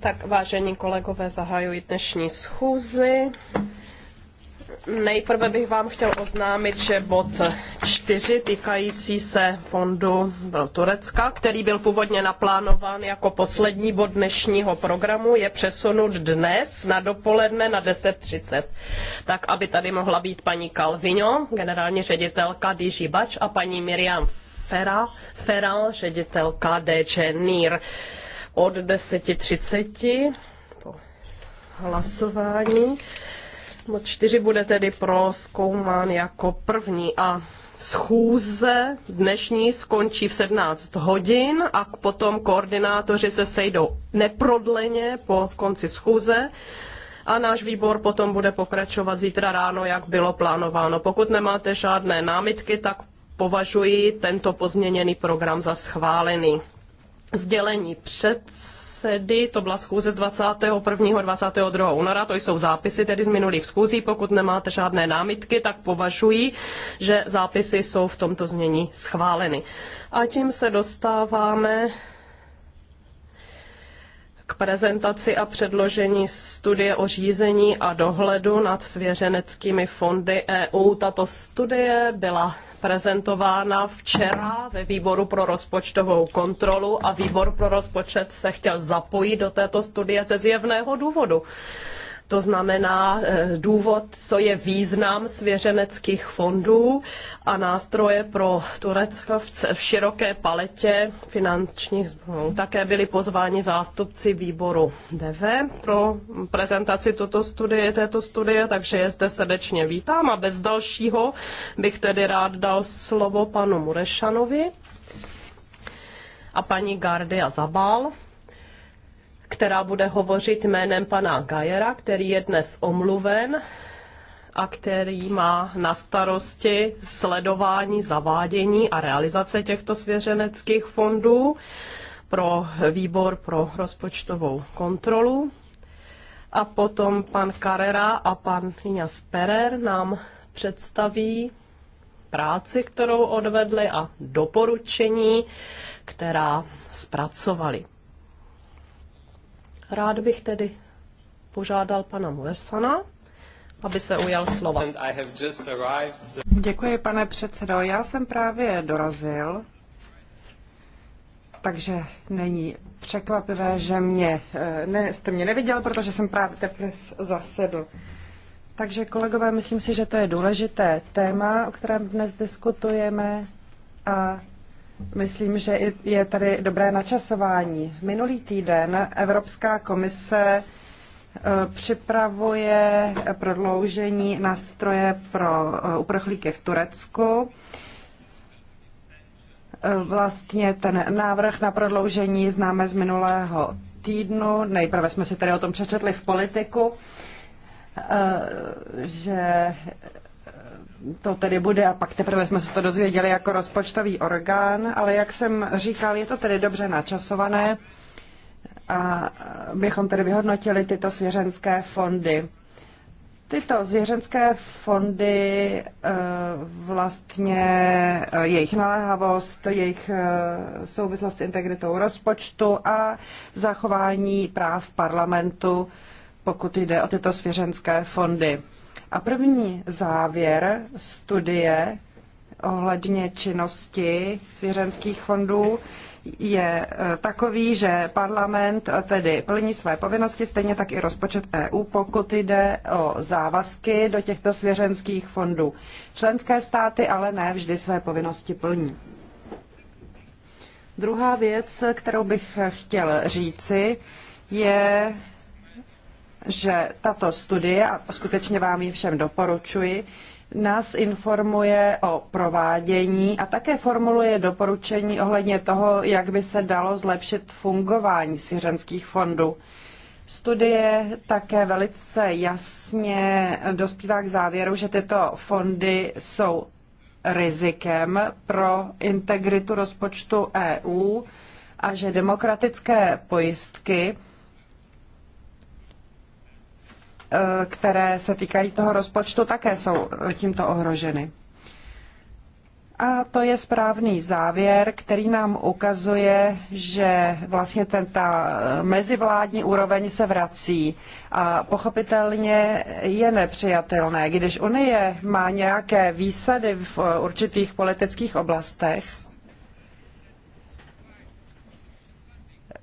Tak vážení kolegové, zahajuji dnešní schůzi. Nejprve bych vám chtěl oznámit, že bod 4 týkající se fondu Turecka, který byl původně naplánován jako poslední bod dnešního programu, je přesunut dnes na dopoledne na 10.30, tak aby tady mohla být paní Kalvino, generální ředitelka DG Bač a paní Miriam Fera, Feral, ředitelka DČ NIR od 10.30 po hlasování. Mod 4 bude tedy proskoumán jako první a schůze dnešní skončí v 17 hodin a potom koordinátoři se sejdou neprodleně po konci schůze a náš výbor potom bude pokračovat zítra ráno, jak bylo plánováno. Pokud nemáte žádné námitky, tak považuji tento pozměněný program za schválený sdělení předsedy, to byla schůze z 21. a 22. února, to jsou zápisy tedy z minulých schůzí, pokud nemáte žádné námitky, tak považuji, že zápisy jsou v tomto znění schváleny. A tím se dostáváme k prezentaci a předložení studie o řízení a dohledu nad svěřeneckými fondy EU. Tato studie byla prezentována včera ve výboru pro rozpočtovou kontrolu a výbor pro rozpočet se chtěl zapojit do této studie ze zjevného důvodu to znamená eh, důvod, co je význam svěřeneckých fondů a nástroje pro Turecko v široké paletě finančních zbrojů. Také byli pozváni zástupci výboru DV pro prezentaci toto studie, této studie, takže je zde srdečně vítám a bez dalšího bych tedy rád dal slovo panu Murešanovi a paní Gardia Zabal která bude hovořit jménem pana Gajera, který je dnes omluven a který má na starosti sledování, zavádění a realizace těchto svěřeneckých fondů pro výbor pro rozpočtovou kontrolu. A potom pan Carrera a pan Iňas Perer nám představí práci, kterou odvedli a doporučení, která zpracovali. Rád bych tedy požádal pana Muresana, aby se ujal slova. Děkuji, pane předsedo. Já jsem právě dorazil, takže není překvapivé, že mě, eh, ne, jste mě neviděl, protože jsem právě teprve zasedl. Takže kolegové, myslím si, že to je důležité téma, o kterém dnes diskutujeme a Myslím, že je tady dobré načasování. Minulý týden Evropská komise e, připravuje prodloužení nástroje pro e, uprchlíky v Turecku. E, vlastně ten návrh na prodloužení známe z minulého týdnu. Nejprve jsme si tady o tom přečetli v politiku, že to tedy bude a pak teprve jsme se to dozvěděli jako rozpočtový orgán, ale jak jsem říkal, je to tedy dobře načasované a bychom tedy vyhodnotili tyto svěřenské fondy. Tyto zvěřenské fondy, e, vlastně e, jejich naléhavost, jejich e, souvislost s integritou rozpočtu a zachování práv parlamentu, pokud jde o tyto svěřenské fondy. A první závěr studie ohledně činnosti svěřenských fondů je e, takový, že parlament e, tedy plní své povinnosti, stejně tak i rozpočet EU, pokud jde o závazky do těchto svěřenských fondů. Členské státy ale ne vždy své povinnosti plní. Druhá věc, kterou bych chtěl říci, je, že tato studie, a skutečně vám ji všem doporučuji, nás informuje o provádění a také formuluje doporučení ohledně toho, jak by se dalo zlepšit fungování svěřenských fondů. Studie také velice jasně dospívá k závěru, že tyto fondy jsou rizikem pro integritu rozpočtu EU a že demokratické pojistky Eh, které se týkají toho rozpočtu, také jsou tímto ohroženy. A to je správný závěr, který nám ukazuje, že vlastně ta mezivládní úroveň se vrací. A pochopitelně je nepřijatelné, když Unie má nějaké výsady v určitých politických oblastech,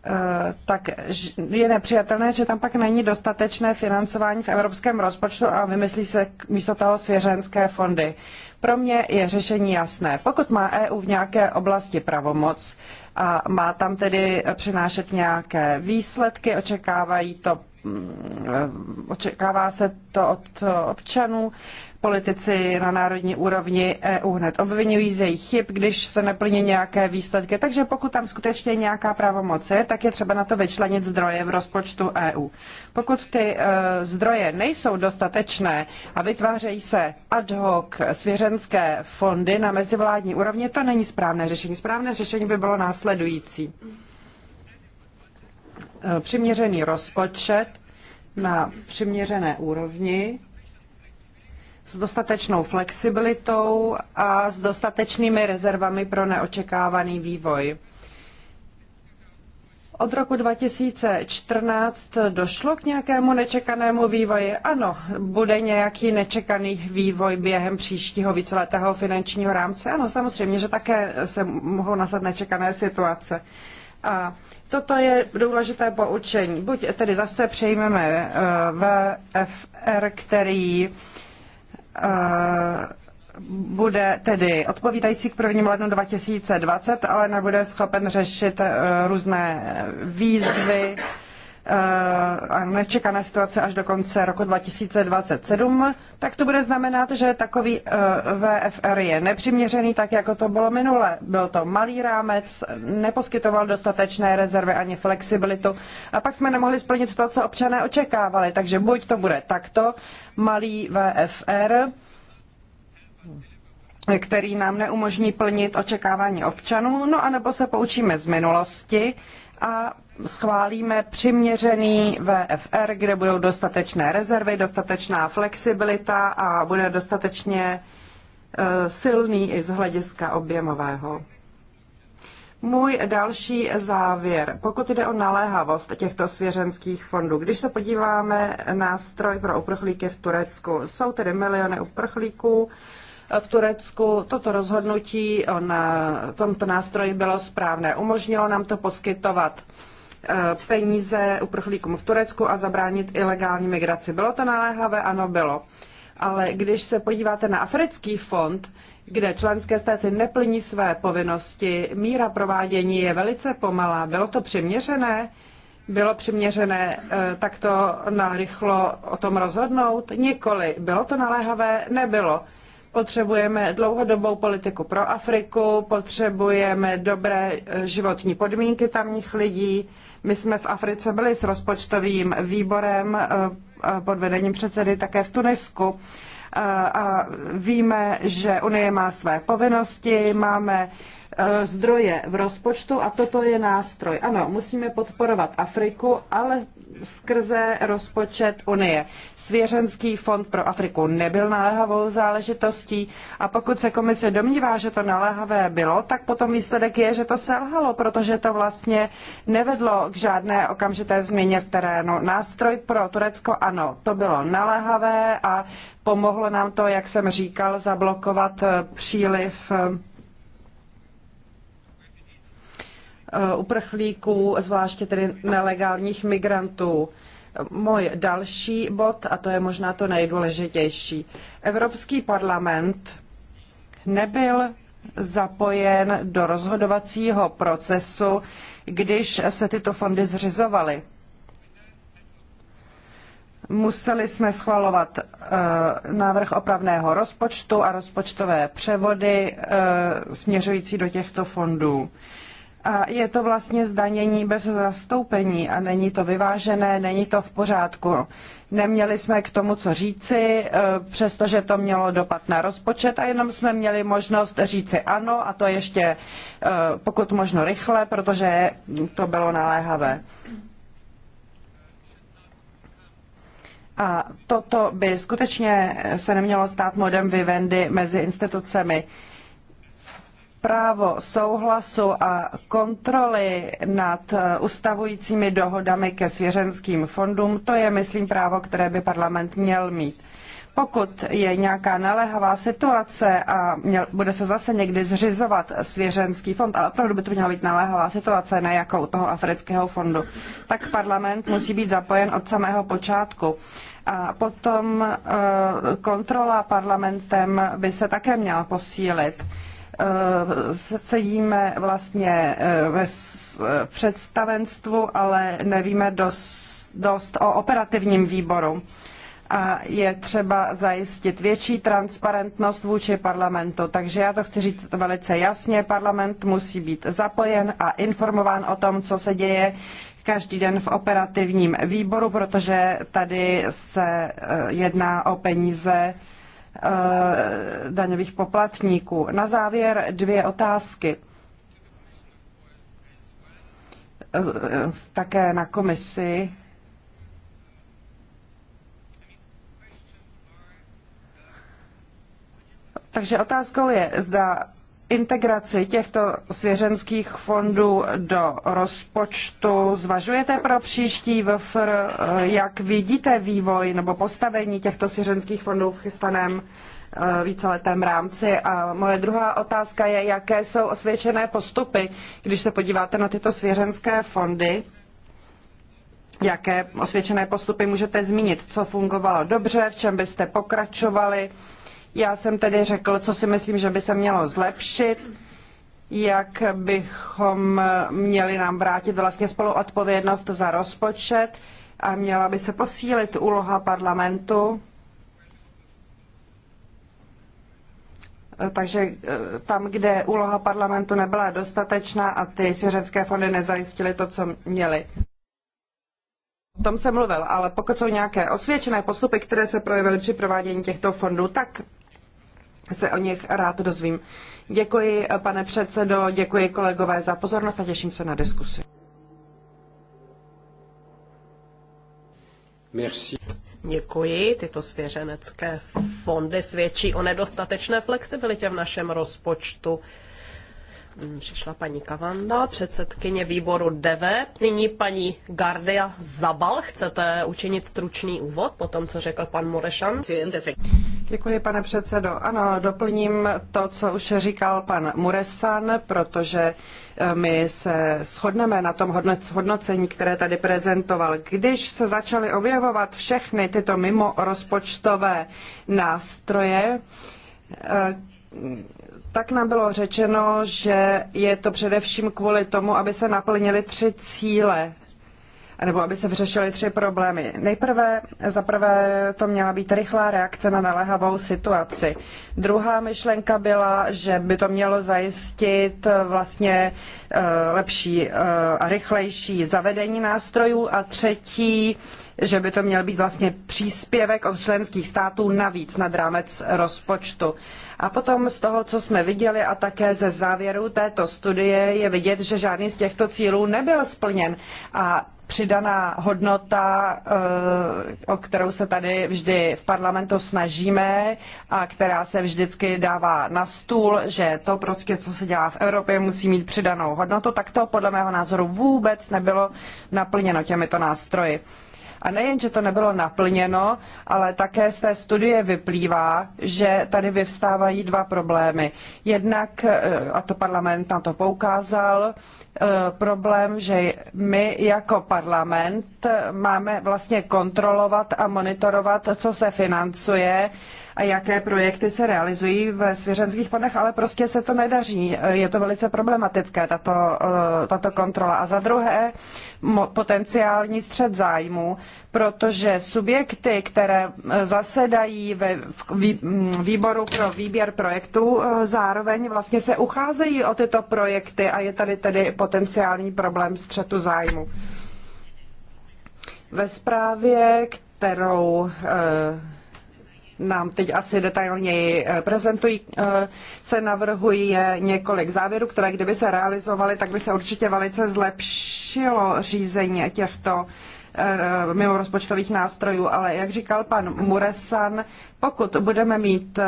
Eh, tak je nepřijatelné, že tam pak není dostatečné financování v evropském rozpočtu a vymyslí se místo toho svěřenské fondy. Pro mě je řešení jasné. Pokud má EU v nějaké oblasti pravomoc a má tam tedy přinášet nějaké výsledky, očekávají to Mm, očekává se to od občanů. Politici na národní úrovni EU hned obvinují z jejich chyb, když se neplní nějaké výsledky. Takže pokud tam skutečně nějaká pravomoc je, tak je třeba na to vyčlenit zdroje v rozpočtu EU. Pokud ty e, zdroje nejsou dostatečné a vytvářejí se ad hoc svěřenské fondy na mezivládní úrovni, to není správné řešení. Správné řešení by bylo následující. Eh, přiměřený rozpočet na přiměřené úrovni s dostatečnou flexibilitou a s dostatečnými rezervami pro neočekávaný vývoj. Od roku 2014 došlo k nějakému nečekanému vývoji? Ano, bude nějaký nečekaný vývoj během příštího víceletého finančního rámce? Ano, samozřejmě, že také se mohou nastat nečekané situace. A toto je důležité poučení. Buď tedy zase přejmeme eh, VFR, který eh, bude tedy odpovídající k 1. lednu 2020, ale nebude schopen řešit eh, různé výzvy, Eh, a nečekané situace až do konce roku 2027, tak to bude znamenat, že takový eh, VFR je nepřiměřený, tak jako to bylo minule. Byl to malý rámec, neposkytoval dostatečné rezervy ani flexibilitu a pak jsme nemohli splnit to, co občané očekávali. Takže buď to bude takto, malý VFR, který nám neumožní plnit očekávání občanů, no anebo se poučíme z minulosti a schválíme přiměřený VFR, kde budou dostatečné rezervy, dostatečná flexibilita a bude dostatečně e, silný i z hlediska objemového. Můj další závěr, pokud jde o naléhavost těchto svěřenských fondů, když se podíváme na stroj pro uprchlíky v Turecku, jsou tedy miliony uprchlíků v Turecku. Toto rozhodnutí o tomto nástroji bylo správné. Umožnilo nám to poskytovat Eh, peníze uprchlíkům v Turecku a zabránit ilegální migraci. Bylo to naléhavé? Ano, bylo. Ale když se podíváte na Africký fond, kde členské státy neplní své povinnosti, míra provádění je velice pomalá. Bylo to přiměřené? Bylo přiměřené eh, takto narychlo o tom rozhodnout? Nikoli. Bylo to naléhavé? Nebylo. Potřebujeme dlouhodobou politiku pro Afriku, potřebujeme dobré eh, životní podmínky tamních lidí. My jsme v Africe byli s rozpočtovým výborem eh, eh, pod vedením předsedy také v Tunisku a víme, že Unie má své povinnosti, máme zdroje v rozpočtu a toto je nástroj. Ano, musíme podporovat Afriku, ale skrze rozpočet Unie. Svěřenský fond pro Afriku nebyl naléhavou záležitostí a pokud se komise domnívá, že to naléhavé bylo, tak potom výsledek je, že to selhalo, protože to vlastně nevedlo k žádné okamžité změně v terénu. Nástroj pro Turecko, ano, to bylo naléhavé a pomohlo nám to, jak jsem říkal, zablokovat příliv eh, Eh, uprchlíků, zvláště tedy nelegálních migrantů. Můj další bod, a to je možná to nejdůležitější. Evropský parlament nebyl zapojen do rozhodovacího procesu, když se tyto fondy zřizovaly. Museli jsme schvalovat eh, návrh opravného rozpočtu a rozpočtové převody eh, směřující do těchto fondů. A je to vlastně zdanění bez zastoupení a není to vyvážené, není to v pořádku. Neměli jsme k tomu co říci, e, přestože to mělo dopad na rozpočet a jenom jsme měli možnost říci ano a to ještě e, pokud možno rychle, protože to bylo naléhavé. A toto by skutečně se nemělo stát modem vivendi mezi institucemi. Uh, právo souhlasu a kontroly nad eh, ustavujícími dohodami ke svěřenským fondům, to je, myslím, právo, které by parlament měl mít. Pokud je nějaká naléhavá situace a měl, bude se zase někdy zřizovat svěřenský fond, ale opravdu by to měla být naléhavá situace, ne jako u toho afrického fondu, tak parlament musí být zapojen od samého počátku. A potom eh, kontrola parlamentem by se také měla posílit. Eh, sedíme vlastně eh, ve eh, představenstvu, ale nevíme dost, dost o operativním výboru. A je třeba zajistit větší transparentnost vůči parlamentu. Takže já to chci říct velice jasně. Parlament musí být zapojen a informován o tom, co se děje každý den v operativním výboru, protože tady se jedná o peníze Eh, daňových poplatníků. Na závěr dvě otázky. Eh, také na komisi. Takže otázkou je, zda integraci těchto svěřenských fondů do rozpočtu zvažujete pro příští VFR? Jak vidíte vývoj nebo postavení těchto svěřenských fondů v chystaném eh, víceletém rámci? A moje druhá otázka je, jaké jsou osvědčené postupy, když se podíváte na tyto svěřenské fondy? Jaké osvědčené postupy můžete zmínit? Co fungovalo dobře, v čem byste pokračovali? Já jsem tedy řekl, co si myslím, že by se mělo zlepšit, jak bychom měli nám vrátit vlastně spoluodpovědnost za rozpočet a měla by se posílit úloha parlamentu. Takže eh, tam, kde úloha parlamentu nebyla dostatečná a ty svěřecké fondy nezajistily to, co měly. O tom jsem mluvil, ale pokud jsou nějaké osvědčené postupy, které se projevily při provádění těchto fondů, tak se o nich rád dozvím. Děkuji, pane předsedo, děkuji kolegové za pozornost a těším se na diskusi. Merci. Děkuji. Tyto svěřenecké fondy svědčí o nedostatečné flexibilitě v našem rozpočtu. Mm, přišla paní Kavanda, předsedkyně výboru DV. Nyní paní Gardia Zabal. Chcete učinit stručný úvod po tom, co řekl pan Morešan? Děkuji, pane předsedo. Ano, doplním to, co už říkal pan Muresan, protože e, my se shodneme na tom hodnocení, které tady prezentoval. Když se začaly objevovat všechny tyto mimo rozpočtové nástroje, e, tak nám bylo řečeno, že je to především kvůli tomu, aby se naplnily tři cíle nebo aby se vyřešily tři problémy. Nejprve, zaprvé to měla být rychlá reakce na naléhavou situaci. Druhá myšlenka byla, že by to mělo zajistit eh, vlastně eh, lepší eh, a rychlejší zavedení nástrojů a třetí, že by to měl být vlastně příspěvek od členských států navíc nad rámec rozpočtu. A potom z toho, co jsme viděli a také ze závěru této studie je vidět, že žádný z těchto cílů nebyl splněn. A přidaná hodnota, eh, o kterou se tady vždy v parlamentu snažíme a která se vždycky dává na stůl, že to prostě, co se dělá v Evropě, musí mít přidanou hodnotu, tak to podle mého názoru vůbec nebylo naplněno těmito nástroji. A nejen, že to nebylo naplněno, ale také z té studie vyplývá, že tady vyvstávají dva problémy. Jednak, eh, a to parlament na to poukázal, eh, problém, že my jako parlament máme vlastně kontrolovat a monitorovat, co se financuje a jaké projekty se realizují ve svěřenských fondech, ale prostě se to nedaří. Je to velice problematické, tato, eh, tato kontrola. A za druhé, potenciální střed zájmu, protože subjekty, které eh, zasedají ve mm, výboru pro výběr projektů, eh, zároveň vlastně se ucházejí o tyto projekty a je tady tedy potenciální problém střetu zájmu. Ve zprávě, kterou nám teď asi detailněji eh, prezentují, eh, se navrhují několik závěrů, které kdyby se realizovaly, tak by se určitě velice zlepšilo řízení těchto eh, mimo rozpočtových nástrojů, ale jak říkal pan Muresan, pokud budeme mít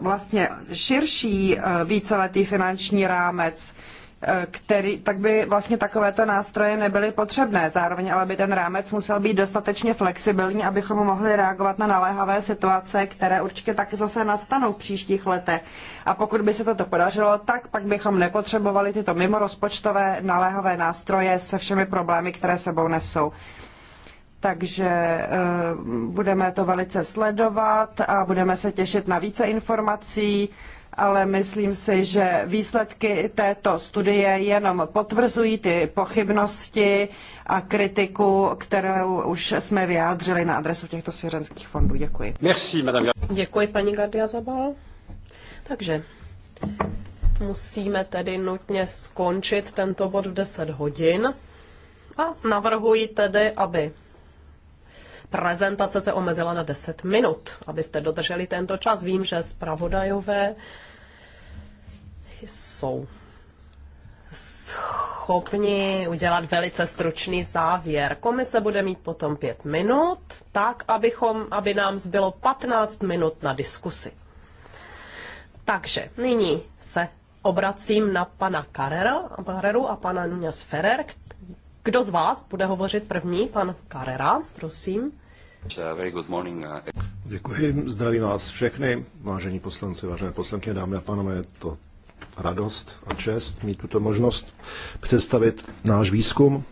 vlastně širší víceletý finanční rámec, Eh, který, tak by vlastně takovéto nástroje nebyly potřebné. Zároveň ale by ten rámec musel být dostatečně flexibilní, abychom mohli reagovat na naléhavé situace, které určitě taky zase nastanou v příštích letech. A pokud by se toto podařilo, tak pak bychom nepotřebovali tyto mimo rozpočtové naléhavé nástroje se všemi problémy, které sebou nesou. Takže eh, budeme to velice sledovat a budeme se těšit na více informací ale myslím si, že výsledky této studie jenom potvrzují ty pochybnosti a kritiku, kterou už jsme vyjádřili na adresu těchto svěřenských fondů. Děkuji. Merci, madame. Děkuji, paní Gardia Zabal. Takže musíme tedy nutně skončit tento bod v 10 hodin a navrhuji tedy, aby prezentace se omezila na 10 minut, abyste dodrželi tento čas. Vím, že zpravodajové jsou schopni udělat velice stručný závěr. Komise bude mít potom pět minut, tak abychom, aby nám zbylo 15 minut na diskusi. Takže nyní se obracím na pana Carrera, Carreru a pana Nunes Ferrer, kdo z vás bude hovořit první? Pan Carrera, prosím. Uh, Děkuji, zdravím vás všechny, vážení poslanci, vážené poslankyně, dámy a pánové, je to radost a čest mít tuto možnost představit náš výzkum.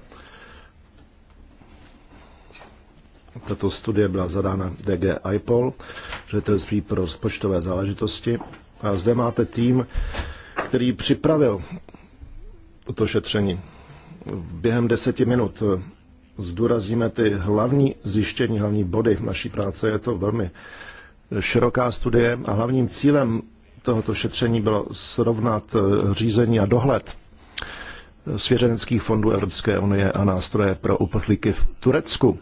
Tato studie byla zadána DG IPOL, ředitelství pro rozpočtové záležitosti. A zde máte tým, který připravil toto šetření během deseti minut eh, zdůrazíme ty hlavní zjištění, hlavní body naší práce. Je to velmi široká studie a hlavním cílem tohoto šetření bylo srovnat eh, řízení a dohled eh, svěřeneckých fondů Evropské unie a nástroje pro uprchlíky v Turecku.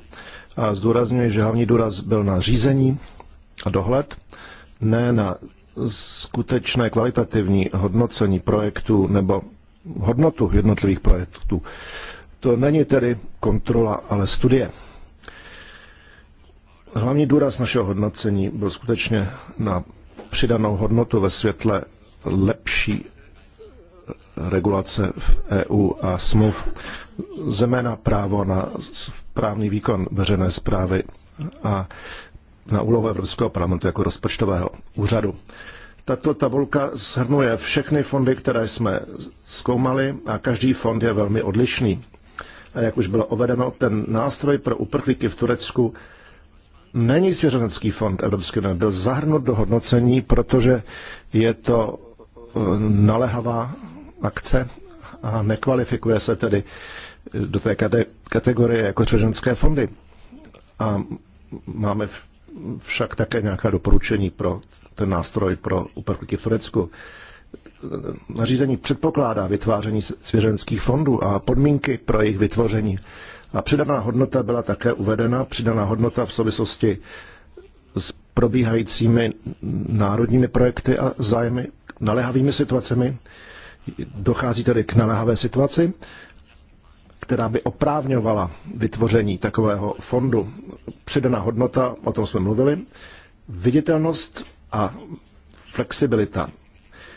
A zdůrazňuji, že hlavní důraz byl na řízení a dohled, ne na skutečné kvalitativní hodnocení projektů nebo hodnotu jednotlivých projektů. To není tedy kontrola, ale studie. Hlavní důraz našeho hodnocení byl skutečně na přidanou hodnotu ve světle lepší regulace v EU a smluv, zeména právo na správný výkon veřejné zprávy a na úlohu Evropského parlamentu jako rozpočtového úřadu. Tato tabulka shrnuje všechny fondy, které jsme zkoumali a každý fond je velmi odlišný. A jak už bylo uvedeno, ten nástroj pro uprchlíky v Turecku není svěřenecký fond Evropské unie, byl zahrnut do hodnocení, protože je to e, nalehavá akce a nekvalifikuje se tedy do té kategorie jako svěřenské fondy. A máme však také nějaká doporučení pro ten nástroj pro uprchlíky v Turecku. Nařízení předpokládá vytváření svěřenských fondů a podmínky pro jejich vytvoření. A přidaná hodnota byla také uvedena, přidaná hodnota v souvislosti s probíhajícími národními projekty a zájmy naléhavými situacemi. Dochází tedy k naléhavé situaci která by oprávňovala vytvoření takového fondu. Přidaná hodnota, o tom jsme mluvili, viditelnost a flexibilita.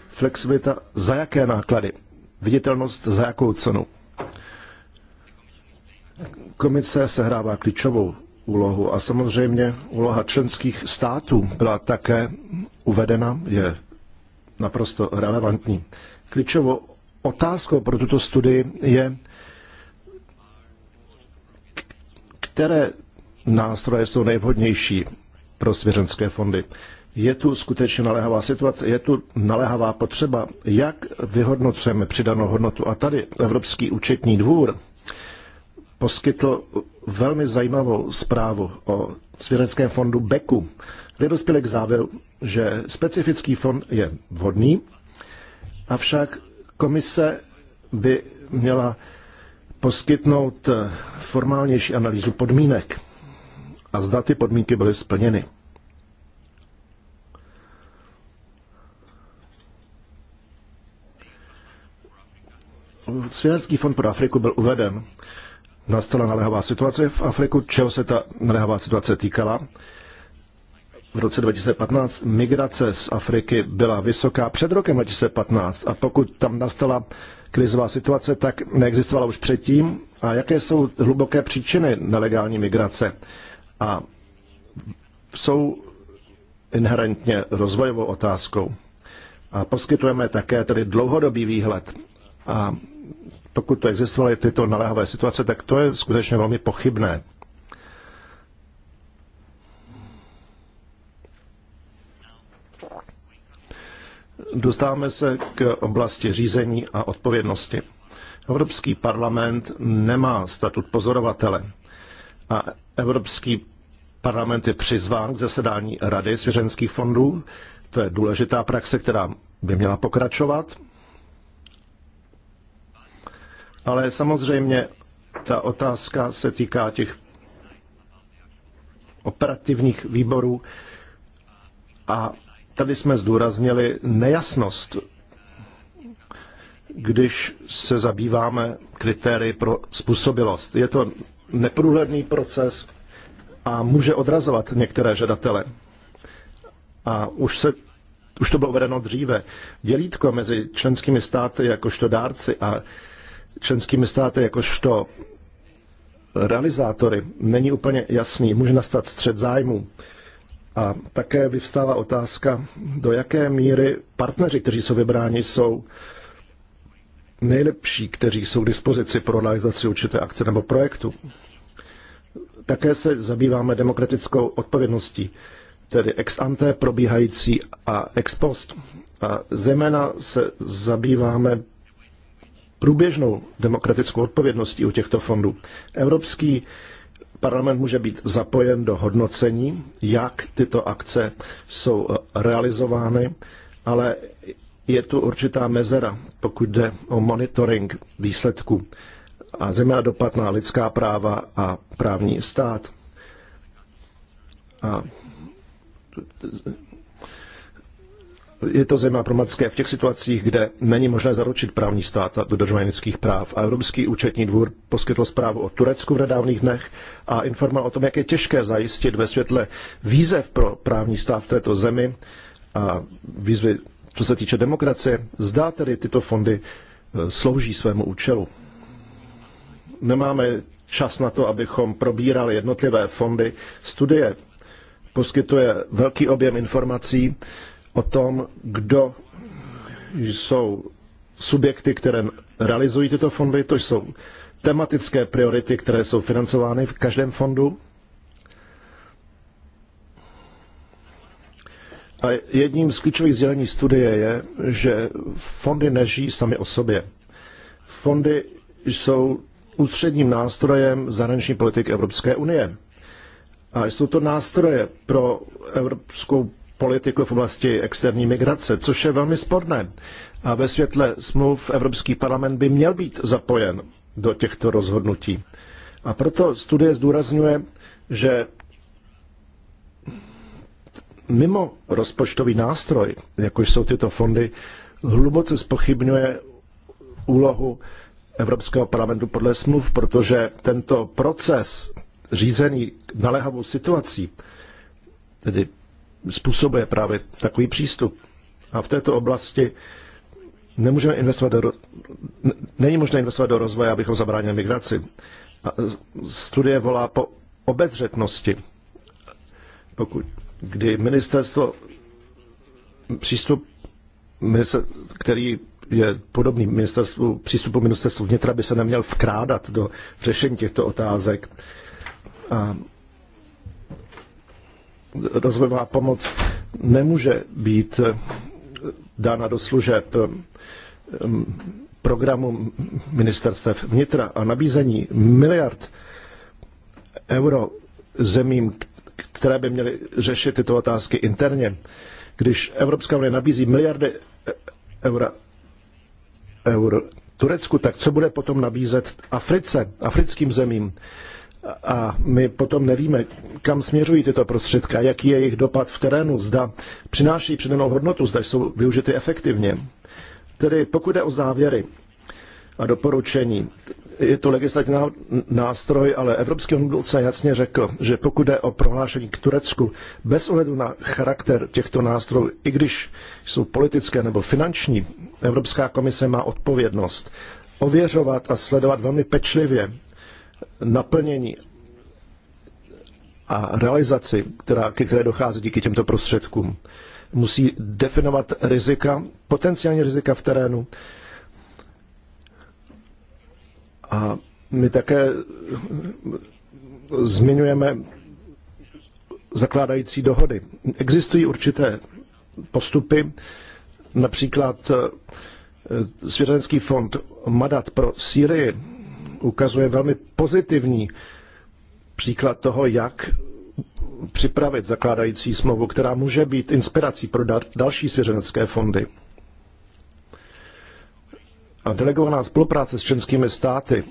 Flexibilita za jaké náklady? Viditelnost za jakou cenu? Komise sehrává klíčovou úlohu a samozřejmě úloha členských států byla také uvedena, je naprosto relevantní. Klíčovou otázkou pro tuto studii je, které nástroje jsou nejvhodnější pro svěřenské fondy. Je tu skutečně naléhavá situace, je tu naléhavá potřeba, jak vyhodnocujeme přidanou hodnotu. A tady Evropský účetní dvůr poskytl velmi zajímavou zprávu o svěřenském fondu Beku, kde dospěl k závěru, že specifický fond je vhodný, avšak komise by měla poskytnout eh, formálnější analýzu podmínek a zda ty podmínky byly splněny. Svěřenský fond pro Afriku byl uveden na zcela naléhavá situace v Afriku, čeho se ta naléhavá situace týkala. V roce 2015 migrace z Afriky byla vysoká před rokem 2015 a pokud tam nastala krizová situace tak neexistovala už předtím a jaké jsou hluboké příčiny nelegální migrace a jsou inherentně rozvojovou otázkou. A poskytujeme také tedy dlouhodobý výhled. A pokud to existovaly tyto naléhavé situace, tak to je skutečně velmi pochybné. dostáváme se k oblasti řízení a odpovědnosti. Evropský parlament nemá statut pozorovatele a Evropský parlament je přizván k zasedání Rady svěřenských fondů. To je důležitá praxe, která by měla pokračovat. Ale samozřejmě ta otázka se týká těch operativních výborů a Tady jsme zdůraznili nejasnost, když se zabýváme kritérii pro způsobilost. Je to neprůhledný proces a může odrazovat některé žadatele. A už, se, už to bylo uvedeno dříve. Dělítko mezi členskými státy jakožto dárci a členskými státy jakožto realizátory není úplně jasný. Může nastat střed zájmů. A také vyvstává otázka, do jaké míry partneři, kteří jsou vybráni, jsou nejlepší, kteří jsou k dispozici pro realizaci určité akce nebo projektu. Také se zabýváme demokratickou odpovědností, tedy ex ante probíhající a ex post. A zejména se zabýváme průběžnou demokratickou odpovědností u těchto fondů. Evropský Parlament může být zapojen do hodnocení, jak tyto akce jsou eh, realizovány, ale je tu určitá mezera, pokud jde o monitoring výsledků a zejména dopad na lidská práva a právní stát. A je to zejména problematické v těch situacích, kde není možné zaručit právní stát a dodržování lidských práv. A Evropský účetní dvůr poskytl zprávu o Turecku v nedávných dnech a informoval o tom, jak je těžké zajistit ve světle výzev pro právní stát v této zemi a výzvy, co se týče demokracie. Zdá tedy tyto fondy eh, slouží svému účelu. Nemáme čas na to, abychom probírali jednotlivé fondy. Studie poskytuje velký objem informací o tom, kdo jsou subjekty, které realizují tyto fondy. To jsou tematické priority, které jsou financovány v každém fondu. A jedním z klíčových sdělení studie je, že fondy nežijí sami o sobě. Fondy jsou ústředním nástrojem zahraniční politiky Evropské unie. A jsou to nástroje pro evropskou politiku v oblasti externí migrace, což je velmi sporné. A ve světle smluv Evropský parlament by měl být zapojen do těchto rozhodnutí. A proto studie zdůrazňuje, že mimo rozpočtový nástroj, jako jsou tyto fondy, hluboce spochybňuje úlohu Evropského parlamentu podle smluv, protože tento proces řízený naléhavou situací, tedy způsobuje právě takový přístup. A v této oblasti nemůžeme investovat do, není možné investovat do rozvoje, abychom zabránili migraci. A studie volá po obezřetnosti, pokud, kdy ministerstvo přístup, který je podobný ministerstvu, přístupu ministerstvu vnitra by se neměl vkrádat do řešení těchto otázek. A rozvojová pomoc nemůže být eh, dána do služeb eh, programu ministerstev vnitra a nabízení miliard euro zemím, které by měly řešit tyto otázky interně. Když Evropská unie nabízí miliardy eh, eura, eur Turecku, tak co bude potom nabízet Africe, africkým zemím? a my potom nevíme, kam směřují tyto prostředky a jaký je jejich dopad v terénu, zda přináší přidanou hodnotu, zda jsou využity efektivně. Tedy pokud jde o závěry a doporučení, je to legislativní nástroj, ale Evropský ombudsman jasně řekl, že pokud jde o prohlášení k Turecku, bez ohledu na charakter těchto nástrojů, i když jsou politické nebo finanční, Evropská komise má odpovědnost ověřovat a sledovat velmi pečlivě naplnění a realizaci, která, ke které dochází díky těmto prostředkům. Musí definovat rizika, potenciální rizika v terénu. A my také zmiňujeme zakládající dohody. Existují určité postupy, například eh, Svěřenský fond Madat pro Sýrii ukazuje velmi pozitivní příklad toho, jak připravit zakládající smlouvu, která může být inspirací pro další svěřenecké fondy. A delegovaná spolupráce s členskými státy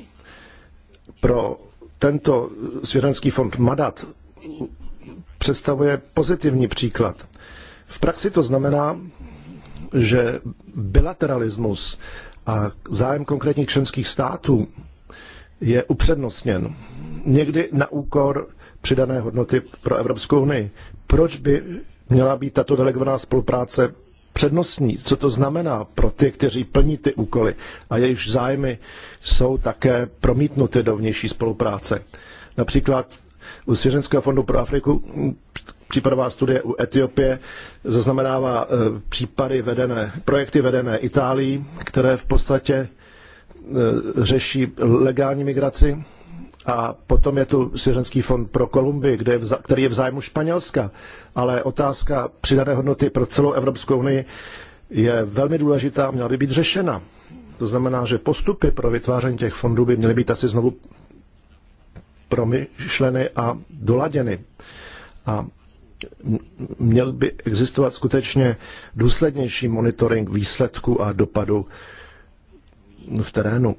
pro tento svěřenský fond Madat představuje pozitivní příklad. V praxi to znamená, že bilateralismus a zájem konkrétních členských států je upřednostněn. Někdy na úkor přidané hodnoty pro Evropskou unii. Proč by měla být tato delegovaná spolupráce přednostní? Co to znamená pro ty, kteří plní ty úkoly a jejichž zájmy jsou také promítnuty do vnější spolupráce? Například u Svěřenského fondu pro Afriku případová studie u Etiopie zaznamenává eh, případy vedené, projekty vedené Itálií, které v podstatě E, řeší legální migraci. A potom je tu Svěřenský fond pro Kolumbii, kde je vza, který je v zájmu Španělska. Ale otázka přidané hodnoty pro celou Evropskou unii je velmi důležitá a měla by být řešena. To znamená, že postupy pro vytváření těch fondů by měly být asi znovu promyšleny a doladěny. A měl by existovat skutečně důslednější monitoring výsledku a dopadu v terénu.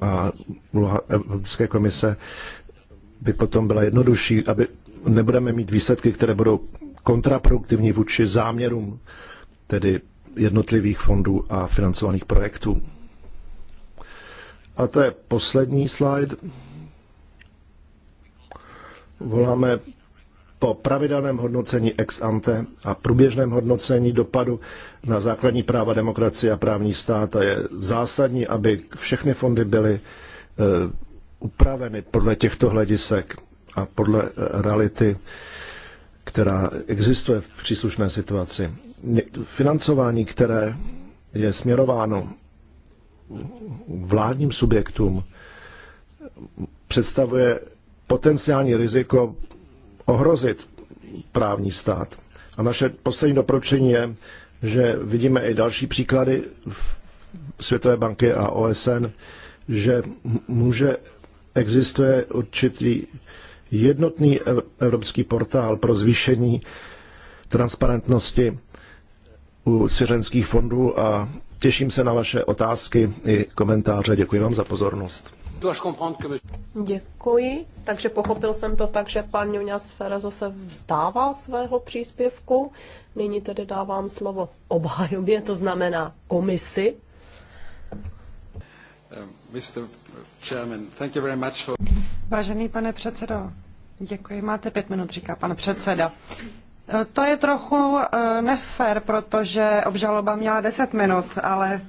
A úloha Evropské komise by potom byla jednodušší, aby nebudeme mít výsledky, které budou kontraproduktivní vůči záměrům, tedy jednotlivých fondů a financovaných projektů. A to je poslední slide. Voláme po pravidelném hodnocení ex ante a průběžném hodnocení dopadu na základní práva demokracie a právní stát a je zásadní, aby všechny fondy byly e, upraveny podle těchto hledisek a podle e, reality, která existuje v příslušné situaci. Financování, které je směrováno vládním subjektům, představuje potenciální riziko ohrozit právní stát. A naše poslední doporučení je, že vidíme i další příklady v Světové banky a OSN, že může existuje určitý jednotný evropský portál pro zvýšení transparentnosti u svěřenských fondů a těším se na vaše otázky i komentáře. Děkuji vám za pozornost. Děkuji. Takže pochopil jsem to tak, že pan Jonas Sfera zase vzdává svého příspěvku. Nyní tedy dávám slovo obhajobě, to znamená komisi. Uh, Mr. Chairman, thank you very much for... Vážený pane předsedo, děkuji. Máte pět minut, říká pan předseda. Eh, to je trochu eh, nefér, protože obžaloba měla deset minut, ale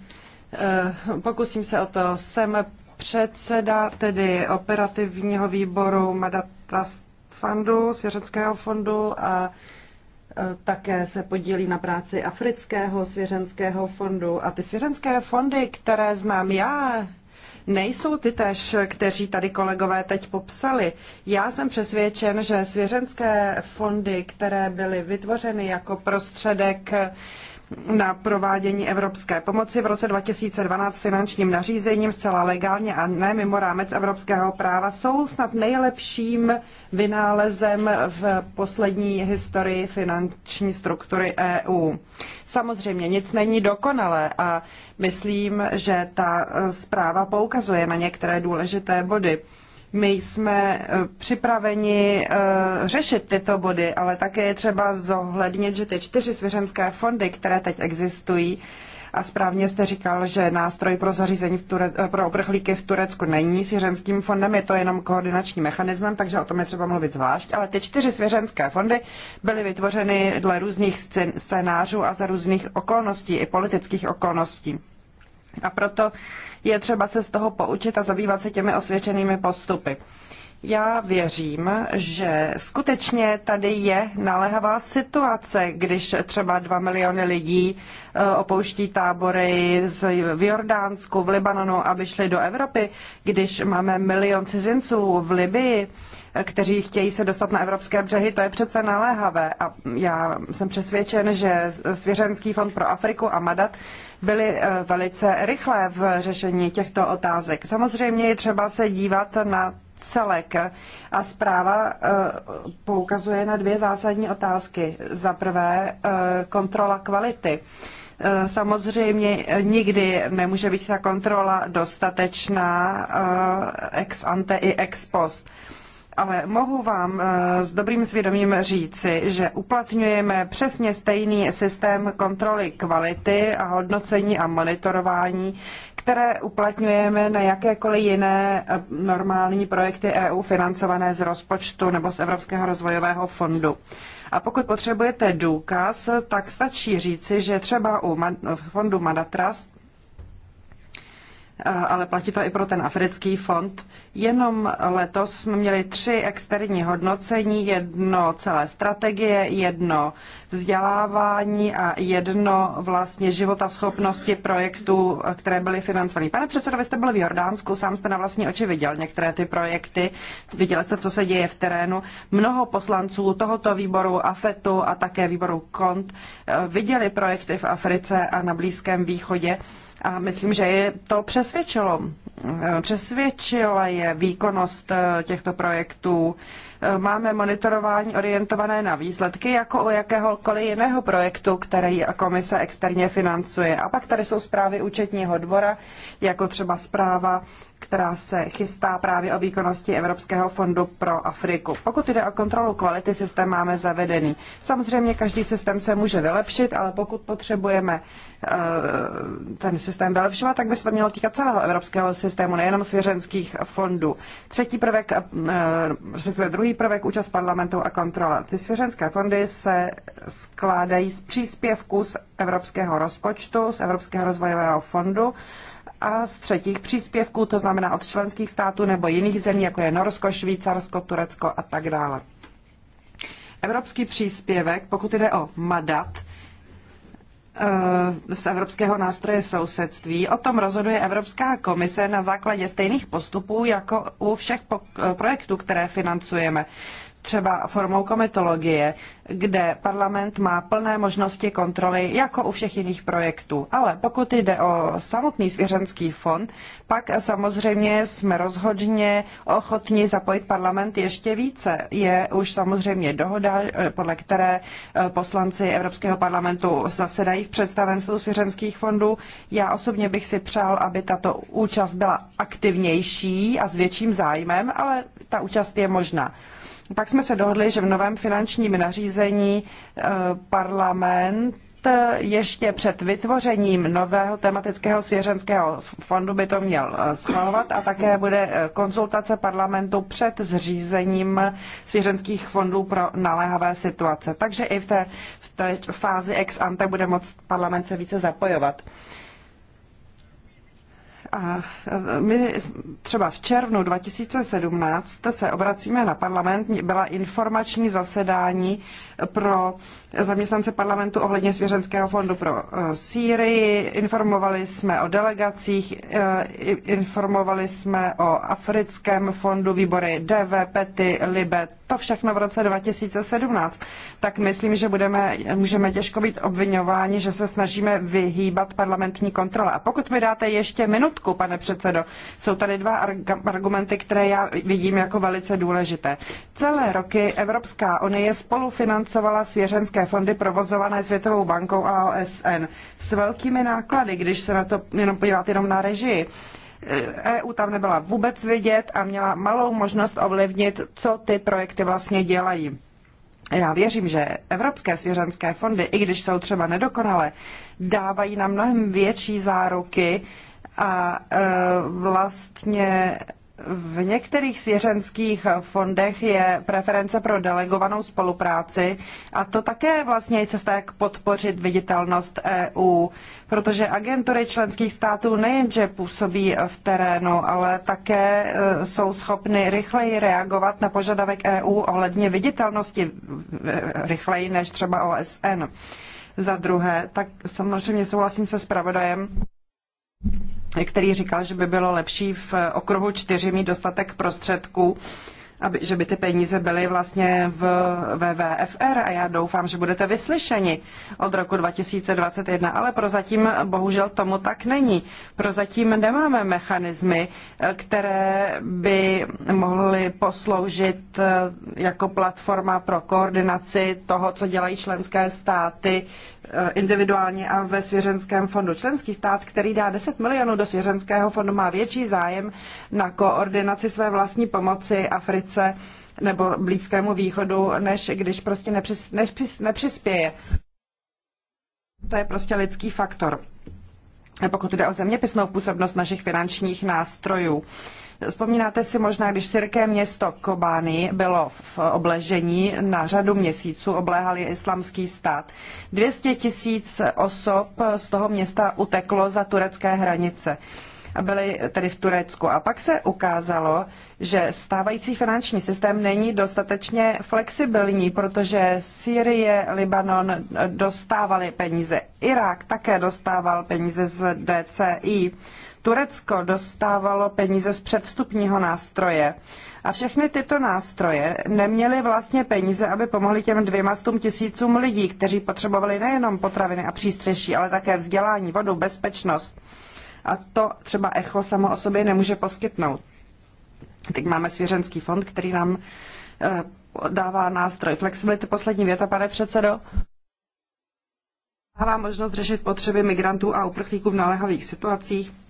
eh, pokusím se o to. Jsem předseda tedy operativního výboru Madatas fundu, svěřenského fondu a e, také se podílí na práci Afrického svěřenského fondu. A ty svěřenské fondy, které znám já, nejsou ty tež, kteří tady kolegové teď popsali. Já jsem přesvědčen, že svěřenské fondy, které byly vytvořeny jako prostředek na provádění evropské pomoci v roce 2012 finančním nařízením zcela legálně a ne mimo rámec evropského práva jsou snad nejlepším vynálezem v poslední historii finanční struktury EU. Samozřejmě nic není dokonalé a myslím, že ta eh, zpráva poukazuje na některé důležité body. My jsme eh, připraveni eh, řešit tyto body, ale také je třeba zohlednit, že ty čtyři svěřenské fondy, které teď existují, a správně jste říkal, že nástroj pro zařízení v Ture- eh, pro oprchlíky v Turecku není svěřenským fondem, je to jenom koordinační mechanismem, takže o tom je třeba mluvit zvlášť. Ale ty čtyři svěřenské fondy byly vytvořeny dle různých scénářů a za různých okolností, i politických okolností. A proto je třeba se z toho poučit a zabývat se těmi osvědčenými postupy. Já věřím, že skutečně tady je naléhavá situace, když třeba dva miliony lidí eh, opouští tábory v Jordánsku, v Libanonu, aby šli do Evropy, když máme milion cizinců v Libii, kteří chtějí se dostat na evropské břehy, to je přece naléhavé. A já jsem přesvědčen, že Svěřenský fond pro Afriku a Madat byly eh, velice rychlé v řešení těchto otázek. Samozřejmě je třeba se dívat na celek. A zpráva eh, poukazuje na dvě zásadní otázky. Za prvé eh, kontrola kvality. Samozřejmě nikdy nemůže být ta kontrola dostatečná ex ante i ex post ale mohu vám eh, s dobrým svědomím říci, že uplatňujeme přesně stejný systém kontroly kvality a hodnocení a monitorování, které uplatňujeme na jakékoliv jiné eh, normální projekty EU financované z rozpočtu nebo z Evropského rozvojového fondu. A pokud potřebujete důkaz, tak stačí říci, že třeba u eh, fondu Madatrust Eh, ale platí to i pro ten africký fond. Jenom letos jsme měli tři externí hodnocení, jedno celé strategie, jedno vzdělávání a jedno vlastně životaschopnosti projektů, eh, které byly financované. Pane předsedo, vy jste byl v Jordánsku, sám jste na vlastní oči viděl některé ty projekty, viděl jste, co se děje v terénu. Mnoho poslanců tohoto výboru AFETu a také výboru KONT eh, viděli projekty v Africe a na Blízkém východě a myslím, že je to přesvědčilo Eh, přesvědčila je výkonnost eh, těchto projektů. Eh, máme monitorování orientované na výsledky jako u jakéhokoliv jiného projektu, který komise externě financuje. A pak tady jsou zprávy účetního dvora, jako třeba zpráva, která se chystá právě o výkonnosti Evropského fondu pro Afriku. Pokud jde o kontrolu kvality, systém máme zavedený. Samozřejmě každý systém se může vylepšit, ale pokud potřebujeme ten systém vylepšovat, tak by se to mělo týkat celého evropského systému systému, nejenom svěřenských fondů. Třetí prvek, eh, respektive druhý prvek, účast parlamentu a kontrola. Ty svěřenské fondy se skládají z příspěvků z evropského rozpočtu, z Evropského rozvojového fondu a z třetích příspěvků, to znamená od členských států nebo jiných zemí, jako je Norsko, Švýcarsko, Turecko a tak dále. Evropský příspěvek, pokud jde o MADAT, Eh, z Evropského nástroje sousedství. O tom rozhoduje Evropská komise na základě stejných postupů jako u všech eh, projektů, které financujeme třeba formou komitologie, kde parlament má plné možnosti kontroly jako u všech jiných projektů. Ale pokud jde o samotný svěřenský fond, pak samozřejmě jsme rozhodně ochotni zapojit parlament ještě více. Je už samozřejmě dohoda, eh, podle které eh, poslanci Evropského parlamentu zasedají v představenstvu svěřenských fondů. Já osobně bych si přál, aby tato účast byla aktivnější a s větším zájmem, ale ta účast je možná. Pak jsme se dohodli, že v novém finančním nařízení eh, parlament eh, ještě před vytvořením nového tematického svěřenského fondu by to měl eh, schvalovat a také bude konzultace parlamentu před zřízením svěřenských fondů pro naléhavé situace. Takže i v té, v té fázi ex ante bude moct parlament se více zapojovat. A e, my třeba v červnu 2017 se obracíme na parlament, byla informační zasedání pro zaměstnance parlamentu ohledně Svěřenského fondu pro e, Sýrii, informovali jsme o delegacích, e, informovali jsme o Africkém fondu, výbory DV, PETY, LIBE, to všechno v roce 2017, tak myslím, že budeme, můžeme těžko být obvinováni, že se snažíme vyhýbat parlamentní kontrole. A pokud mi dáte ještě minutku, skutku, pane předsedo. Jsou tady dva argumenty, které já vidím jako velice důležité. Celé roky Evropská unie spolufinancovala svěřenské fondy provozované Světovou bankou a OSN s velkými náklady, když se na to jenom podíváte jenom na režii. EU e tam nebyla vůbec vidět a měla malou možnost ovlivnit, co ty projekty vlastně dělají. Já věřím, že evropské svěřenské fondy, i když jsou třeba nedokonalé, dávají na mnohem větší záruky, a e, vlastně v některých svěřenských fondech je preference pro delegovanou spolupráci a to také vlastně je cesta, jak podpořit viditelnost EU, protože agentury členských států nejenže působí v terénu, ale také e, jsou schopny rychleji reagovat na požadavek EU ohledně viditelnosti e, rychleji než třeba OSN. Za druhé, tak samozřejmě souhlasím se zpravodajem který říkal, že by bylo lepší v okruhu čtyři mít dostatek prostředků, aby, že by ty peníze byly vlastně v, VVFR a já doufám, že budete vyslyšeni od roku 2021, ale prozatím bohužel tomu tak není. Prozatím nemáme mechanismy, které by mohly posloužit eh, jako platforma pro koordinaci toho, co dělají členské státy Eh, individuálně a ve svěřenském fondu. Členský stát, který dá 10 milionů do svěřenského fondu, má větší zájem na koordinaci své vlastní pomoci Africe nebo Blízkému východu, než když prostě nepřis, nepřis, nepřispěje. To je prostě lidský faktor. Pokud jde o zeměpisnou působnost našich finančních nástrojů. Uh, Vzpomínáte si možná, když syrské město Kobány bylo v obležení, na řadu měsíců obléhali islamský stát. 200 tisíc osob z toho města uteklo za turecké hranice a byli tedy v Turecku. A pak se ukázalo, že stávající finanční systém není dostatečně flexibilní, protože Sýrie, Libanon dostávali peníze, Irák také dostával peníze z DCI. Turecko dostávalo peníze z předvstupního nástroje a všechny tyto nástroje neměly vlastně peníze, aby pomohly těm dvěma stům tisícům lidí, kteří potřebovali nejenom potraviny a přístřeší, ale také vzdělání, vodu, bezpečnost. A to třeba echo samo o sobě nemůže poskytnout. Teď máme svěřenský fond, který nám eh, dává nástroj flexibility. Poslední věta, pane předsedo. Dává možnost řešit potřeby migrantů a uprchlíků v naléhavých situacích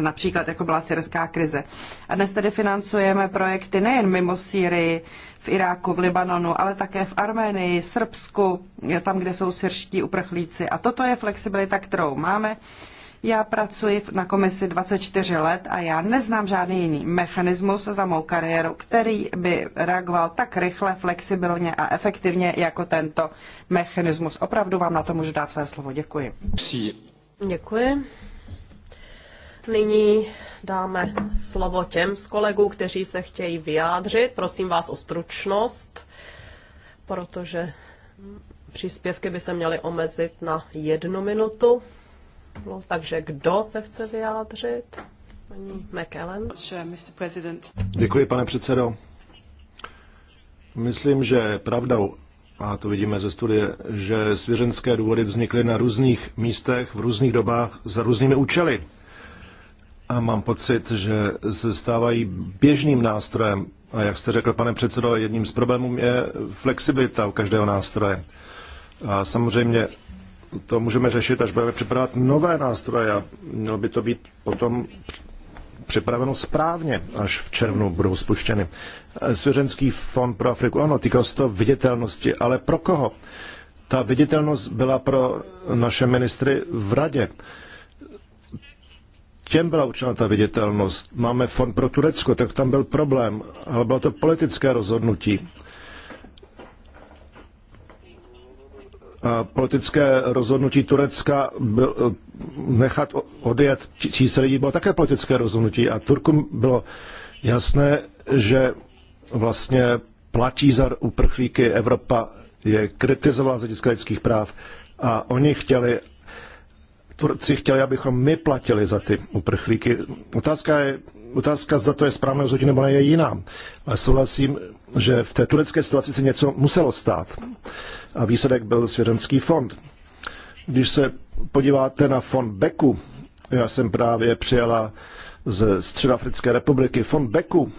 například jako byla syrská krize. A dnes tedy financujeme projekty nejen mimo Sýrii, v Iráku, v Libanonu, ale také v Arménii, Srbsku, tam, kde jsou syrští uprchlíci. A toto je flexibilita, kterou máme. Já pracuji na komisi 24 let a já neznám žádný jiný mechanismus za mou kariéru, který by reagoval tak rychle, flexibilně a efektivně jako tento mechanismus. Opravdu vám na to můžu dát své slovo. Děkuji. Děkuji. Nyní dáme slovo těm z kolegů, kteří se chtějí vyjádřit. Prosím vás o stručnost, protože příspěvky by se měly omezit na jednu minutu. Takže kdo se chce vyjádřit? Paní McEllen. Děkuji, pane předsedo. Myslím, že pravdou, a to vidíme ze studie, že svěřenské důvody vznikly na různých místech, v různých dobách, za různými účely. A mám pocit, že se stávají běžným nástrojem. A jak jste řekl, pane předsedo, jedním z problémů je flexibilita u každého nástroje. A samozřejmě to můžeme řešit, až budeme připravovat nové nástroje a mělo by to být potom připraveno správně, až v červnu budou spuštěny. Svěřenský fond pro Afriku, ano, týkalo se to viditelnosti, ale pro koho? Ta viditelnost byla pro naše ministry v radě těm byla určena ta viditelnost. Máme fond pro Turecko, tak tam byl problém, ale bylo to politické rozhodnutí. A politické rozhodnutí Turecka byl, eh, nechat odjet tisíce lidí bylo také politické rozhodnutí a Turkům bylo jasné, že vlastně platí za uprchlíky, Evropa je kritizovala z hlediska lidských práv a oni chtěli, Turci chtěli, abychom my platili za ty uprchlíky. Otázka je, otázka, zda to je správné rozhodnutí nebo ne, je jiná. Ale souhlasím, že v té turecké situaci se něco muselo stát. A výsledek byl svěřenský fond. Když se podíváte na fond Beku, já jsem právě přijela ze Středoafrické republiky, fond Beku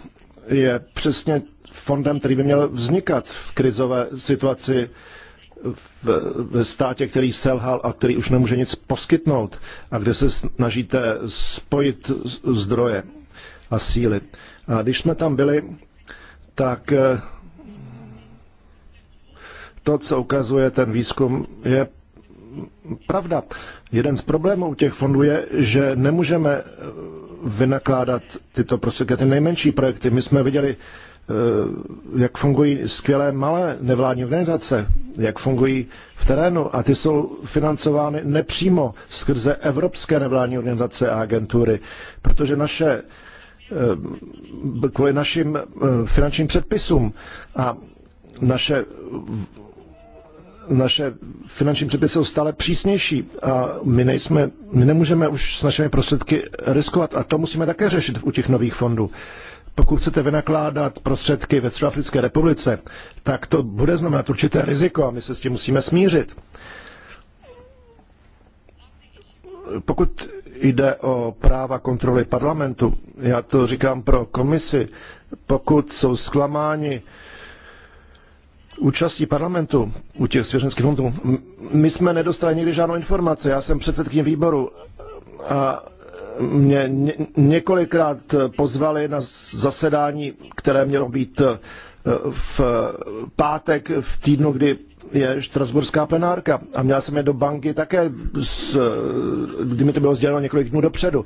je přesně fondem, který by měl vznikat v krizové situaci ve státě, který selhal a který už nemůže nic poskytnout a kde se snažíte spojit zdroje a síly. A když jsme tam byli, tak eh, to, co ukazuje ten výzkum, je pravda. Jeden z problémů u těch fondů je, že nemůžeme eh, vynakládat tyto prostředky, ty nejmenší projekty. My jsme viděli Eh, jak fungují skvělé malé nevládní organizace, jak fungují v terénu a ty jsou financovány nepřímo skrze evropské nevládní organizace a agentury, protože naše eh, kvůli našim eh, finančním předpisům a naše naše finanční předpisy jsou stále přísnější a my, nejsme, my nemůžeme už s našimi prostředky riskovat a to musíme také řešit u těch nových fondů pokud chcete vynakládat prostředky ve Středoafrické republice, tak to bude znamenat určité riziko a my se s tím musíme smířit. Pokud jde o práva kontroly parlamentu, já to říkám pro komisi, pokud jsou zklamáni účastí parlamentu u těch svěřenských fondů, my jsme nedostali nikdy žádnou informaci, já jsem předsedkyně výboru a mě několikrát pozvali na zasedání, které mělo být eh, v pátek, v týdnu, kdy je štrasburská plenárka a měl jsem je do banky také, s, kdy mi to bylo sděleno několik dnů dopředu.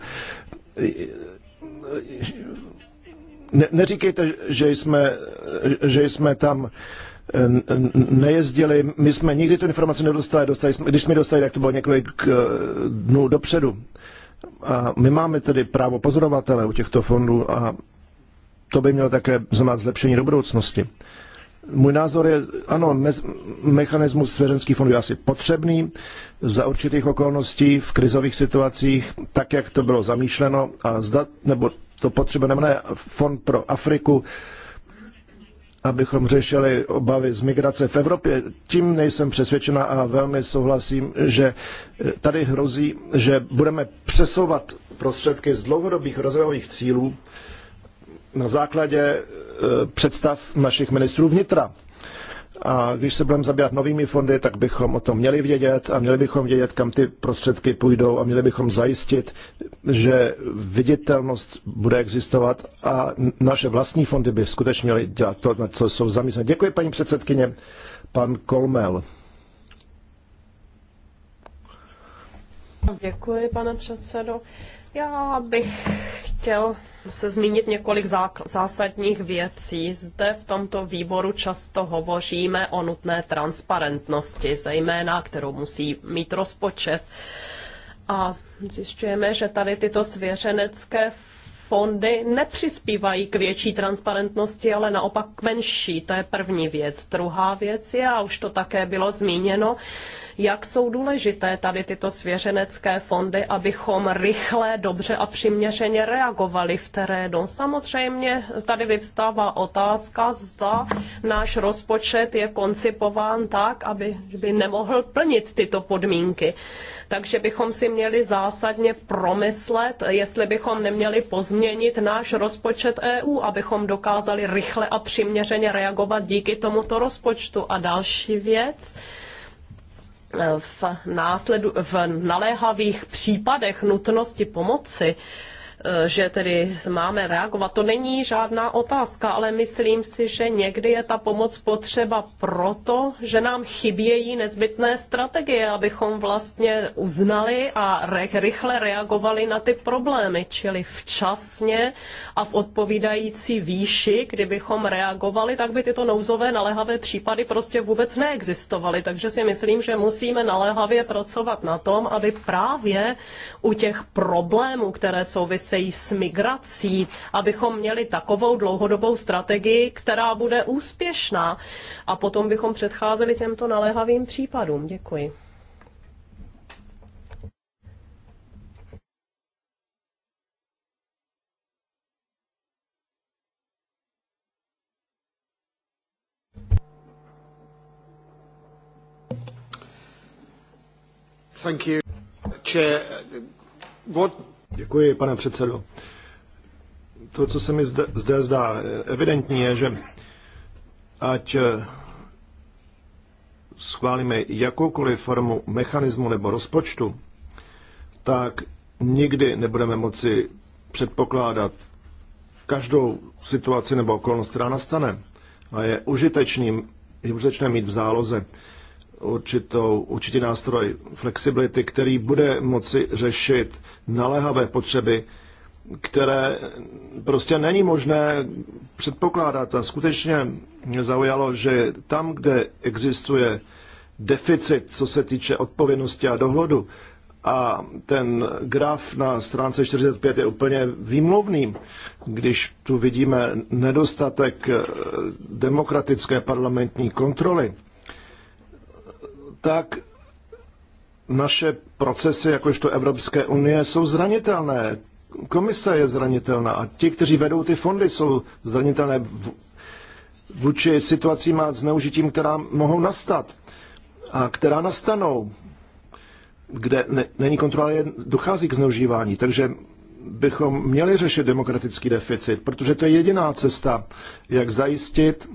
Ne, neříkejte, že jsme, že jsme tam eh, nejezdili, my jsme nikdy tu informaci nedostali, dostali jsme, když jsme dostali, tak to bylo několik eh, dnů dopředu. A my máme tedy právo pozorovatele u těchto fondů a to by mělo také znamenat zlepšení do budoucnosti. Můj názor je, ano, mechanismus svěřenských fondů je asi potřebný za určitých okolností v krizových situacích, tak jak to bylo zamýšleno a zda, nebo to potřeba nemá fond pro Afriku abychom řešili obavy z migrace v Evropě. Tím nejsem přesvědčena a velmi souhlasím, že eh, tady hrozí, že budeme přesouvat prostředky z dlouhodobých rozvojových cílů na základě eh, představ našich ministrů vnitra. A když se budeme zabývat novými fondy, tak bychom o tom měli vědět a měli bychom vědět, kam ty prostředky půjdou a měli bychom zajistit, že viditelnost bude existovat a naše vlastní fondy by skutečně měly dělat to, na co jsou zamýšlené. Děkuji, paní předsedkyně. Pan Kolmel. Děkuji, pane předsedo. Já bych chtěl se zmínit několik zásadních věcí. Zde v tomto výboru často hovoříme o nutné transparentnosti, zejména kterou musí mít rozpočet. A zjišťujeme, že tady tyto svěřenecké fondy nepřispívají k větší transparentnosti, ale naopak k menší. To je první věc. Druhá věc je, a už to také bylo zmíněno, jak jsou důležité tady tyto svěřenecké fondy, abychom rychle, dobře a přiměřeně reagovali v terénu? Samozřejmě tady vyvstává otázka, zda náš rozpočet je koncipován tak, aby by nemohl plnit tyto podmínky. Takže bychom si měli zásadně promyslet, jestli bychom neměli pozměnit náš rozpočet EU, abychom dokázali rychle a přiměřeně reagovat díky tomuto rozpočtu. A další věc, v, následu, v naléhavých případech nutnosti pomoci Eh, že tedy máme reagovat. To není žádná otázka, ale myslím si, že někdy je ta pomoc potřeba proto, že nám chybějí nezbytné strategie, abychom vlastně uznali a re- rychle reagovali na ty problémy, čili včasně a v odpovídající výši, kdybychom reagovali, tak by tyto nouzové naléhavé případy prostě vůbec neexistovaly. Takže si myslím, že musíme naléhavě pracovat na tom, aby právě u těch problémů, které souvisí souvisejí s migrací, abychom měli takovou dlouhodobou strategii, která bude úspěšná a potom bychom předcházeli těmto naléhavým případům. Děkuji. Thank you. Chair, what Děkuji, pane předsedo. To, co se mi zde, zde zdá evidentní, je, že ať eh, schválíme jakoukoliv formu mechanismu nebo rozpočtu, tak nikdy nebudeme moci předpokládat každou situaci nebo okolnost, která nastane. A je užitečným, je užitečné mít v záloze určitou, určitý nástroj flexibility, který bude moci řešit naléhavé potřeby, které prostě není možné předpokládat. A skutečně mě zaujalo, že tam, kde existuje deficit, co se týče odpovědnosti a dohledu, a ten graf na stránce 45 je úplně výmluvný, když tu vidíme nedostatek demokratické parlamentní kontroly tak naše procesy, jakožto Evropské unie, jsou zranitelné. Komise je zranitelná a ti, kteří vedou ty fondy, jsou zranitelné vůči situacím a zneužitím, která mohou nastat a která nastanou, kde ne, není kontrola, je, dochází k zneužívání. Takže bychom měli řešit demokratický deficit, protože to je jediná cesta, jak zajistit,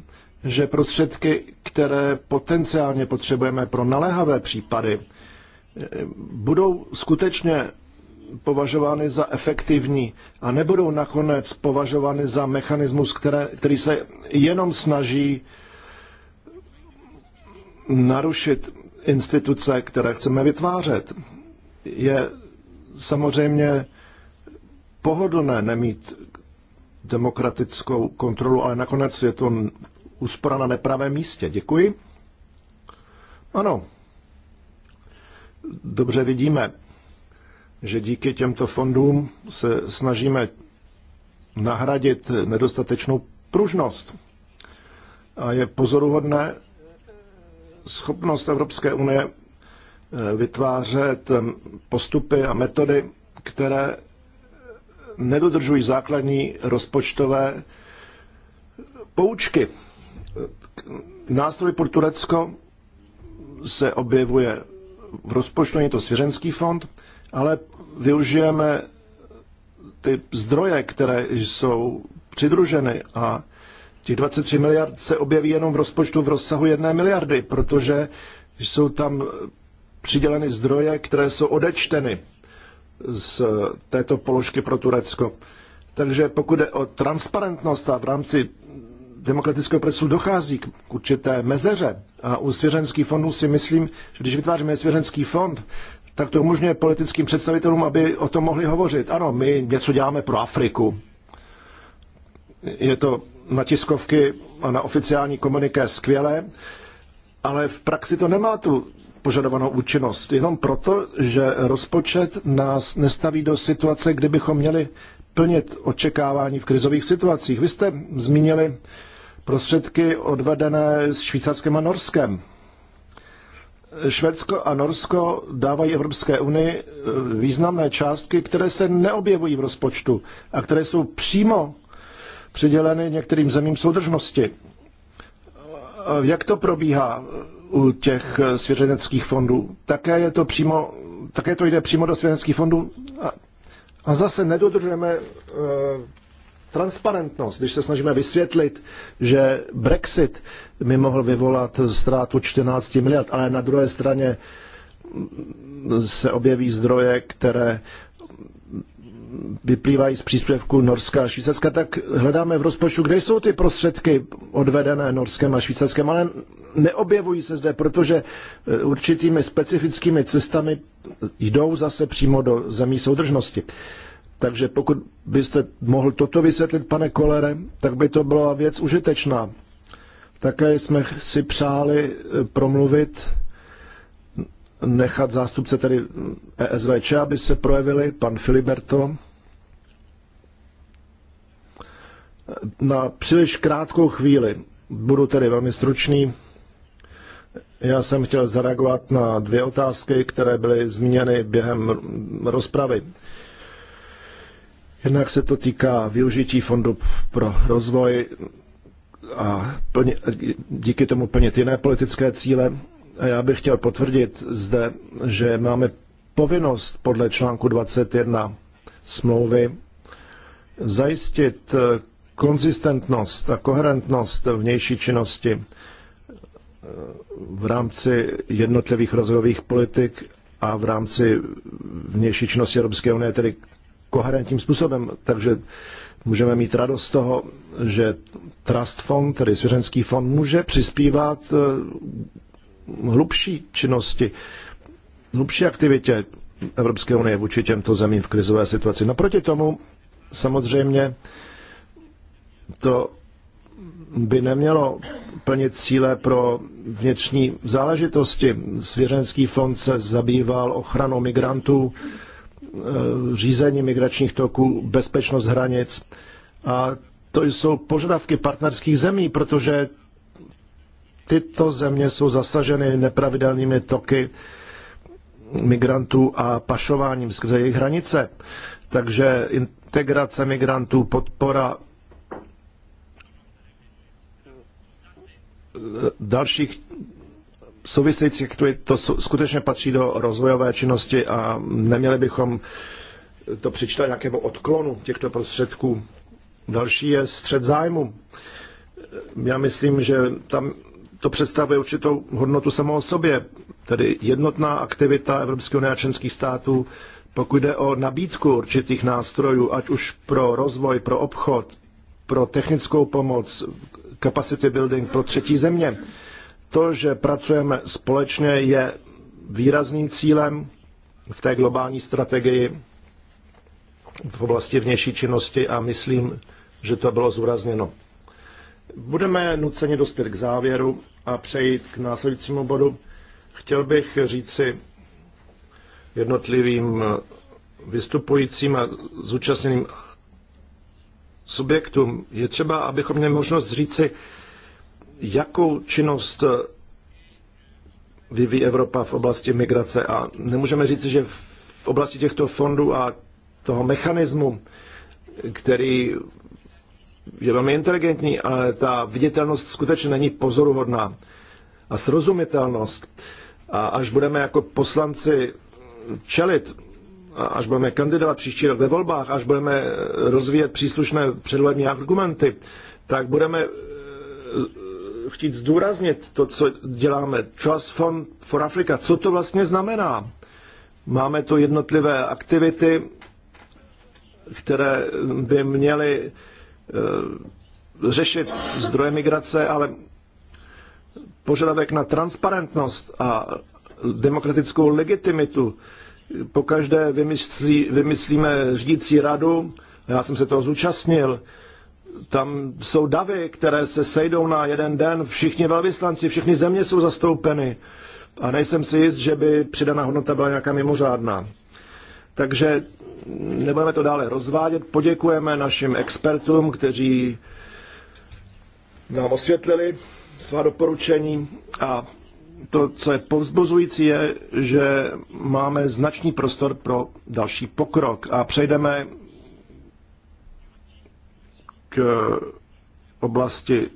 že prostředky, které potenciálně potřebujeme pro naléhavé případy, eh, budou skutečně považovány za efektivní a nebudou nakonec považovány za mechanismus, které, který se jenom snaží narušit instituce, které chceme vytvářet. Je samozřejmě pohodlné nemít demokratickou kontrolu, ale nakonec je to úspora na nepravém místě. Děkuji. Ano. Dobře vidíme, že díky těmto fondům se snažíme nahradit nedostatečnou pružnost. A je pozoruhodné schopnost Evropské unie eh, vytvářet eh, postupy a metody, které eh, nedodržují základní rozpočtové poučky Eh, nástroj pro Turecko se objevuje v rozpočtu, je to svěřenský fond, ale využijeme ty zdroje, které jsou přidruženy a těch 23 miliard se objeví jenom v rozpočtu v rozsahu jedné miliardy, protože jsou tam přiděleny zdroje, které jsou odečteny z této položky pro Turecko. Takže pokud je o transparentnost a v rámci demokratického procesu dochází k určité mezeře. A u svěřenských fondů si myslím, že když vytváříme svěřenský fond, tak to umožňuje politickým představitelům, aby o tom mohli hovořit. Ano, my něco děláme pro Afriku. Je to na tiskovky a na oficiální komuniké skvělé, ale v praxi to nemá tu požadovanou účinnost. Jenom proto, že rozpočet nás nestaví do situace, kdybychom bychom měli plnit očekávání v krizových situacích. Vy jste zmínili prostředky odvedené s Švýcarskem a Norskem. Švédsko a Norsko dávají Evropské unii eh, významné částky, které se neobjevují v rozpočtu a které jsou přímo přiděleny některým zemím soudržnosti. Eh, jak to probíhá eh, u těch svěřeneckých fondů? Také, je to, přímo, také to jde přímo do svěřeneckých fondů a, a zase nedodržujeme transparentnost, když se snažíme vysvětlit, že Brexit by mohl vyvolat ztrátu 14 miliard, ale na druhé straně se objeví zdroje, které vyplývají z příspěvku Norska a Švýcarska, tak hledáme v rozpočtu, kde jsou ty prostředky odvedené Norskem a Švýcarskem, ale neobjevují se zde, protože eh, určitými specifickými cestami jdou zase přímo do zemí soudržnosti. Takže pokud byste mohl toto vysvětlit, pane Kolere, tak by to byla věc užitečná. Také jsme si přáli eh, promluvit, nechat zástupce tedy ESVČ, aby se projevili, pan Filiberto, na příliš krátkou chvíli. Budu tedy velmi stručný. Já jsem chtěl zareagovat na dvě otázky, které byly zmíněny během rozpravy. Jednak se to týká využití fondu pro rozvoj a plně, díky tomu plnit jiné politické cíle. A já bych chtěl potvrdit zde, že máme povinnost podle článku 21 smlouvy zajistit konzistentnost a koherentnost vnější činnosti eh, v rámci jednotlivých rozvojových politik a v rámci vnější činnosti Evropské unie, tedy koherentním způsobem. Takže můžeme mít radost z toho, že Trust Fund, tedy svěřenský fond, může přispívat eh, hlubší činnosti, hlubší aktivitě Evropské unie vůči těmto zemím v krizové situaci. Naproti tomu samozřejmě to by nemělo plnit cíle pro vnitřní záležitosti. Svěřenský fond se zabýval ochranou migrantů, Eh, řízení migračních toků, bezpečnost hranic. A to jsou požadavky partnerských zemí, protože tyto země jsou zasaženy nepravidelnými toky migrantů a pašováním skrze jejich hranice. Takže integrace migrantů, podpora eh, dalších související aktivit, to skutečně patří do rozvojové činnosti a neměli bychom to přičítat nějakému odklonu těchto prostředků. Další je střed zájmu. Já myslím, že tam to představuje určitou hodnotu samo o sobě, tedy jednotná aktivita Evropské unie a členských států, pokud jde o nabídku určitých nástrojů, ať už pro rozvoj, pro obchod, pro technickou pomoc, capacity building pro třetí země. To, že pracujeme společně, je výrazným cílem v té globální strategii v oblasti vnější činnosti a myslím, že to bylo zúrazněno. Budeme nuceni dospět k závěru a přejít k následujícímu bodu. Chtěl bych říci jednotlivým vystupujícím a zúčastněným subjektům, je třeba, abychom měli možnost říci, jakou činnost vyvíjí Evropa v oblasti migrace a nemůžeme říct, že v oblasti těchto fondů a toho mechanismu, který je velmi inteligentní, ale ta viditelnost skutečně není pozoruhodná a srozumitelnost. A až budeme jako poslanci čelit, a až budeme kandidovat příští rok ve volbách, až budeme rozvíjet příslušné předvolební argumenty, tak budeme chtít zdůraznit to, co děláme. Trust Fund for Africa, co to vlastně znamená? Máme tu jednotlivé aktivity, které by měly eh, řešit zdroje migrace, ale požadavek na transparentnost a demokratickou legitimitu. Pokaždé vymyslí, vymyslíme řídící radu, já jsem se toho zúčastnil, tam jsou davy, které se sejdou na jeden den, všichni velvyslanci, všechny země jsou zastoupeny. A nejsem si jist, že by přidaná hodnota byla nějaká mimořádná. Takže nebudeme to dále rozvádět. Poděkujeme našim expertům, kteří nám osvětlili svá doporučení a to, co je povzbuzující, je, že máme značný prostor pro další pokrok a přejdeme k eh, oblasti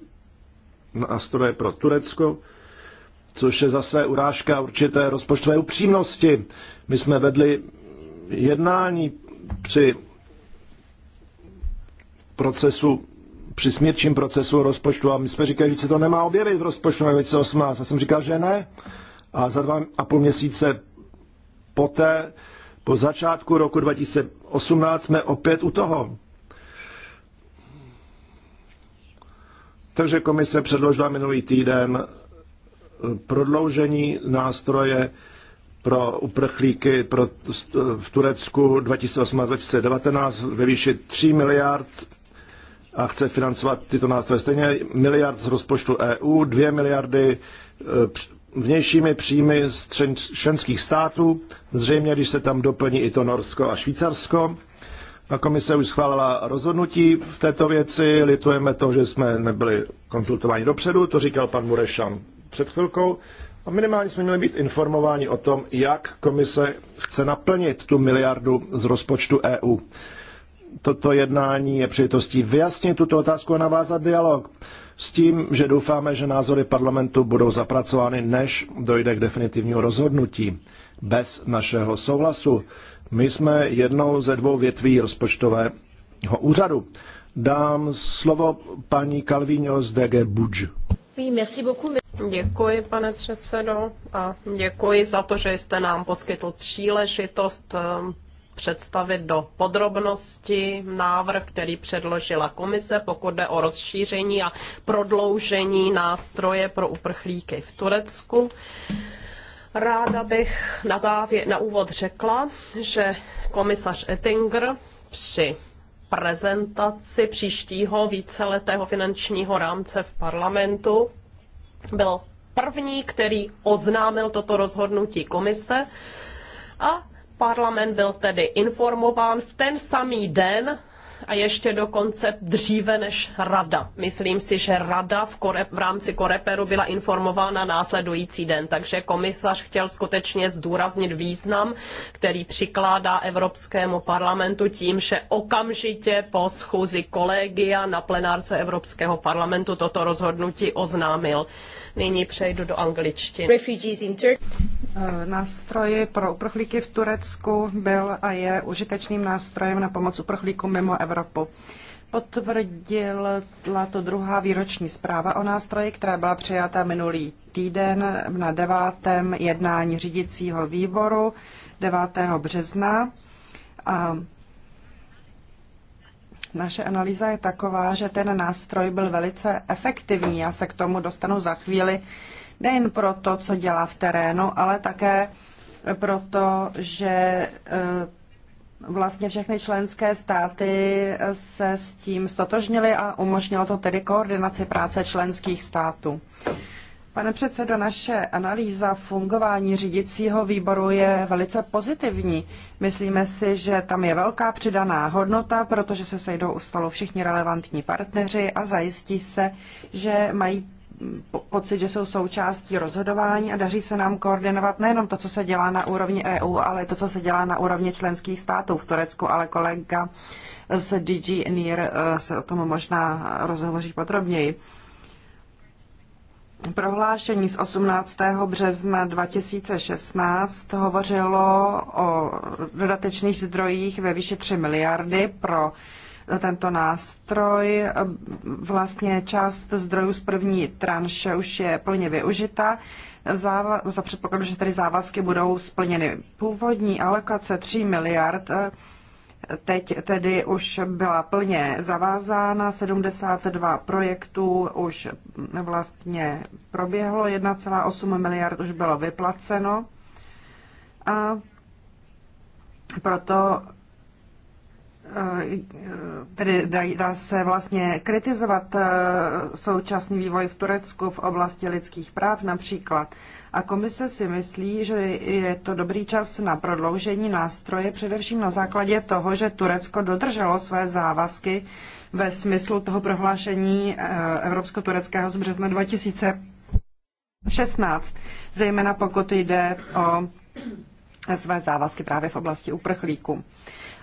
nástroje pro Turecko, což je zase urážka určité rozpočtové upřímnosti. My jsme vedli jednání při procesu při smírčím procesu rozpočtu a my jsme říkali, že se to nemá objevit v rozpočtu na 2018. Já jsem říkal, že ne. A za dva a půl měsíce poté, po začátku roku 2018, jsme opět u toho. Takže komise předložila minulý týden eh, prodloužení nástroje pro uprchlíky pro, v Turecku 2018-2019 ve výši 3 miliard a chce financovat tyto nástroje stejně miliard z rozpočtu EU, 2 miliardy eh, vnějšími příjmy z členských států, zřejmě když se tam doplní i to Norsko a Švýcarsko komise už schválila rozhodnutí v této věci. Litujeme to, že jsme nebyli konzultováni dopředu, to říkal pan Murešan před chvilkou. A minimálně jsme měli být informováni o tom, jak komise chce naplnit tu miliardu z rozpočtu EU. Toto jednání je přijetostí vyjasnit tuto otázku a navázat dialog s tím, že doufáme, že názory parlamentu budou zapracovány, než dojde k definitivnímu rozhodnutí bez našeho souhlasu. My jsme jednou ze dvou větví rozpočtového úřadu. Dám slovo paní Calvino z DG Budž. Děkuji, pane předsedo, a děkuji za to, že jste nám poskytl příležitost ehm, představit do podrobnosti návrh, který předložila komise, pokud jde o rozšíření a prodloužení nástroje pro uprchlíky v Turecku. Ráda bych na, závě, na úvod řekla, že komisař Ettinger při prezentaci příštího víceletého finančního rámce v parlamentu byl první, který oznámil toto rozhodnutí komise a parlament byl tedy informován v ten samý den, a ještě dokonce dříve než rada. Myslím si, že rada v, Kore, v rámci Koreperu byla informována následující den, takže komisař chtěl skutečně zdůraznit význam, který přikládá Evropskému parlamentu tím, že okamžitě po schůzi kolegia na plenárce Evropského parlamentu toto rozhodnutí oznámil. Nyní přejdu do angličtiny. Eh, nástroj pro uprchlíky v Turecku byl a je užitečným nástrojem na pomoc uprchlíkům mimo Evropu. Potvrdila to druhá výroční zpráva o nástroji, která byla přijata minulý týden na devátém jednání řídicího výboru 9. března. A naše analýza je taková, že ten nástroj byl velice efektivní. Já se k tomu dostanu za chvíli nejen pro to, co dělá v terénu, ale také proto, že eh, vlastně všechny členské státy se s tím stotožnily a umožnilo to tedy koordinaci práce členských států. Pane předsedo, naše analýza fungování řídicího výboru je velice pozitivní. Myslíme si, že tam je velká přidaná hodnota, protože se sejdou u stolu všichni relevantní partneři a zajistí se, že mají pocit, že jsou součástí rozhodování a daří se nám koordinovat nejenom to, co se dělá na úrovni EU, ale to, co se dělá na úrovni členských států v Turecku, ale kolega z DG NIR eh, se o tom možná rozhovoří podrobněji. Prohlášení z 18. března 2016 hovořilo o dodatečných zdrojích ve výši 3 miliardy pro tento nástroj. Vlastně část zdrojů z první tranše už je plně využita. za za předpokladu, že tady závazky budou splněny. Původní alokace 3 miliard Teď tedy už byla plně zavázána, 72 projektů už vlastně proběhlo, 1,8 miliard už bylo vyplaceno. A proto tedy dá, se vlastně kritizovat eh, současný vývoj v Turecku v oblasti lidských práv například. A komise si myslí, že je to dobrý čas na prodloužení nástroje, především na základě toho, že Turecko dodrželo své závazky ve smyslu toho prohlášení eh, Evropsko-tureckého z března 2016, zejména pokud jde o své závazky právě v oblasti uprchlíků.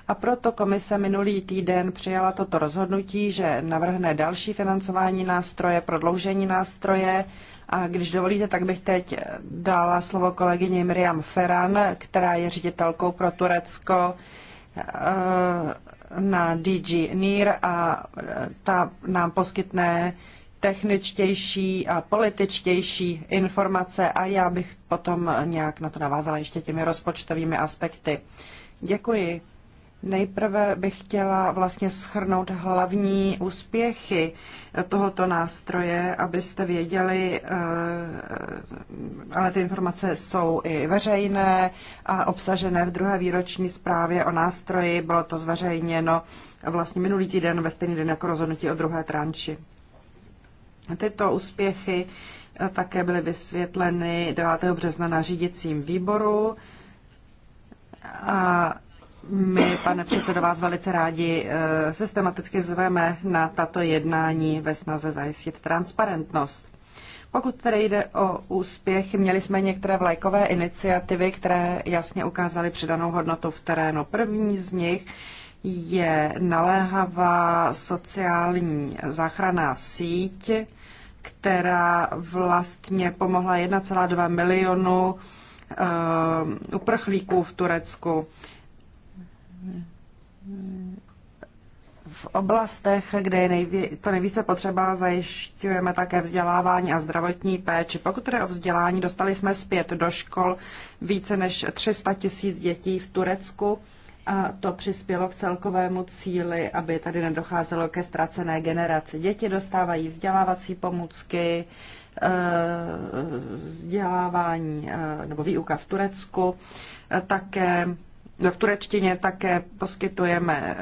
A proto komise minulý týden přijala toto rozhodnutí, že navrhne další financování nástroje, prodloužení nástroje. A když dovolíte, tak bych teď dala slovo kolegyně Miriam Ferran, která je ředitelkou pro Turecko eh, na DG NIR a ta nám poskytne techničtější a političtější informace a já bych potom nějak na to navázala ještě těmi rozpočtovými aspekty. Děkuji. Nejprve bych chtěla vlastně schrnout hlavní úspěchy tohoto nástroje, abyste věděli, eh, ale ty informace jsou i veřejné a obsažené v druhé výroční zprávě o nástroji. Bylo to zveřejněno vlastně minulý týden ve stejný den jako rozhodnutí o druhé tranči. Tyto úspěchy eh, také byly vysvětleny 9. března na řídicím výboru. A my, pane předsedo, vás velice rádi eh, systematicky zveme na tato jednání ve snaze zajistit transparentnost. Pokud tedy jde o úspěch, měli jsme některé vlajkové iniciativy, které jasně ukázaly přidanou hodnotu v terénu. První z nich je naléhavá sociální záchranná síť, která vlastně pomohla 1,2 milionu eh, uprchlíků v Turecku. V oblastech, kde je nejvě- to nejvíce potřeba, zajišťujeme také vzdělávání a zdravotní péči. Pokud jde o vzdělání, dostali jsme zpět do škol více než 300 tisíc dětí v Turecku a to přispělo k celkovému cíli, aby tady nedocházelo ke ztracené generaci. Děti dostávají vzdělávací pomůcky, e, vzdělávání e, nebo výuka v Turecku, e, také v turečtině také poskytujeme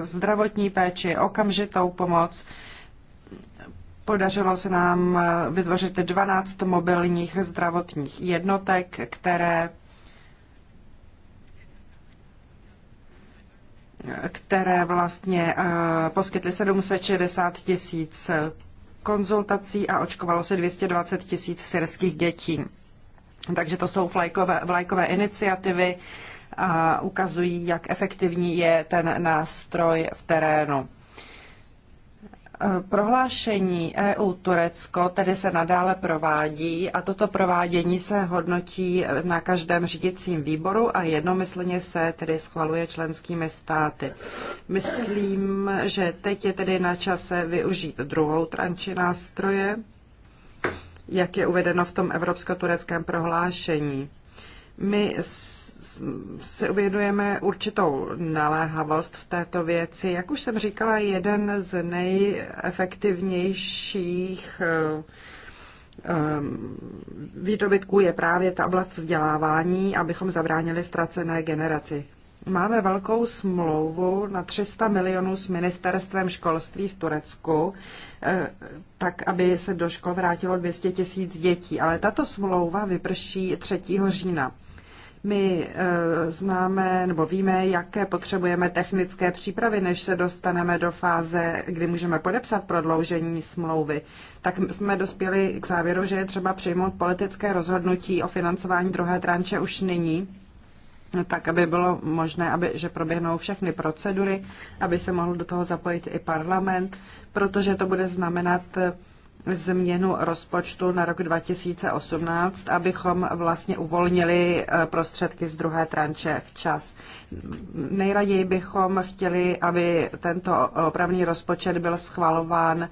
zdravotní péči, okamžitou pomoc. Podařilo se nám vytvořit 12 mobilních zdravotních jednotek, které které vlastně eh, poskytly 760 tisíc konzultací a očkovalo se 220 tisíc syrských dětí. Takže to jsou vlajkové, vlajkové iniciativy a ukazují, jak efektivní je ten nástroj v terénu. Prohlášení EU-Turecko tedy se nadále provádí a toto provádění se hodnotí na každém řídicím výboru a jednomyslně se tedy schvaluje členskými státy. Myslím, že teď je tedy na čase využít druhou tranči nástroje, jak je uvedeno v tom evropsko-tureckém prohlášení. My si uvědujeme určitou naléhavost v této věci. Jak už jsem říkala, jeden z nejefektivnějších eh, eh, výdobytků je právě ta oblast vzdělávání, abychom zabránili ztracené generaci. Máme velkou smlouvu na 300 milionů s ministerstvem školství v Turecku, eh, tak aby se do škol vrátilo 200 tisíc dětí. Ale tato smlouva vyprší 3. října. My eh, známe nebo víme, jaké potřebujeme technické přípravy, než se dostaneme do fáze, kdy můžeme podepsat prodloužení smlouvy. Tak jsme dospěli k závěru, že je třeba přijmout politické rozhodnutí o financování druhé tranče už nyní tak aby bylo možné, aby, že proběhnou všechny procedury, aby se mohl do toho zapojit i parlament, protože to bude znamenat eh, změnu rozpočtu na rok 2018, abychom vlastně uvolnili eh, prostředky z druhé tranče včas. Nejraději bychom chtěli, aby tento eh, opravný rozpočet byl schvalován eh,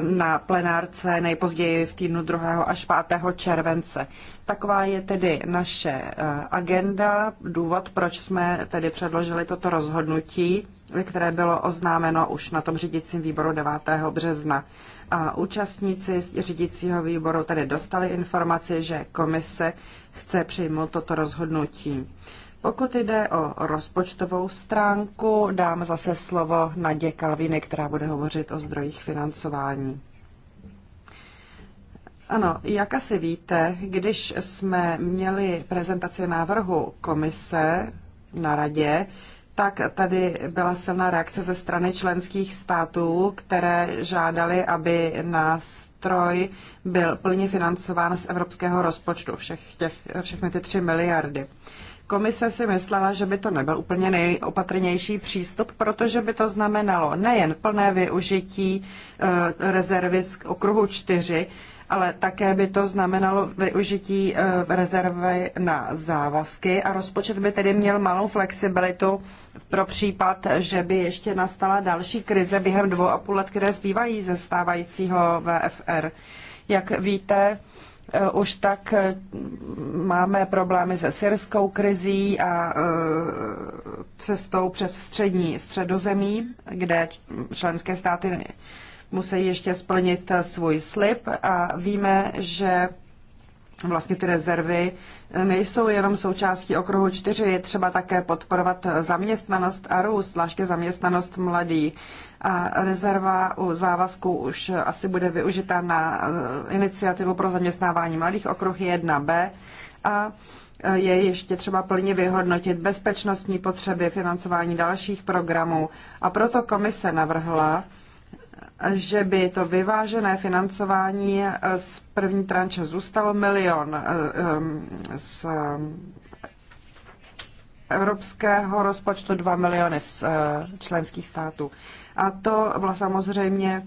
na plenárce nejpozději v týdnu 2. až 5. července. Taková je tedy naše agenda, důvod, proč jsme tedy předložili toto rozhodnutí, které bylo oznámeno už na tom řídicím výboru 9. března a účastníci řídícího výboru tedy dostali informaci, že komise chce přijmout toto rozhodnutí. Pokud jde o rozpočtovou stránku, dám zase slovo Nadě Kalviny, která bude hovořit o zdrojích financování. Ano, jak asi víte, když jsme měli prezentaci návrhu komise na radě, tak tady byla silná reakce ze strany členských států, které žádali, aby nástroj byl plně financován z evropského rozpočtu, všech těch, všechny ty tři miliardy. Komise si myslela, že by to nebyl úplně nejopatrnější přístup, protože by to znamenalo nejen plné využití e, rezervy z okruhu 4, ale také by to znamenalo využití eh, rezervy na závazky a rozpočet by tedy měl malou flexibilitu pro případ, že by ještě nastala další krize během dvou a půl let, které zbývají ze stávajícího VFR. Jak víte, eh, už tak eh, máme problémy se syrskou krizí a cestou přes střední středozemí, kde členské státy musí ještě splnit eh, svůj slib a víme, že vlastně ty rezervy eh, nejsou jenom součástí okruhu 4, je třeba také podporovat eh, zaměstnanost a růst, zvláště zaměstnanost mladí. A rezerva u závazku už asi bude využita na iniciativu pro zaměstnávání mladých, okruh 1b. A je ještě třeba plně vyhodnotit bezpečnostní potřeby financování dalších programů. A proto komise navrhla, že by to vyvážené financování eh, z první tranče zůstalo milion eh, z evropského rozpočtu 2 miliony z eh, členských států. A to byla samozřejmě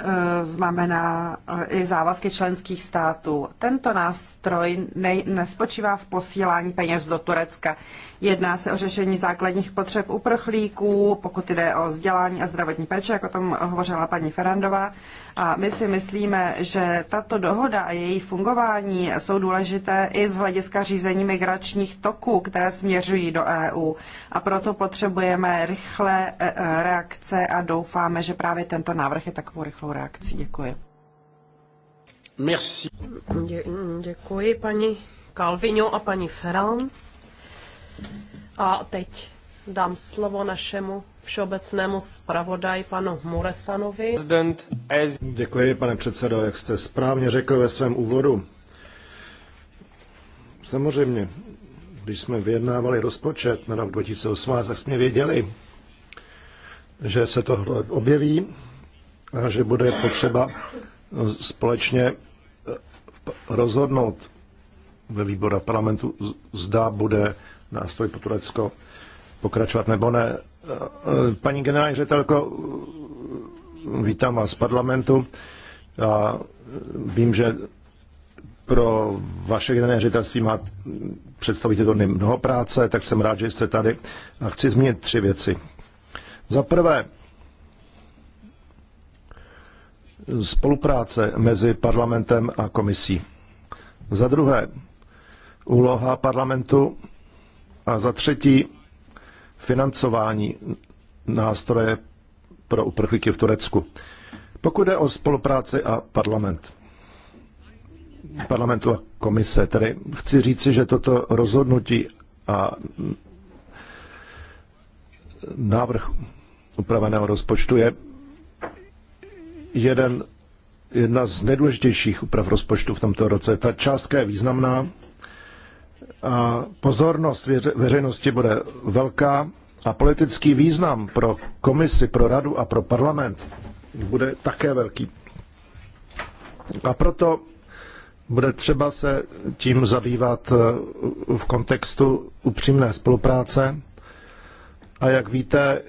Eh, znamená eh, i závazky členských států. Tento nástroj ne, nespočívá v posílání peněz do Turecka. Jedná se o řešení základních potřeb uprchlíků, pokud jde o vzdělání a zdravotní péče, jak o tom hovořila paní Ferandová, a my si myslíme, že tato dohoda a její fungování jsou důležité i z hlediska řízení migračních toků, které směřují do EU. A proto potřebujeme rychlé e, e, reakce a doufáme, že právě tento návrh je takovou rychlou reakcí. Děkuji. Merci. Dě, děkuji paní Kalvino a paní Ferran. A teď dám slovo našemu všeobecnému zpravodaji panu Muresanovi. Děkuji, pane předsedo, jak jste správně řekl ve svém úvodu. Samozřejmě, když jsme vyjednávali rozpočet na rok 2018, tak jsme věděli, že se tohle objeví a že bude potřeba společně rozhodnout ve výboru parlamentu, zda bude nástroj pro Turecko pokračovat nebo ne. Paní generální ředitelko, vítám vás z parlamentu. A vím, že pro vaše generální ředitelství má představit to mnoho práce, tak jsem rád, že jste tady. A chci zmínit tři věci. Za prvé, spolupráce mezi parlamentem a komisí. Za druhé, úloha parlamentu. A za třetí, financování nástroje pro uprchlíky v Turecku. Pokud jde o spolupráci a parlament, parlamentu a komise, tedy chci říci, že toto rozhodnutí a návrh upraveného rozpočtu je jeden, jedna z nejdůležitějších úprav rozpočtu v tomto roce. Ta částka je významná, pozornost veřejnosti bude velká a politický význam pro komisi, pro radu a pro parlament bude také velký. A proto bude třeba se tím zabývat eh, v kontextu upřímné spolupráce. A jak víte,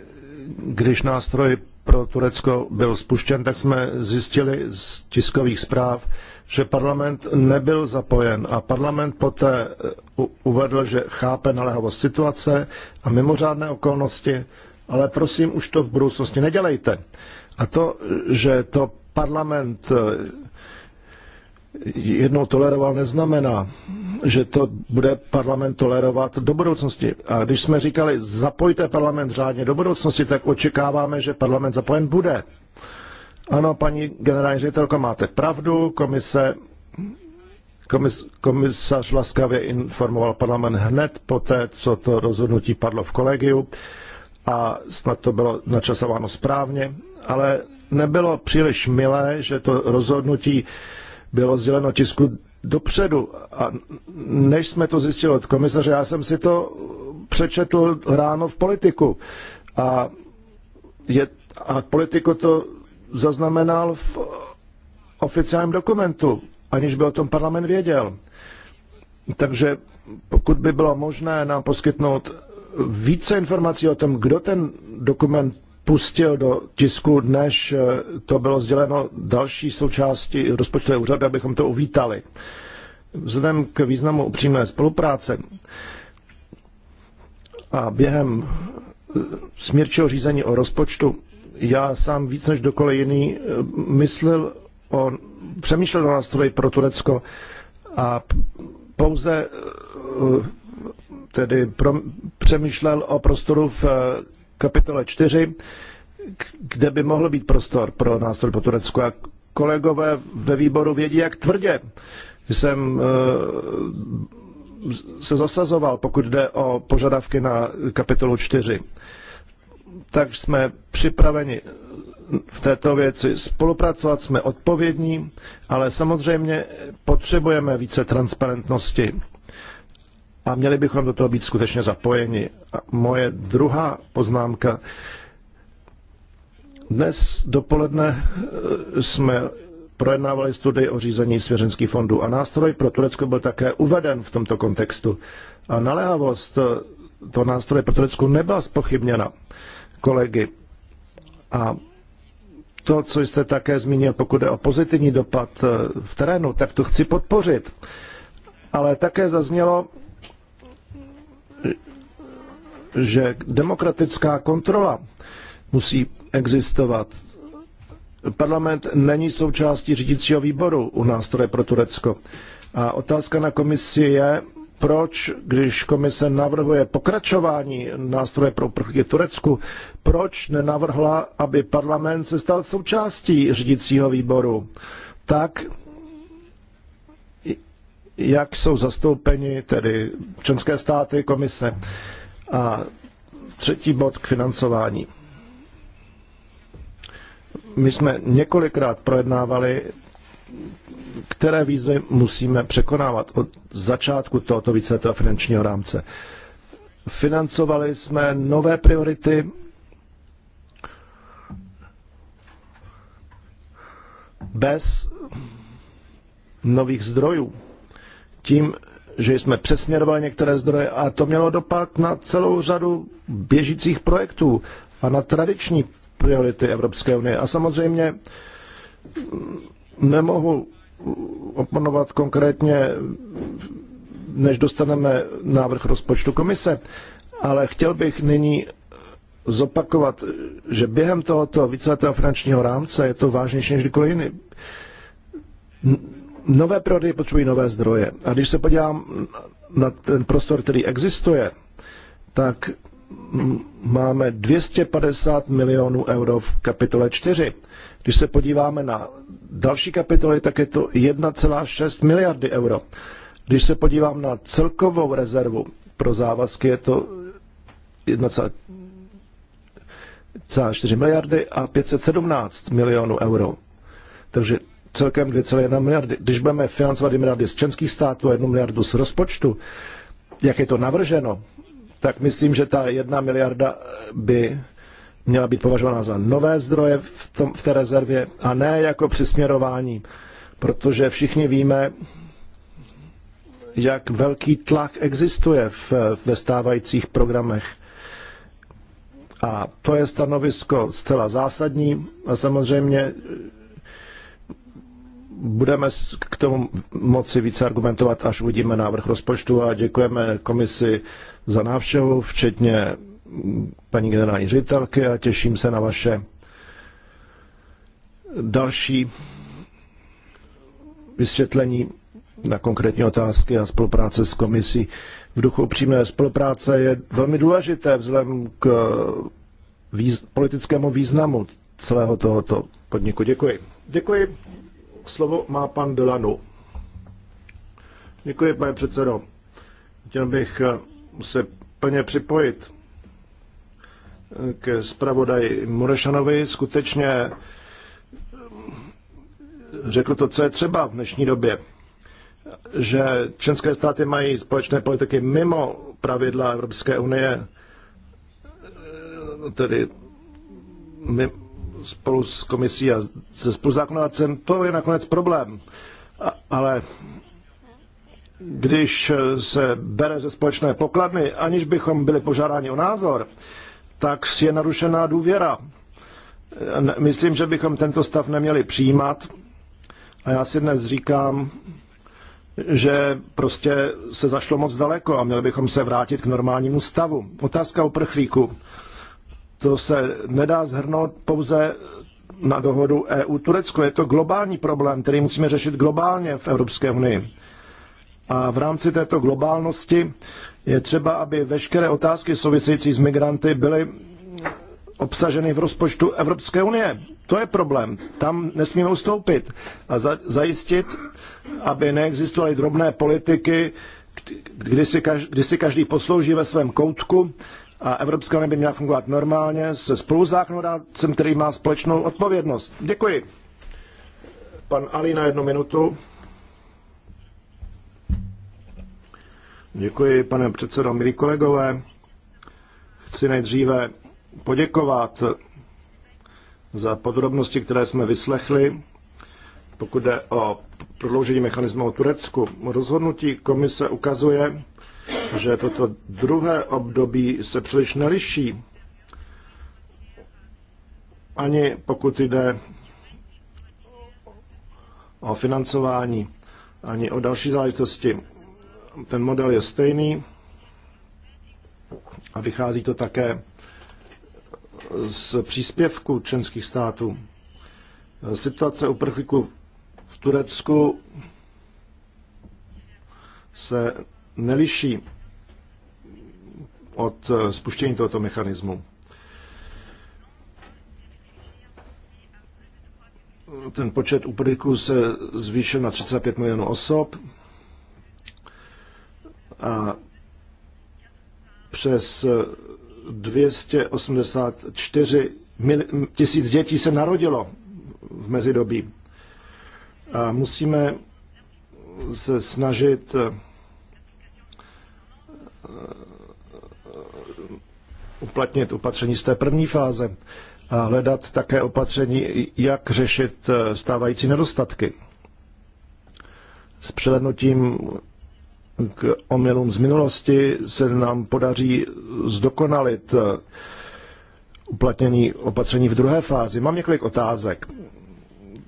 když nástroj pro Turecko byl spuštěn, tak jsme zjistili z tiskových zpráv, že parlament nebyl zapojen a parlament poté eh, uvedl, že chápe naléhavost situace a mimořádné okolnosti, ale prosím, už to v budoucnosti nedělejte. A to, že to parlament eh, jednou toleroval, neznamená, že to bude parlament tolerovat do budoucnosti. A když jsme říkali, zapojte parlament řádně do budoucnosti, tak očekáváme, že parlament zapojen bude. Ano, paní generální ředitelko, máte pravdu. Komise, komis, komisař laskavě informoval parlament hned po té, co to rozhodnutí padlo v kolegiu a snad to bylo načasováno správně, ale nebylo příliš milé, že to rozhodnutí bylo sděleno tisku dopředu. A než jsme to zjistili od komisaře, já jsem si to přečetl ráno v politiku. A, je, a politiko to zaznamenal v oficiálním dokumentu, aniž by o tom parlament věděl. Takže pokud by bylo možné nám poskytnout více informací o tom, kdo ten dokument pustil do tisku, než eh, to bylo sděleno další součásti rozpočtové úřady, abychom to uvítali. Vzhledem k významu upřímné spolupráce a během eh, smírčího řízení o rozpočtu já sám víc než dokole jiný eh, myslel o, přemýšlel o nástroji pro Turecko a pouze eh, tedy pro, přemýšlel o prostoru v eh, kapitole 4, kde by mohl být prostor pro nástroj pro Turecko. A kolegové ve výboru vědí, jak tvrdě jsem se zasazoval, pokud jde o požadavky na kapitolu 4 tak jsme připraveni v této věci spolupracovat, jsme odpovědní, ale samozřejmě potřebujeme více transparentnosti a měli bychom do toho být skutečně zapojeni. A moje druhá poznámka. Dnes dopoledne eh, jsme projednávali studii o řízení svěřenských fondů a nástroj pro Turecko byl také uveden v tomto kontextu. A naléhavost eh, toho nástroje pro Turecko nebyla spochybněna kolegy. A to, co jste také zmínil, pokud je o pozitivní dopad eh, v terénu, tak to chci podpořit. Ale také zaznělo, že demokratická kontrola musí existovat. Parlament není součástí řídícího výboru u nástroje pro Turecko. A otázka na komisi je, proč, když komise navrhuje pokračování nástroje pro uprchlíky Turecku, proč nenavrhla, aby parlament se stal součástí řídícího výboru, tak jak jsou zastoupeni tedy členské státy, komise. A třetí bod k financování. My jsme několikrát projednávali které výzvy musíme překonávat od začátku tohoto víceletého finančního rámce. Financovali jsme nové priority, bez nových zdrojů. Tím, že jsme přesměrovali některé zdroje a to mělo dopad na celou řadu běžících projektů a na tradiční priority Evropské unie. A samozřejmě nemohu oponovat konkrétně, než dostaneme návrh rozpočtu komise, ale chtěl bych nyní zopakovat, že během tohoto víceletého finančního rámce je to vážnější než kdykoliv jiný. Nové prody potřebují nové zdroje. A když se podívám na ten prostor, který existuje, tak máme 250 milionů euro v kapitole 4 když se podíváme na další kapitoly, tak je to 1,6 miliardy euro. Když se podívám na celkovou rezervu pro závazky, je to 1,4 miliardy a 517 milionů euro. Takže celkem 2,1 miliardy. Když budeme financovat 2 miliardy z českých států a 1 miliardu z rozpočtu, jak je to navrženo, tak myslím, že ta jedna miliarda by měla být považována za nové zdroje v, tom, v té rezervě a ne jako přisměrování, protože všichni víme, jak velký tlak existuje v, ve stávajících programech. A to je stanovisko zcela zásadní a samozřejmě budeme k tomu moci více argumentovat, až uvidíme návrh rozpočtu a děkujeme komisi za návštěvu, včetně paní generální ředitelky a těším se na vaše další vysvětlení na konkrétní otázky a spolupráce s komisí. V duchu přímé spolupráce je velmi důležité vzhledem k výz- politickému významu celého tohoto podniku. Děkuji. Děkuji. Slovo má pan Delanu. Děkuji, pane předsedo. Chtěl bych se plně připojit k zpravodaji Murešanovi. Skutečně řekl to, co je třeba v dnešní době, že členské státy mají společné politiky mimo pravidla Evropské unie, tedy my spolu s komisí a se spoluzákonodacem, to je nakonec problém. A, ale když se bere ze společné pokladny, aniž bychom byli požádáni o názor, tak je narušená důvěra. Myslím, že bychom tento stav neměli přijímat. A já si dnes říkám, že prostě se zašlo moc daleko a měli bychom se vrátit k normálnímu stavu. Otázka prchlíku. To se nedá zhrnout pouze na dohodu EU-Turecko. Je to globální problém, který musíme řešit globálně v Evropské unii. A v rámci této globálnosti je třeba, aby veškeré otázky související s migranty byly obsaženy v rozpočtu Evropské unie. To je problém. Tam nesmíme ustoupit a za, zajistit, aby neexistovaly drobné politiky, kdy si, každý, kdy si každý poslouží ve svém koutku a Evropská unie by měla fungovat normálně se spoluzákonodárcem, který má společnou odpovědnost. Děkuji. Pan Ali na jednu minutu. Děkuji, pane předsedo. Milí kolegové, chci nejdříve poděkovat za podrobnosti, které jsme vyslechli, pokud jde o prodloužení mechanismu o Turecku. Rozhodnutí komise ukazuje, že toto druhé období se příliš neliší, ani pokud jde o financování, ani o další záležitosti ten model je stejný a vychází to také z příspěvku členských států. Situace uprchlíků v Turecku se neliší od spuštění tohoto mechanismu. Ten počet uprchlíků se zvýšil na 35 milionů osob a přes 284 tisíc dětí se narodilo v mezidobí. A musíme se snažit eh, uplatnit opatření z té první fáze a hledat také opatření, jak řešit eh, stávající nedostatky. S přelednutím k omylům z minulosti se nám podaří zdokonalit eh, uplatnění opatření v druhé fázi. Mám několik otázek.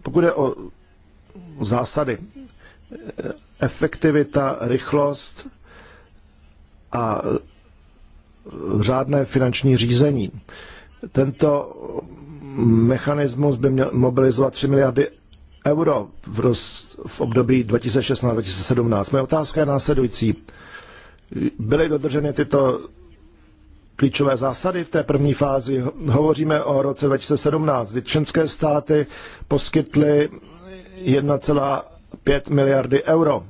Pokud je o zásady, eh, efektivita, rychlost a eh, řádné finanční řízení. Tento mechanismus by měl mobilizovat 3 miliardy euro v, roz, v období 2016-2017. Moje otázka je následující. Byly dodrženy tyto klíčové zásady v té první fázi? Hovoříme o roce 2017, kdy členské státy poskytly 1,5 miliardy euro.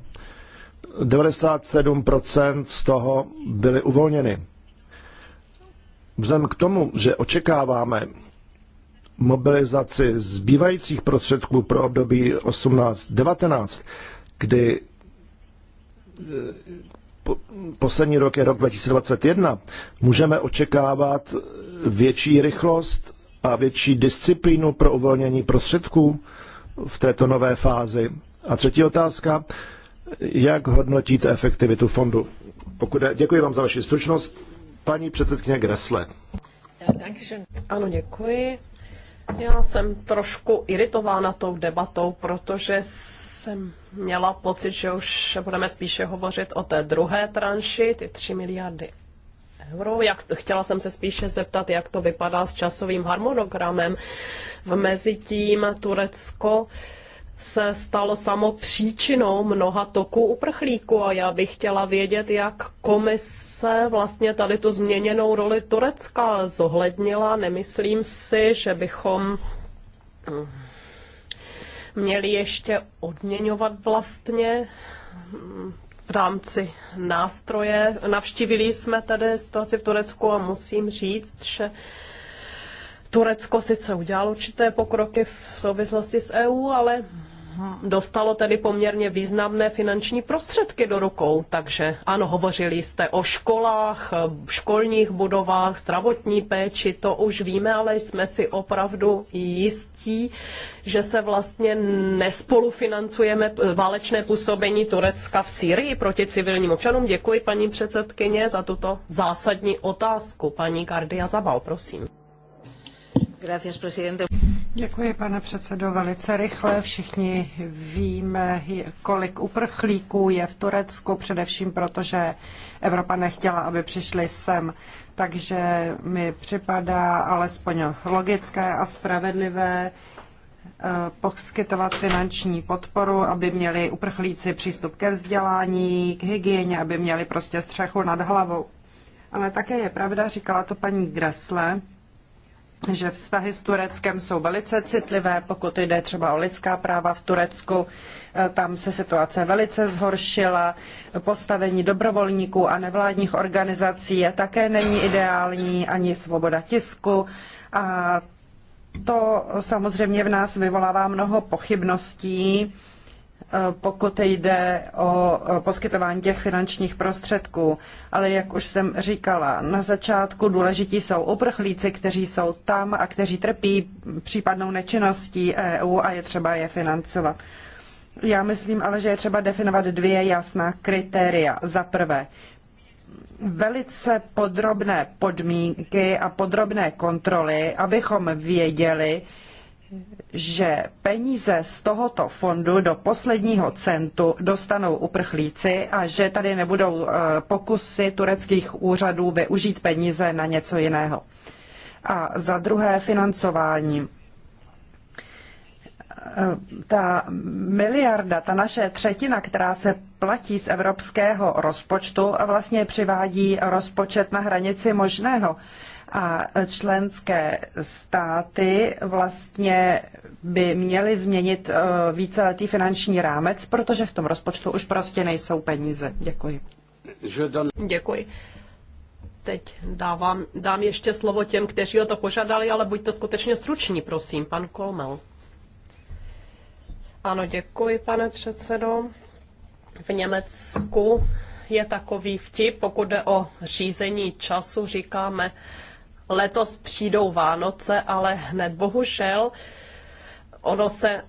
97% z toho byly uvolněny. Vzhledem k tomu, že očekáváme, mobilizaci zbývajících prostředků pro období 18-19, kdy e, poslední rok je rok 2021, můžeme očekávat větší rychlost a větší disciplínu pro uvolnění prostředků v této nové fázi. A třetí otázka, jak hodnotíte efektivitu fondu? Pokud je, děkuji vám za vaši stručnost. Paní předsedkyně Gressle. Ano, děkuji. Já jsem trošku iritována tou debatou, protože jsem měla pocit, že už budeme spíše hovořit o té druhé tranši, ty 3 miliardy euro. Jak, chtěla jsem se spíše zeptat, jak to vypadá s časovým harmonogramem. V mezitím Turecko uh, se stalo samo příčinou mnoha toků uprchlíků a já bych chtěla vědět, jak komise vlastně tady tu změněnou roli Turecka zohlednila. Nemyslím si, že bychom hm, měli ještě odměňovat vlastně hm, v rámci nástroje. Navštívili jsme tady situaci v Turecku a musím říct, že Turecko sice udělalo určité pokroky v souvislosti s EU, ale dostalo tedy poměrně významné finanční prostředky do rukou. Takže ano, hovořili jste o školách, školních budovách, zdravotní péči, to už víme, ale jsme si opravdu jistí, že se vlastně nespolufinancujeme válečné působení Turecka v Sýrii proti civilním občanům. Děkuji paní předsedkyně za tuto zásadní otázku. Paní Kardia Zabal, prosím. Děkuji, pane předsedo. Velice rychle všichni víme, kolik uprchlíků je v Turecku, především proto, že Evropa nechtěla, aby přišli sem. Takže mi připadá alespoň logické a spravedlivé eh, poskytovat finanční podporu, aby měli uprchlíci přístup ke vzdělání, k hygieně, aby měli prostě střechu nad hlavou. Ale také je pravda, říkala to paní Gresle, že vztahy s Tureckem jsou velice citlivé, pokud jde třeba o lidská práva v Turecku. E, tam se situace velice zhoršila, postavení dobrovolníků a nevládních organizací je také není ideální, ani svoboda tisku. A to samozřejmě v nás vyvolává mnoho pochybností pokud jde o poskytování těch finančních prostředků. Ale jak už jsem říkala, na začátku důležití jsou uprchlíci, kteří jsou tam a kteří trpí případnou nečinností EU a je třeba je financovat. Já myslím ale, že je třeba definovat dvě jasná kritéria. Za prvé, velice podrobné podmínky a podrobné kontroly, abychom věděli, že peníze z tohoto fondu do posledního centu dostanou uprchlíci a že tady nebudou eh, pokusy tureckých úřadů využít peníze na něco jiného. A za druhé financování. Eh, ta miliarda, ta naše třetina, která se platí z evropského rozpočtu, vlastně přivádí rozpočet na hranici možného a členské státy vlastně by měly změnit eh, víceletý finanční rámec, protože v tom rozpočtu už prostě nejsou peníze. Děkuji. Děkuji. Teď dávám, dám ještě slovo těm, kteří o to požádali, ale buďte skutečně struční, prosím, pan Kolmel. Ano, děkuji, pane předsedo. V Německu je takový vtip, pokud jde o řízení času, říkáme, letos přijdou Vánoce, ale hned bohužel ono se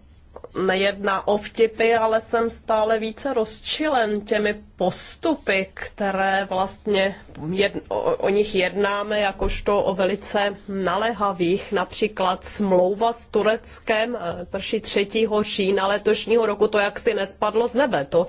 nejedná o vtipy, ale jsem stále více rozčilen těmi postupy, které vlastně jed, o, o nich jednáme jakožto o velice naléhavých, například smlouva s Tureckem eh, prší 3. října letošního roku, to jaksi nespadlo z nebe. To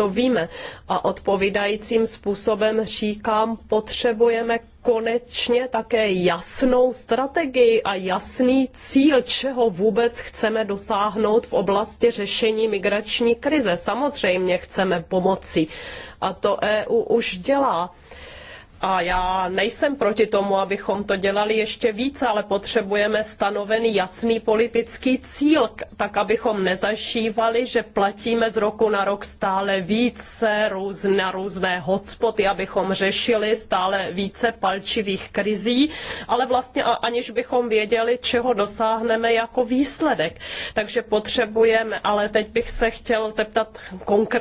to víme. A odpovídajícím způsobem říkám, potřebujeme konečně také jasnou strategii a jasný cíl, čeho vůbec chceme dosáhnout v oblasti řešení migrační krize. Samozřejmě chceme pomoci a to EU už dělá. A já nejsem proti tomu, abychom to dělali ještě více, ale potřebujeme stanovený jasný politický cíl, tak abychom nezašívali, že platíme z roku na rok stále více růz, na různé hotspoty, abychom řešili stále více palčivých krizí, ale vlastně aniž bychom věděli, čeho dosáhneme jako výsledek. Takže potřebujeme, ale teď bych se chtěl zeptat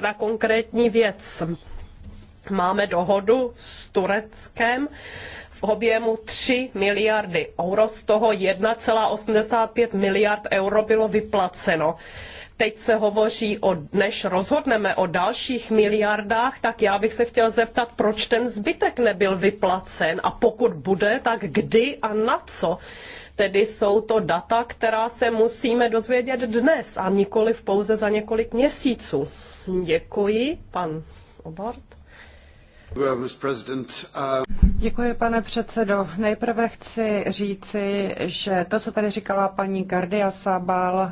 na konkrétní věc máme dohodu s Tureckem v objemu 3 miliardy euro, z toho 1,85 miliard euro bylo vyplaceno. Teď se hovoří o, než rozhodneme o dalších miliardách, tak já bych se chtěl zeptat, proč ten zbytek nebyl vyplacen a pokud bude, tak kdy a na co? Tedy jsou to data, která se musíme dozvědět dnes a nikoliv pouze za několik měsíců. Děkuji, pan Obart. Děkuji, pane předsedo. Nejprve chci říci, že to, co tady říkala paní Gardia Sabal, eh,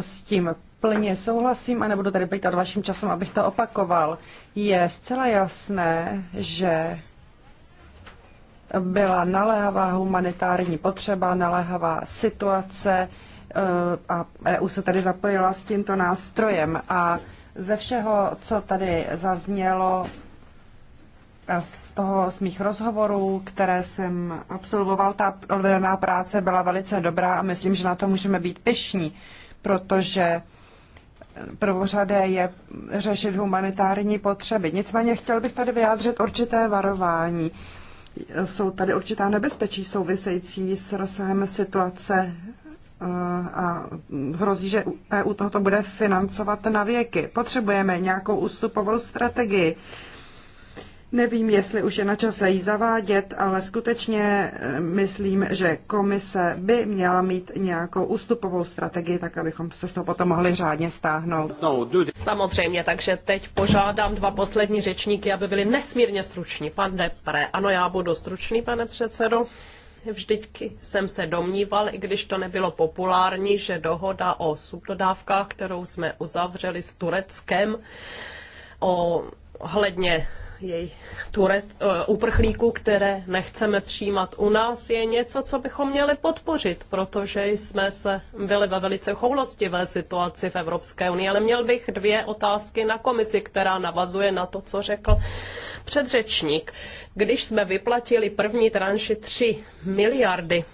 s tím plně souhlasím a nebudu tady plýtat vaším časem, abych to opakoval. Je zcela jasné, že byla naléhavá humanitární potřeba, naléhavá situace eh, a EU se tady zapojila s tímto nástrojem a ze všeho, co tady zaznělo, eh, z toho z mých rozhovorů, které jsem absolvoval, ta odvedená práce byla velice dobrá a myslím, že na to můžeme být pišní, protože prvořadé je řešit humanitární potřeby. Nicméně chtěl bych tady vyjádřit určité varování. Jsou tady určitá nebezpečí související s rozsahem situace a hrozí, že EU tohoto bude financovat na věky. Potřebujeme nějakou ústupovou strategii. Nevím, jestli už je na čase ji zavádět, ale skutečně eh, myslím, že komise by měla mít nějakou ústupovou strategii, tak abychom se z toho potom mohli řádně stáhnout. No, Samozřejmě, takže teď požádám dva poslední řečníky, aby byli nesmírně struční. Pan Depre, ano, já budu stručný, pane předsedo. Vždycky jsem se domníval, i když to nebylo populární, že dohoda o subdodávkách, kterou jsme uzavřeli s Tureckem, o hledně jejich turet, eh, uprchlíků, které nechceme přijímat u nás, je něco, co bychom měli podpořit, protože jsme se byli ve velice choulostivé situaci v Evropské unii. Ale měl bych dvě otázky na komisi, která navazuje na to, co řekl předřečník. Když jsme vyplatili první tranši 3 miliardy,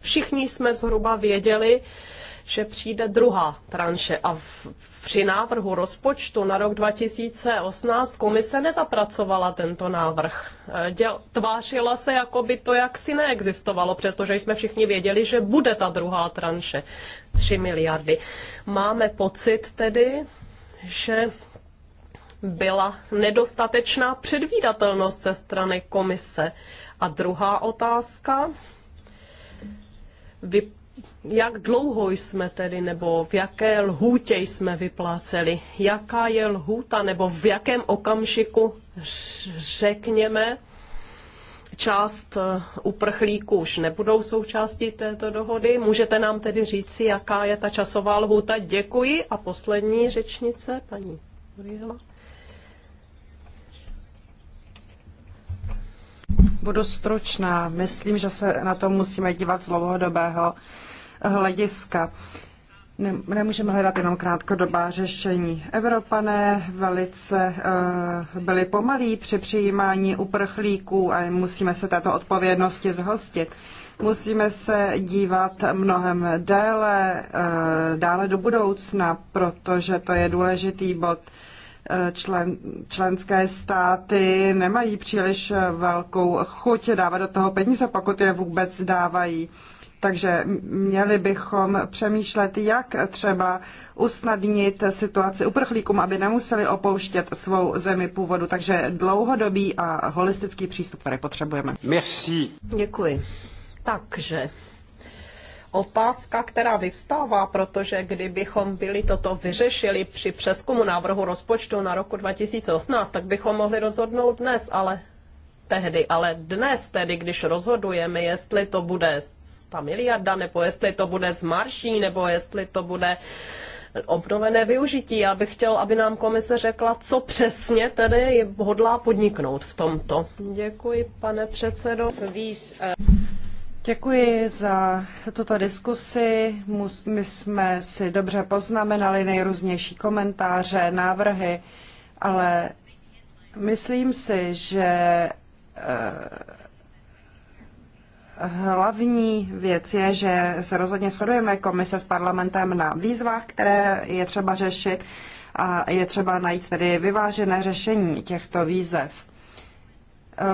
všichni jsme zhruba věděli, že přijde druhá tranše a v při návrhu rozpočtu na rok 2018 komise nezapracovala tento návrh. E, děl, tvářila se, jako by to jaksi neexistovalo, přestože jsme všichni věděli, že bude ta druhá tranše 3 miliardy. Máme pocit tedy, že byla nedostatečná předvídatelnost ze strany komise. A druhá otázka. Vy jak dlouho jsme tedy, nebo v jaké lhůtě jsme vypláceli, jaká je lhůta, nebo v jakém okamžiku řekněme, část eh, uprchlíků už nebudou součástí této dohody. Můžete nám tedy říci, jaká je ta časová lhůta? Děkuji. A poslední řečnice, paní Uriela. Budu stručná. Myslím, že se na to musíme dívat z dlouhodobého hlediska. Nemůžeme hledat jenom krátkodobá řešení. Evropané velice eh, byli pomalí při přijímání uprchlíků a musíme se této odpovědnosti zhostit. Musíme se dívat mnohem déle, eh, dále do budoucna, protože to je důležitý bod. Eh, člen, členské státy nemají příliš velkou chuť dávat do toho peníze, pokud je vůbec dávají. Takže měli bychom přemýšlet, jak třeba usnadnit situaci uprchlíkům, aby nemuseli opouštět svou zemi původu. Takže dlouhodobý a holistický přístup, tady potřebujeme. Merci. Děkuji. Takže otázka, která vyvstává, protože kdybychom byli toto vyřešili při přeskumu návrhu rozpočtu na roku 2018, tak bychom mohli rozhodnout dnes, ale tehdy, ale dnes tedy, když rozhodujeme, jestli to bude ta miliarda, nebo jestli to bude z marší, nebo jestli to bude obnovené využití. Já bych chtěl, aby nám komise řekla, co přesně tedy je hodlá podniknout v tomto. Děkuji, pane předsedo. Děkuji za tuto diskusi. My jsme si dobře poznamenali nejrůznější komentáře, návrhy, ale myslím si, že eh, Hlavní věc je, že se rozhodně shodujeme komise s parlamentem na výzvách, které je třeba řešit a je třeba najít tedy vyvážené řešení těchto výzev.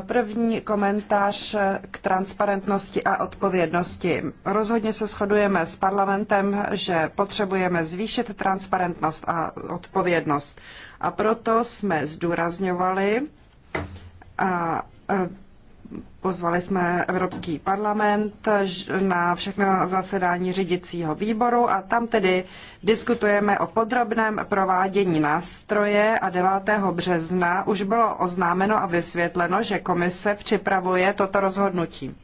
První komentář k transparentnosti a odpovědnosti. Rozhodně se shodujeme s parlamentem, že potřebujeme zvýšit transparentnost a odpovědnost. A proto jsme zdůrazňovali a Pozvali jsme Evropský parlament na všechna zasedání řídicího výboru a tam tedy diskutujeme o podrobném provádění nástroje a 9. března už bylo oznámeno a vysvětleno, že komise připravuje toto rozhodnutí.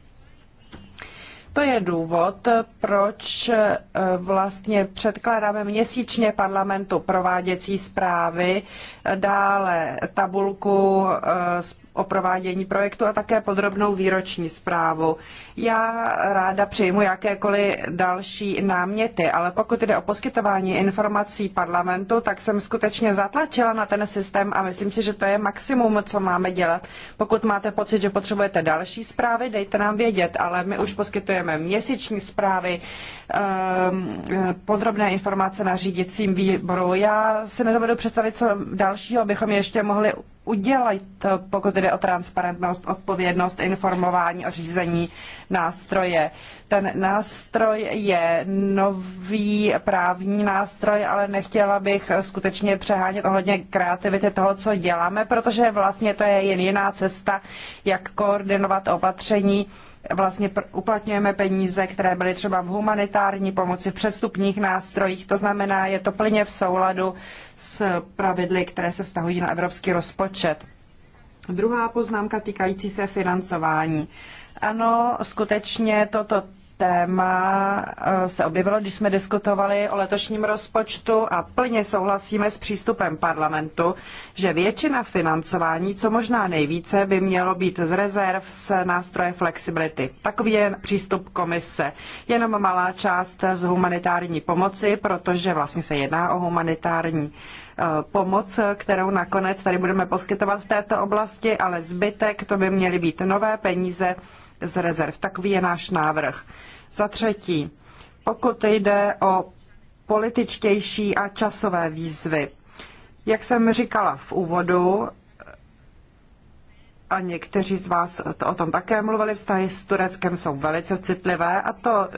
To je důvod, proč eh, vlastně předkládáme měsíčně parlamentu prováděcí zprávy, eh, dále tabulku eh, o provádění projektu a také podrobnou výroční zprávu. Já ráda přijmu jakékoliv další náměty, ale pokud jde o poskytování informací parlamentu, tak jsem skutečně zatlačila na ten systém a myslím si, že to je maximum, co máme dělat. Pokud máte pocit, že potřebujete další zprávy, dejte nám vědět, ale my už poskytujeme měsíční zprávy, ehm, podrobné informace na řídicím výboru. Já si nedovedu představit, co dalšího bychom ještě mohli udělat, pokud jde o transparentnost, odpovědnost, informování o řízení nástroje. Ten nástroj je nový právní nástroj, ale nechtěla bych skutečně přehánět ohledně kreativity toho, co děláme, protože vlastně to je jen jiná cesta, jak koordinovat opatření, vlastně uplatňujeme peníze, které byly třeba v humanitární pomoci, v předstupních nástrojích. To znamená, je to plně v souladu s pravidly, které se vztahují na evropský rozpočet. Druhá poznámka týkající se financování. Ano, skutečně toto téma eh, se objevilo, když jsme diskutovali o letošním rozpočtu a plně souhlasíme s přístupem parlamentu, že většina financování, co možná nejvíce, by mělo být z rezerv z nástroje flexibility. Takový je přístup komise. Jenom malá část z humanitární pomoci, protože vlastně se jedná o humanitární eh, pomoc, kterou nakonec tady budeme poskytovat v této oblasti, ale zbytek to by měly být nové peníze z rezerv. Takový je náš návrh. Za třetí, pokud jde o političtější a časové výzvy. Jak jsem říkala v úvodu, a někteří z vás o tom také mluvili, vztahy s Tureckem jsou velice citlivé a to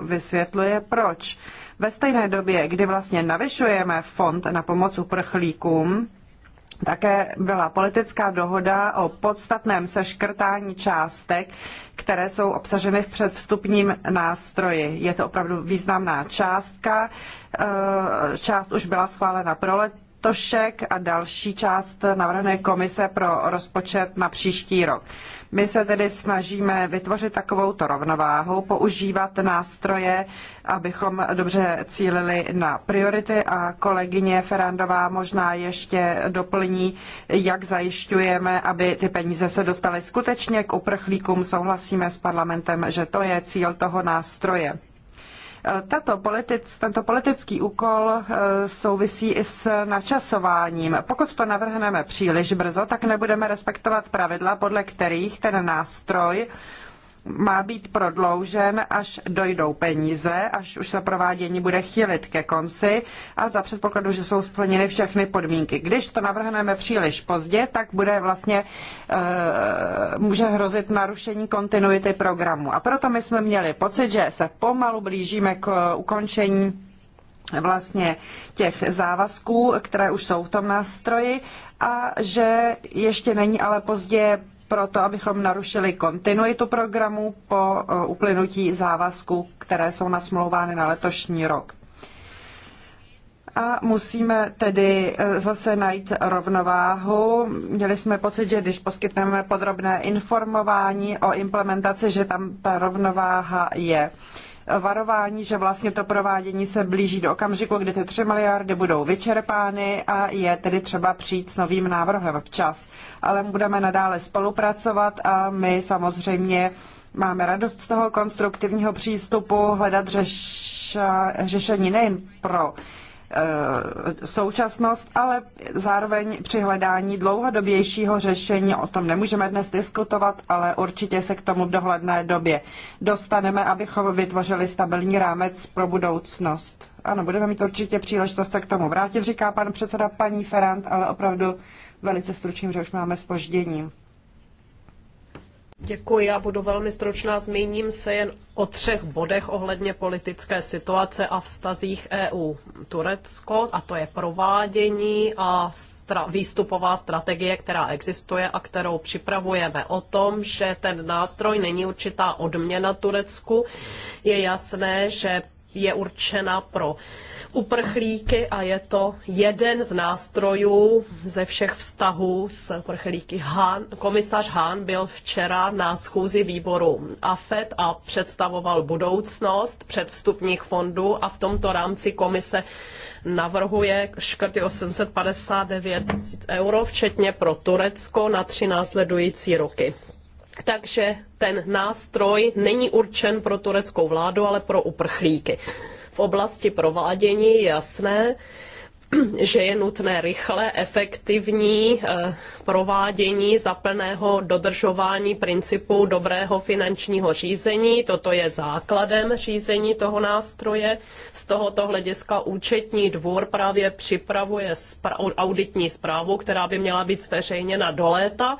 vysvětluje proč. Ve stejné době, kdy vlastně navyšujeme fond na pomoc uprchlíkům, také byla politická dohoda o podstatném seškrtání částek, které jsou obsaženy v předvstupním nástroji. Je to opravdu významná částka. Eh, část už byla schválena pro Bartošek a další část navrhne komise pro rozpočet na příští rok. My se tedy snažíme vytvořit takovouto rovnováhu, používat nástroje, abychom dobře cílili na priority a kolegyně Ferandová možná ještě doplní, jak zajišťujeme, aby ty peníze se dostaly skutečně k uprchlíkům. Souhlasíme s parlamentem, že to je cíl toho nástroje. Tato politic, tento politický úkol eh, souvisí i s načasováním. Pokud to navrhneme příliš brzo, tak nebudeme respektovat pravidla, podle kterých ten nástroj má být prodloužen, až dojdou peníze, až už se provádění bude chýlit ke konci a za předpokladu, že jsou splněny všechny podmínky. Když to navrhneme příliš pozdě, tak bude vlastně eh, může hrozit narušení kontinuity programu. A proto my jsme měli pocit, že se pomalu blížíme k ukončení vlastně těch závazků, které už jsou v tom nástroji a že ještě není ale pozdě proto, abychom narušili kontinuitu programu po eh, uplynutí závazků, které jsou nasmlouvány na letošní rok. A musíme tedy eh, zase najít rovnováhu. Měli jsme pocit, že když poskytneme podrobné informování o implementaci, že tam ta rovnováha je varování, že vlastně to provádění se blíží do okamžiku, kdy ty 3 miliardy budou vyčerpány a je tedy třeba přijít s novým návrhem včas. Ale budeme nadále spolupracovat a my samozřejmě máme radost z toho konstruktivního přístupu hledat řeš, řešení nejen pro Eh, současnost, ale zároveň při hledání dlouhodobějšího řešení. O tom nemůžeme dnes diskutovat, ale určitě se k tomu v dohledné době dostaneme, abychom vytvořili stabilní rámec pro budoucnost. Ano, budeme mít určitě příležitost se k tomu vrátit, říká pan předseda paní Ferrand, ale opravdu velice stručně, že už máme spoždění. Děkuji, já budu velmi stručná. Zmíním se jen o třech bodech ohledně politické situace a vztazích EU. Turecko, a to je provádění a stra- výstupová strategie, která existuje a kterou připravujeme o tom, že ten nástroj není určitá odměna Turecku. Je jasné, že je určena pro uprchlíky a je to jeden z nástrojů ze všech vztahů s uprchlíky. Han, komisař Hahn byl včera na schůzi výboru AFET a představoval budoucnost předvstupních fondů a v tomto rámci komise navrhuje škrty 859 tisíc euro, včetně pro Turecko na tři následující roky. Takže ten nástroj není určen pro tureckou vládu, ale pro uprchlíky v oblasti provádění je jasné, že je nutné rychlé, efektivní eh, provádění za plného dodržování principu dobrého finančního řízení. Toto je základem řízení toho nástroje. Z tohoto hlediska účetní dvůr právě připravuje auditní zprávu, která by měla být zveřejněna do léta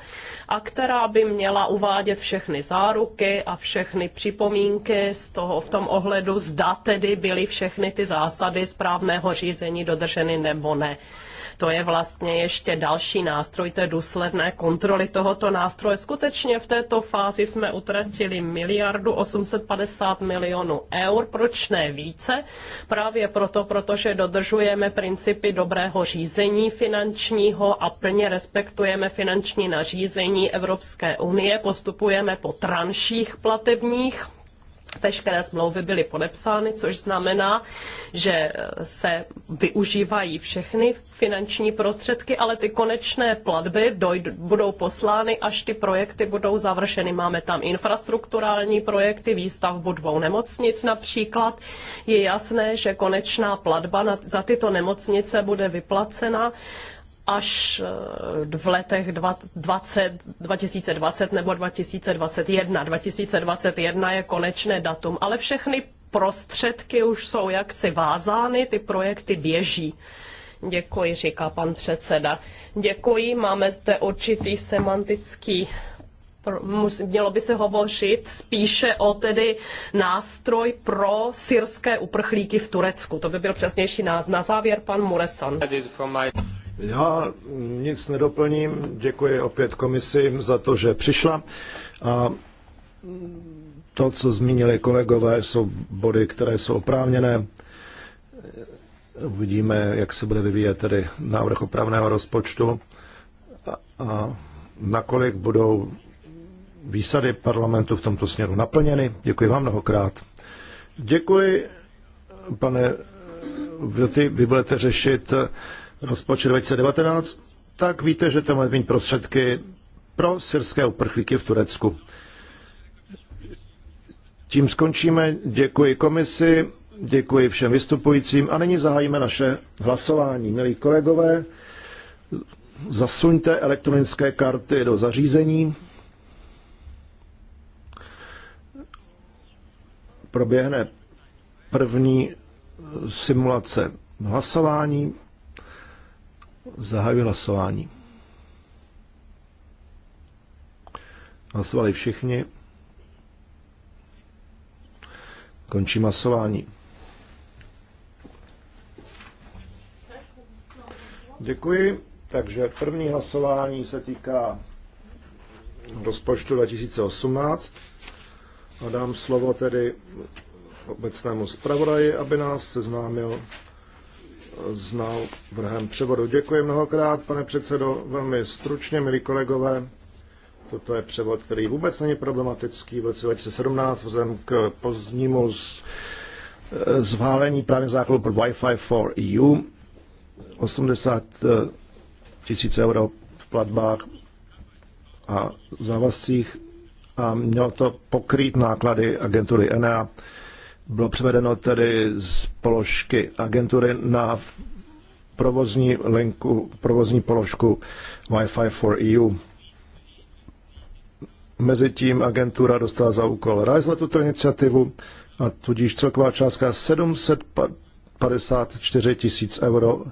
a která by měla uvádět všechny záruky a všechny připomínky z toho v tom ohledu, zda tedy byly všechny ty zásady správného řízení dodrženy nebo ne. To je vlastně ještě další nástroj té důsledné kontroly tohoto nástroje. Skutečně v této fázi jsme utratili miliardu 850 milionů eur, proč ne více? Právě proto, protože dodržujeme principy dobrého řízení finančního a plně respektujeme finanční nařízení Evropské unie, postupujeme po tranších platebních Veškeré smlouvy byly podepsány, což znamená, že se využívají všechny finanční prostředky, ale ty konečné platby dojd, budou poslány, až ty projekty budou završeny. Máme tam infrastrukturální projekty, výstavbu dvou nemocnic například. Je jasné, že konečná platba na, za tyto nemocnice bude vyplacena až eh, v letech 20, 2020 nebo 2021. 2021 je konečné datum, ale všechny prostředky už jsou jaksi vázány, ty projekty běží. Děkuji, říká pan předseda. Děkuji, máme zde určitý semantický mělo by se hovořit spíše o tedy nástroj pro syrské uprchlíky v Turecku. To by byl přesnější nás. Na závěr pan Muresan. Já nic nedoplním. Děkuji opět komisi za to, že přišla. A to, co zmínili kolegové, jsou body, které jsou oprávněné. Uvidíme, jak se bude vyvíjet tedy návrh opravného rozpočtu a, a nakolik budou výsady parlamentu v tomto směru naplněny. Děkuji vám mnohokrát. Děkuji, pane Vy budete řešit rozpočet 2019, tak víte, že tam mít prostředky pro syrské uprchlíky v Turecku. Tím skončíme. Děkuji komisi, děkuji všem vystupujícím a nyní zahájíme naše hlasování. Milí kolegové, zasuňte elektronické karty do zařízení. Proběhne první simulace hlasování. Zahajuji hlasování. Hlasovali všichni. Končím hlasování. Děkuji. Takže první hlasování se týká rozpočtu 2018 a dám slovo tedy obecnému zpravodaji, aby nás seznámil Znal návrhem převodu. Děkuji mnohokrát, pane předsedo, velmi stručně, milí kolegové. Toto je převod, který vůbec není problematický v roce 2017 vzhledem k pozdnímu eh, zválení právě základu pro Wi-Fi for EU. 80 eh, tisíc euro v platbách a závazcích a mělo to pokrýt náklady agentury ENA bylo převedeno tedy z položky agentury na provozní linku, provozní položku Wi-Fi for EU. Mezitím agentura dostala za úkol realizovat tuto iniciativu a tudíž celková částka 754 tisíc euro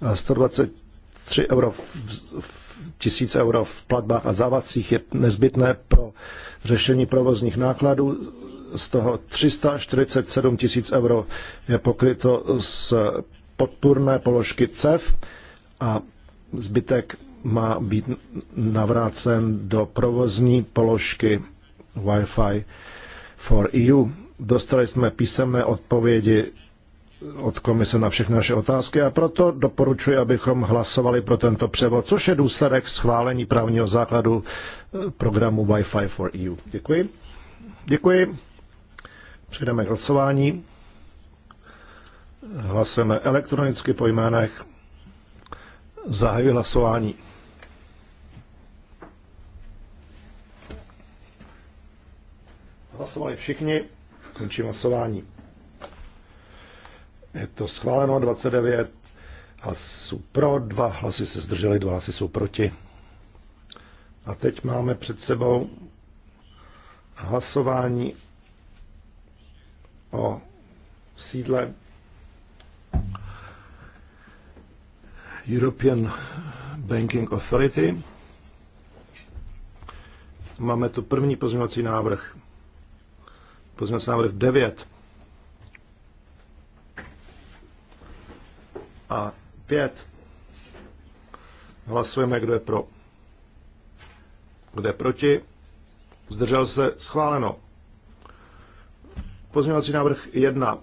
a 123 euro tisíc euro v platbách a závacích je nezbytné pro řešení provozních nákladů z toho 347 tisíc euro je pokryto z podpůrné položky CEF a zbytek má být navrácen do provozní položky Wi-Fi for EU. Dostali jsme písemné odpovědi od komise na všechny naše otázky a proto doporučuji, abychom hlasovali pro tento převod, což je důsledek schválení právního základu eh, programu Wi-Fi for EU. Děkuji. Děkuji. Přejdeme k hlasování. Hlasujeme elektronicky po jménech. Zahajuji hlasování. Hlasovali všichni. Končím hlasování. Je to schváleno 29 hlasů pro, dva hlasy se zdrželi, dva hlasy jsou proti. A teď máme před sebou hlasování o sídle European Banking Authority. Máme tu první pozměňovací návrh. Pozměňovací návrh 9. A 5. Hlasujeme, kdo je pro. Kdo je proti? Zdržel se? Schváleno. Pozměňovací návrh 1.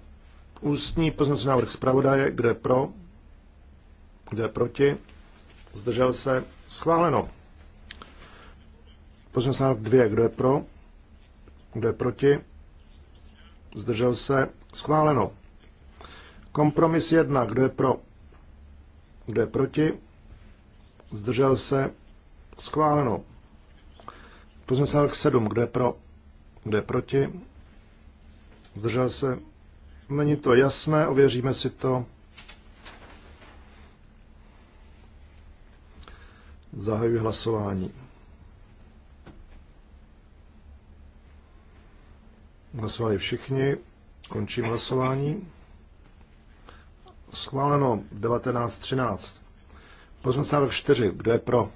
Ústní pozměňovací návrh zpravodaje. Kdo je pro? Kdo je proti? Zdržel se? Schváleno. Pozměňovací návrh 2. Kdo je pro? Kdo je proti? Zdržel se? Schváleno. Kompromis 1. Kdo je pro? Kdo je proti? Zdržel se? Schváleno. Pozměňovací návrh 7. Kdo je pro? Kdo je proti? Zdržel se? Není to jasné, ověříme si to. Zahajuji hlasování. Hlasovali všichni. Končím hlasování. Schváleno 19.13. Pozměnce návrh 4. Kdo je pro?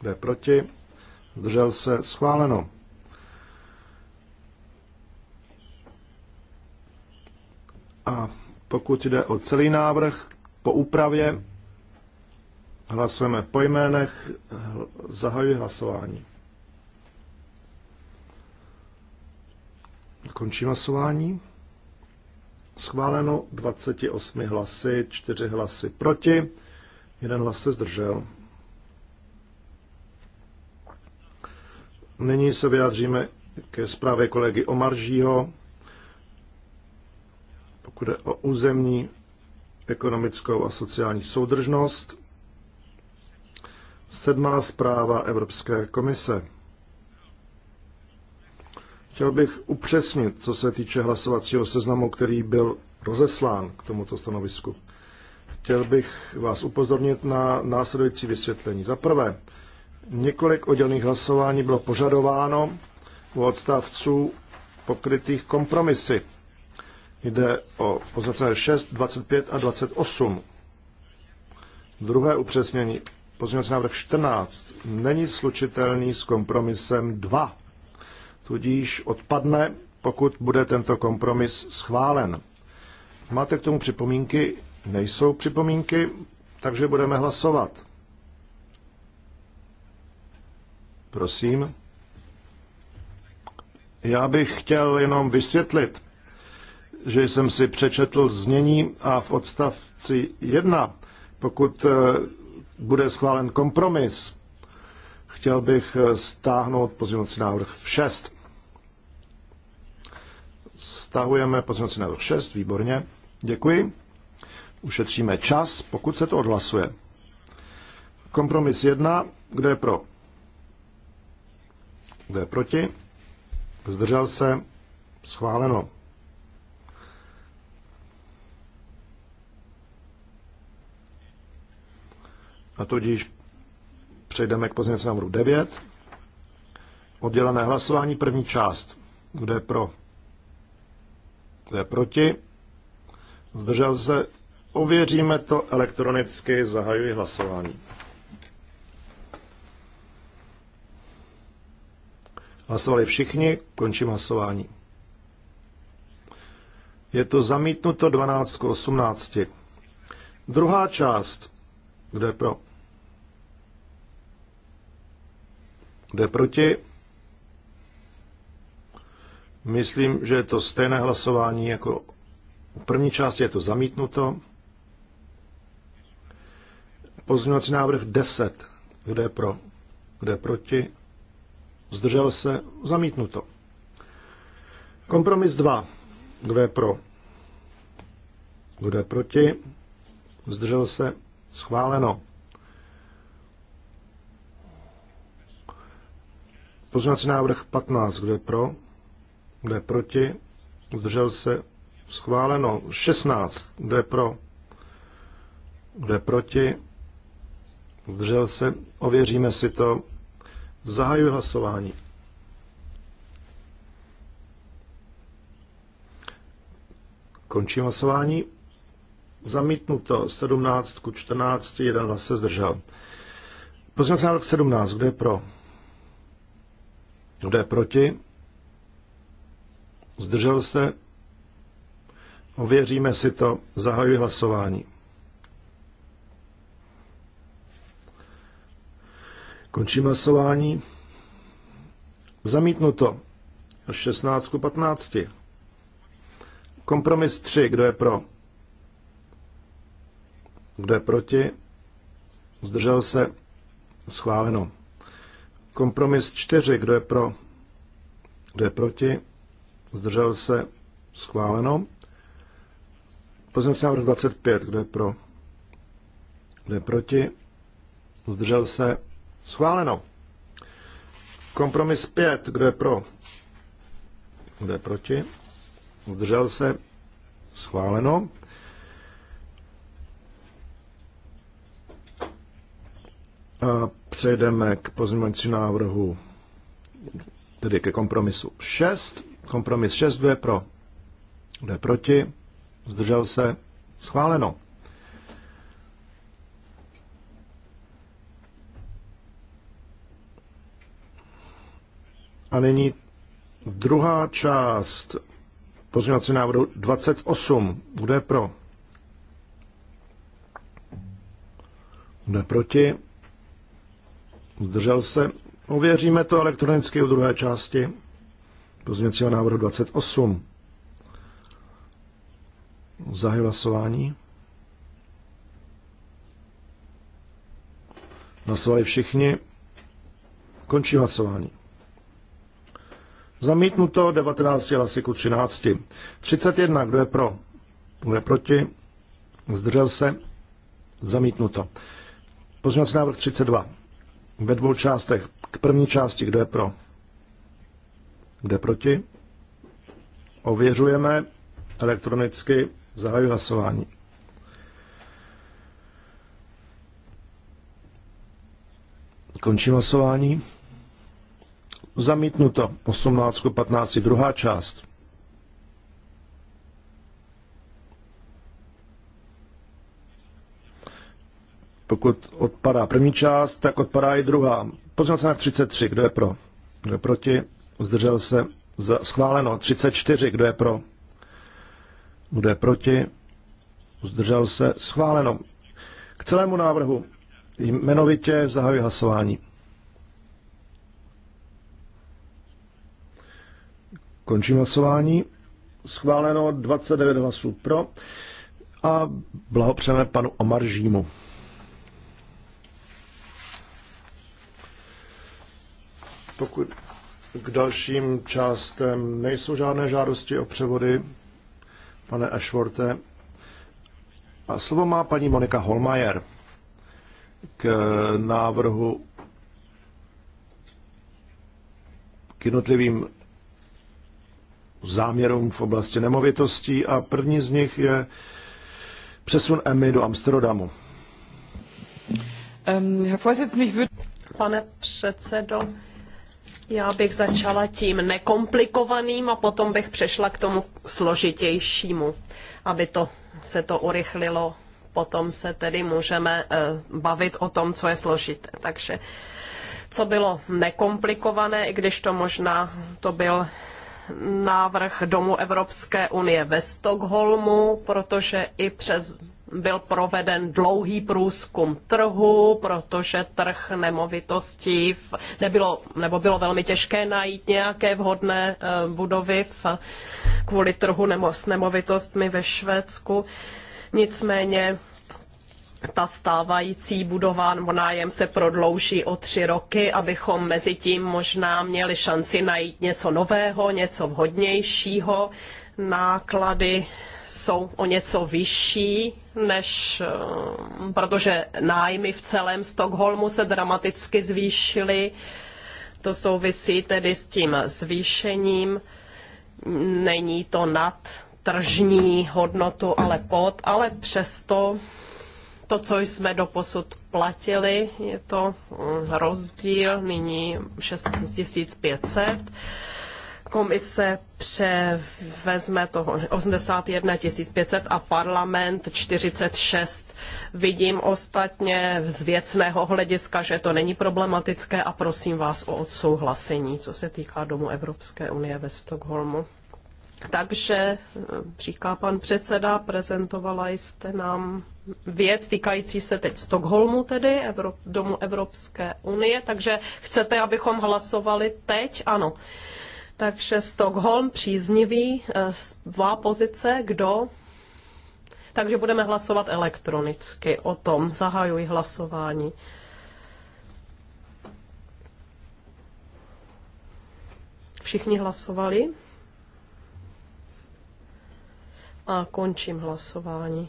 Kdo je proti? Zdržel se? Schváleno. A pokud jde o celý návrh po úpravě, hlasujeme po jménech, zahajuji hlasování. Končím hlasování. Schváleno 28 hlasy, 4 hlasy proti, 1 hlas se zdržel. Nyní se vyjádříme ke zprávě kolegy Omaržího pokud je o územní, ekonomickou a sociální soudržnost. Sedmá zpráva Evropské komise. Chtěl bych upřesnit, co se týče hlasovacího seznamu, který byl rozeslán k tomuto stanovisku. Chtěl bych vás upozornit na následující vysvětlení. Za prvé, několik oddělených hlasování bylo požadováno u odstavců pokrytých kompromisy. Jde o pozměňovací 6, 25 a 28. Druhé upřesnění. Pozměňovací návrh 14 není slučitelný s kompromisem 2, tudíž odpadne, pokud bude tento kompromis schválen. Máte k tomu připomínky? Nejsou připomínky, takže budeme hlasovat. Prosím. Já bych chtěl jenom vysvětlit, že jsem si přečetl znění a v odstavci 1, pokud eh, bude schválen kompromis, chtěl bych eh, stáhnout pozměňovací návrh 6. Stahujeme pozměňovací návrh 6, výborně, děkuji. Ušetříme čas, pokud se to odhlasuje. Kompromis 1, kdo je pro? Kdo je proti? Zdržel se? Schváleno. A tudíž přejdeme k pozměňovacímu návrhu 9. Oddělené hlasování, první část. Kdo je pro? Kdo je proti? Zdržel se? Ověříme to elektronicky, zahajuji hlasování. Hlasovali všichni, končím hlasování. Je to zamítnuto 12 k 18. Druhá část. Kdo je pro? Kdo je proti? Myslím, že je to stejné hlasování jako v první části je to zamítnuto. Pozměňovací návrh 10. Kdo je pro? Kdo je proti? Zdržel se? Zamítnuto. Kompromis 2. Kdo je pro? Kdo je proti? Zdržel se? Schváleno. Pozměňovací návrh 15, kdo je pro, kdo je proti, zdržel se, schváleno. 16, kdo je pro, kdo je proti, zdržel se, ověříme si to. Zahajuji hlasování. Končím hlasování. Zamítnuto 17 ku 14, 1 se zdržel. Pozměňovací návrh 17, kdo je pro? Kdo je proti? Zdržel se? Ověříme si to. Zahajuji hlasování. Končím hlasování. Zamítnuto. 16 ku 15. Kompromis 3. Kdo je pro? Kdo je proti? Zdržel se? Schváleno. Kompromis 4. Kdo je pro? Kdo je proti? Zdržel se? Schváleno. Pozměňovací návrh 25. Kdo je pro? Kdo je proti? Zdržel se? Schváleno. Kompromis 5. Kdo je pro? Kdo je proti? Zdržel se? Schváleno. A přejdeme k pozměňovacímu návrhu, tedy ke kompromisu 6. Kompromis 6, kdo je pro, kdo je proti, zdržel se, schváleno. A nyní druhá část pozměňovací návrhu 28. Kdo je pro? Kdo je proti? Zdržel se? Ověříme to elektronicky u druhé části pozměcího návrhu 28. Zahy hlasování. Hlasovali všichni. Končí hlasování. Zamítnuto 19 hlasy ku 13. 31. Kdo je pro? Kdo je proti? Zdržel se? Zamítnuto. Pozměňovací návrh 32 ve dvou částech. K první části, kdo je pro? Kdo je proti? Ověřujeme elektronicky, zahajuji hlasování. Končím hlasování. Zamítnuto 18.15. druhá část. Pokud odpadá první část, tak odpadá i druhá. se na 33, kdo je pro? Kdo je proti? Zdržel se. Za, schváleno. 34, kdo je pro? Kdo je proti? Zdržel se. Schváleno. K celému návrhu jmenovitě zahajuji hlasování. Končím hlasování. Schváleno 29 hlasů pro a blahopřejeme panu Omar Žímu. Pokud k dalším částem nejsou žádné žádosti o převody, pane Ashworte. A slovo má paní Monika Holmajer k návrhu k jednotlivým záměrům v oblasti nemovitostí a první z nich je přesun EMI do Amsterdamu. Ehm, pane předsedo, já bych začala tím nekomplikovaným a potom bych přešla k tomu složitějšímu, aby to, se to urychlilo. Potom se tedy můžeme eh, bavit o tom, co je složité. Takže co bylo nekomplikované, i když to možná to byl návrh Domu Evropské unie ve Stockholmu, protože i přes byl proveden dlouhý průzkum trhu, protože trh nemovitostí v, nebylo, nebo bylo velmi těžké najít nějaké vhodné eh, budovy v, kvůli trhu nemo, s nemovitostmi ve Švédsku. Nicméně ta stávající budova nebo nájem se prodlouží o tři roky, abychom mezi tím možná měli šanci najít něco nového, něco vhodnějšího. Náklady jsou o něco vyšší, než eh, protože nájmy v celém Stockholmu se dramaticky zvýšily. To souvisí tedy s tím zvýšením. Není to nad tržní hodnotu, ale pod, ale přesto to, co jsme doposud platili, je to mm, rozdíl nyní 6500. Komise převezme toho 81 500 a parlament 46. Vidím ostatně z věcného hlediska, že to není problematické a prosím vás o odsouhlasení, co se týká Domu Evropské unie ve Stockholmu. Takže, eh, říká pan předseda, prezentovala jste nám věc týkající se teď Stockholmu, tedy Evrop, Domu Evropské unie, takže chcete, abychom hlasovali teď? Ano. Takže Stockholm příznivý, svá eh, pozice, kdo? Takže budeme hlasovat elektronicky o tom. Zahajuji hlasování. Všichni hlasovali? A končím hlasování.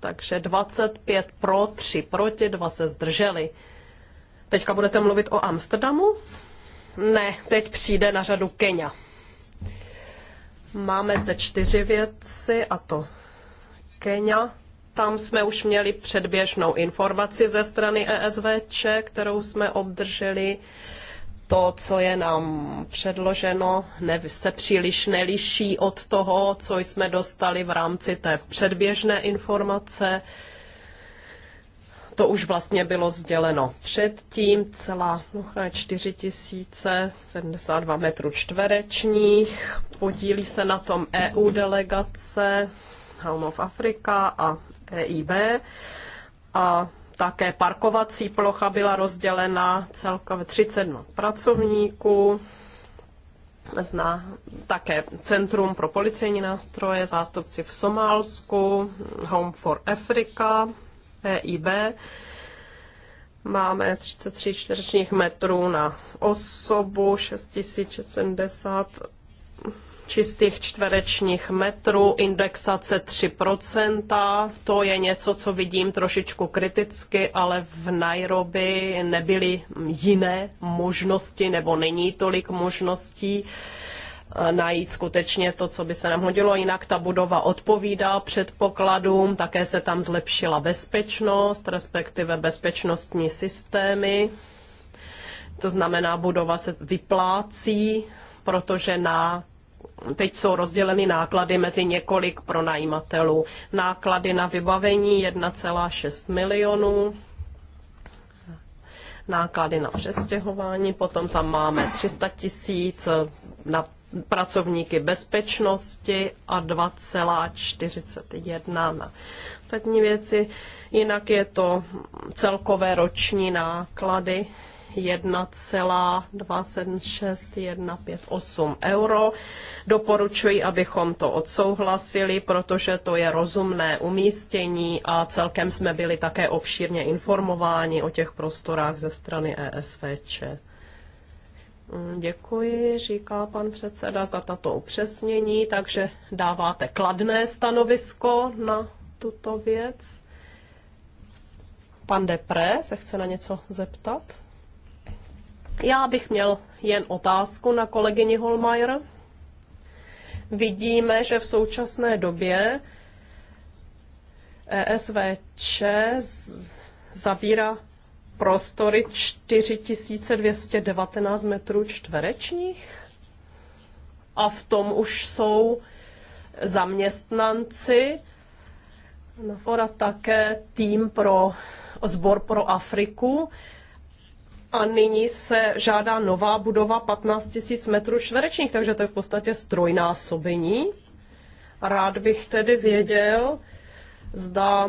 Takže 25 pro, 3 proti, 2 se zdrželi. Teďka budete mluvit o Amsterdamu? Ne, teď přijde na řadu Kenya. Máme zde čtyři věci a to Kenya. Tam jsme už měli předběžnou informaci ze strany ESVČ, kterou jsme obdrželi to, co je nám předloženo, ne, se příliš neliší od toho, co jsme dostali v rámci té předběžné informace. To už vlastně bylo sděleno předtím, celá 4072 metrů čtverečních, podílí se na tom EU delegace, Home of Africa a EIB a také parkovací plocha byla rozdělena celkově 30 pracovníků, zná také Centrum pro policejní nástroje, zástupci v Somálsku, Home for Africa, EIB. Máme 33 čtverečních metrů na osobu, 6670 čistých čtverečních metrů, indexace 3%. To je něco, co vidím trošičku kriticky, ale v Nairobi nebyly jiné možnosti, nebo není tolik možností eh, najít skutečně to, co by se nám hodilo. Jinak ta budova odpovídá předpokladům, také se tam zlepšila bezpečnost, respektive bezpečnostní systémy. To znamená, budova se vyplácí, protože na teď jsou rozděleny náklady mezi několik pronajímatelů. Náklady na vybavení 1,6 milionů, náklady na přestěhování, potom tam máme 300 tisíc na pracovníky bezpečnosti a 2,41 na ostatní věci. Jinak je to celkové roční náklady 1,276158 euro. Doporučuji, abychom to odsouhlasili, protože to je rozumné umístění a celkem jsme byli také obšírně informováni o těch prostorách ze strany ESVČ. Mm, děkuji, říká pan předseda, za tato upřesnění, takže dáváte kladné stanovisko na tuto věc. Pan Depré se chce na něco zeptat. Já bych měl jen otázku na kolegyni Holmajer. Vidíme, že v současné době ESVČ eh, zabírá prostory 4219 metrů čtverečních a v tom už jsou zaměstnanci fora také tým pro sbor pro Afriku, a nyní se žádá nová budova 15 000 metrů čtverečních, takže to je v podstatě strojnásobení. Rád bych tedy věděl, zda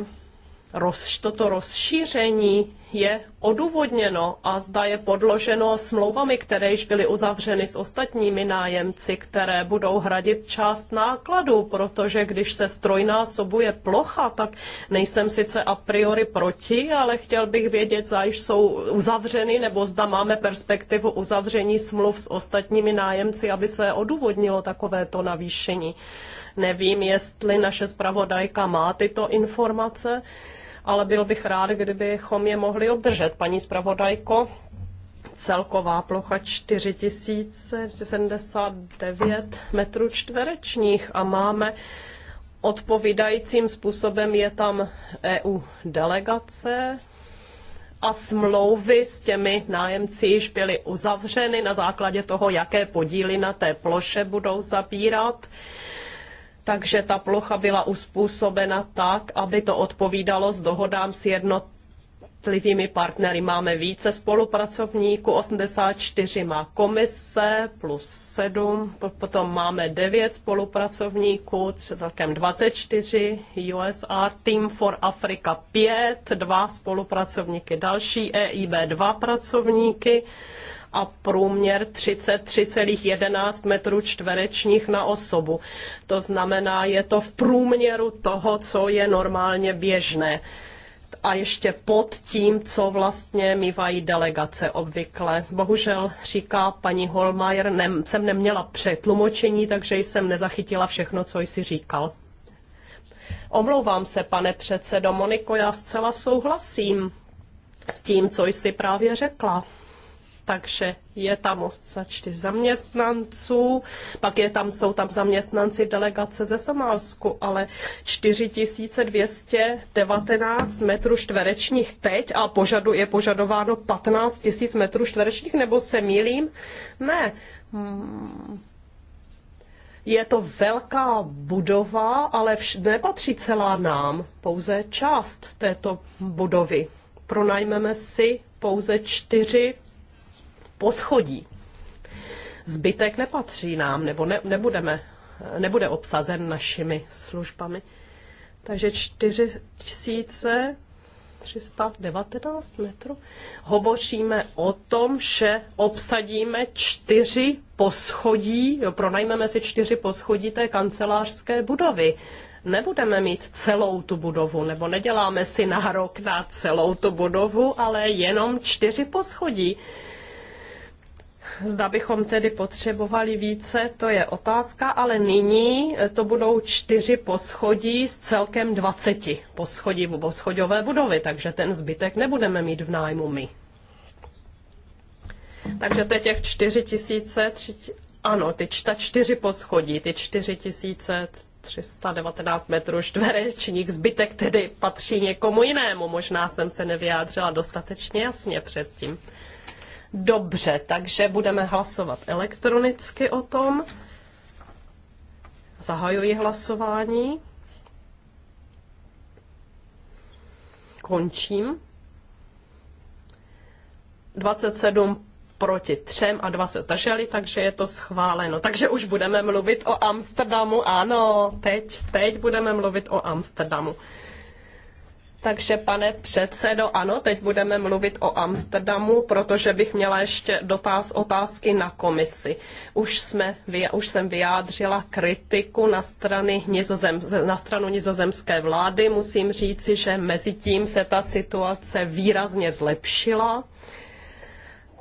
roz, toto rozšíření je odůvodněno a zda je podloženo smlouvami, které již byly uzavřeny s ostatními nájemci, které budou hradit část nákladů, protože když se strojnásobuje plocha, tak nejsem sice a priori proti, ale chtěl bych vědět, zda již jsou uzavřeny nebo zda máme perspektivu uzavření smluv s ostatními nájemci, aby se odůvodnilo takovéto navýšení. Nevím, jestli naše zpravodajka má tyto informace ale byl bych rád, kdybychom je mohli obdržet. Paní zpravodajko, celková plocha 4079 metrů čtverečních a máme odpovídajícím způsobem je tam EU delegace, a smlouvy s těmi nájemci již byly uzavřeny na základě toho, jaké podíly na té ploše budou zabírat takže ta plocha byla uspůsobena tak, aby to odpovídalo s dohodám s jednotlivými partnery. Máme více spolupracovníků, 84 má komise plus 7, potom máme 9 spolupracovníků, celkem 24 USR, Team for Africa 5, 2 spolupracovníky, další EIB 2 pracovníky a průměr 33,11 metrů čtverečních na osobu. To znamená, je to v průměru toho, co je normálně běžné a ještě pod tím, co vlastně mývají delegace obvykle. Bohužel, říká paní Holmajer, ne, jsem neměla přetlumočení, takže jsem nezachytila všechno, co jsi říkal. Omlouvám se, pane předsedo Moniko, já zcela souhlasím s tím, co jsi právě řekla takže je tam 84 zaměstnanců, pak je tam, jsou tam zaměstnanci delegace ze Somálsku, ale 4219 metrů čtverečních teď a požadu, je požadováno 15 tisíc metrů čtverečních, nebo se mýlím? Ne. Hmm. Je to velká budova, ale vš- nepatří celá nám, pouze část této budovy. Pronajmeme si pouze čtyři poschodí. Zbytek nepatří nám, nebo ne, nebudeme, nebude obsazen našimi službami. Takže 4319 319 metrů, hovoříme o tom, že obsadíme čtyři poschodí, jo, pronajmeme si čtyři poschodí té kancelářské budovy. Nebudeme mít celou tu budovu, nebo neděláme si nárok na celou tu budovu, ale jenom čtyři poschodí. Zda bychom tedy potřebovali více, to je otázka, ale nyní eh, to budou čtyři poschodí z celkem 20 poschodí v poschodové budovy, takže ten zbytek nebudeme mít v nájmu my. Takže to je těch 4 tisíce, ano, ty ta čtyři poschodí, ty 4 tisíce 319 metrů čtverečních, zbytek tedy patří někomu jinému. Možná jsem se nevyjádřila dostatečně jasně předtím. Dobře, takže budeme hlasovat elektronicky o tom. Zahajuji hlasování. Končím. 27 proti třem a dva se zdrželi, takže je to schváleno. Takže už budeme mluvit o Amsterdamu, ano, teď, teď budeme mluvit o Amsterdamu. Takže pane předsedo, ano, teď budeme mluvit o Amsterdamu, protože bych měla ještě dotaz, otázky na komisi. Už, jsme, už jsem vyjádřila kritiku na, strany nizozem, na stranu nizozemské vlády. Musím říci, že mezi tím se ta situace výrazně zlepšila.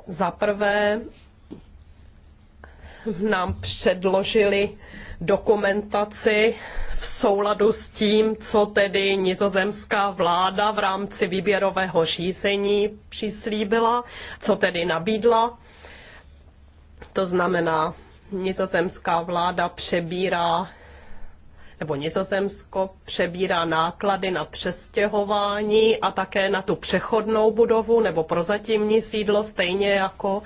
Za prvé, nám předložili dokumentaci v souladu s tím, co tedy nizozemská vláda v rámci výběrového řízení přislíbila, co tedy nabídla. To znamená, nizozemská vláda přebírá nebo Nizozemsko přebírá náklady na přestěhování a také na tu přechodnou budovu nebo prozatímní sídlo, stejně jako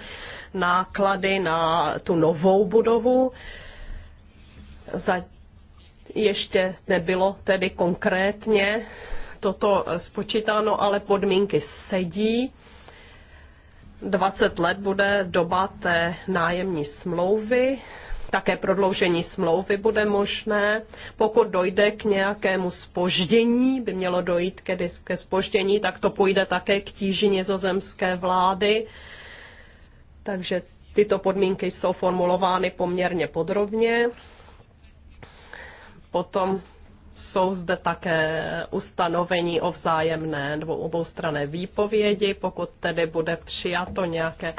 náklady na tu novou budovu. Za ještě nebylo tedy konkrétně toto spočítáno, ale podmínky sedí. 20 let bude doba té nájemní smlouvy. Také prodloužení smlouvy bude možné. Pokud dojde k nějakému spoždění, by mělo dojít ke spoždění, tak to půjde také k tíži nizozemské vlády takže tyto podmínky jsou formulovány poměrně podrobně. Potom jsou zde také ustanovení o vzájemné nebo oboustrané výpovědi, pokud tedy bude přijato nějaké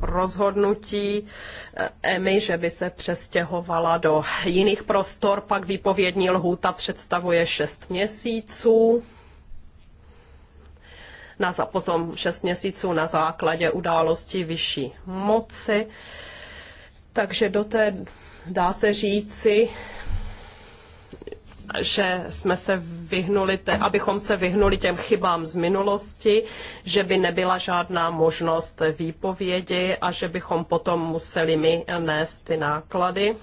rozhodnutí eh, EMI, že by se přestěhovala do jiných prostor, pak výpovědní lhůta představuje 6 měsíců na potom 6 měsíců na základě události vyšší moci. Takže do té, dá se říci, že jsme se vyhnuli, te, abychom se vyhnuli těm chybám z minulosti, že by nebyla žádná možnost výpovědi a že bychom potom museli my nést ty náklady.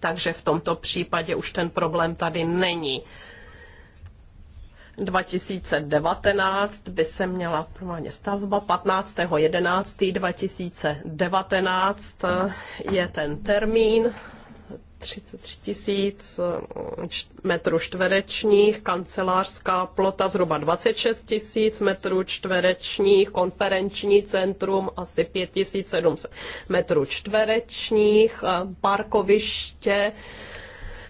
Takže v tomto případě už ten problém tady není. 2019 by se měla provádět stavba, 15.11.2019 eh, je ten termín, 33 tisíc eh, metrů čtverečních, kancelářská plota zhruba 26 tisíc metrů čtverečních, konferenční centrum asi 5700 metrů čtverečních, eh, parkoviště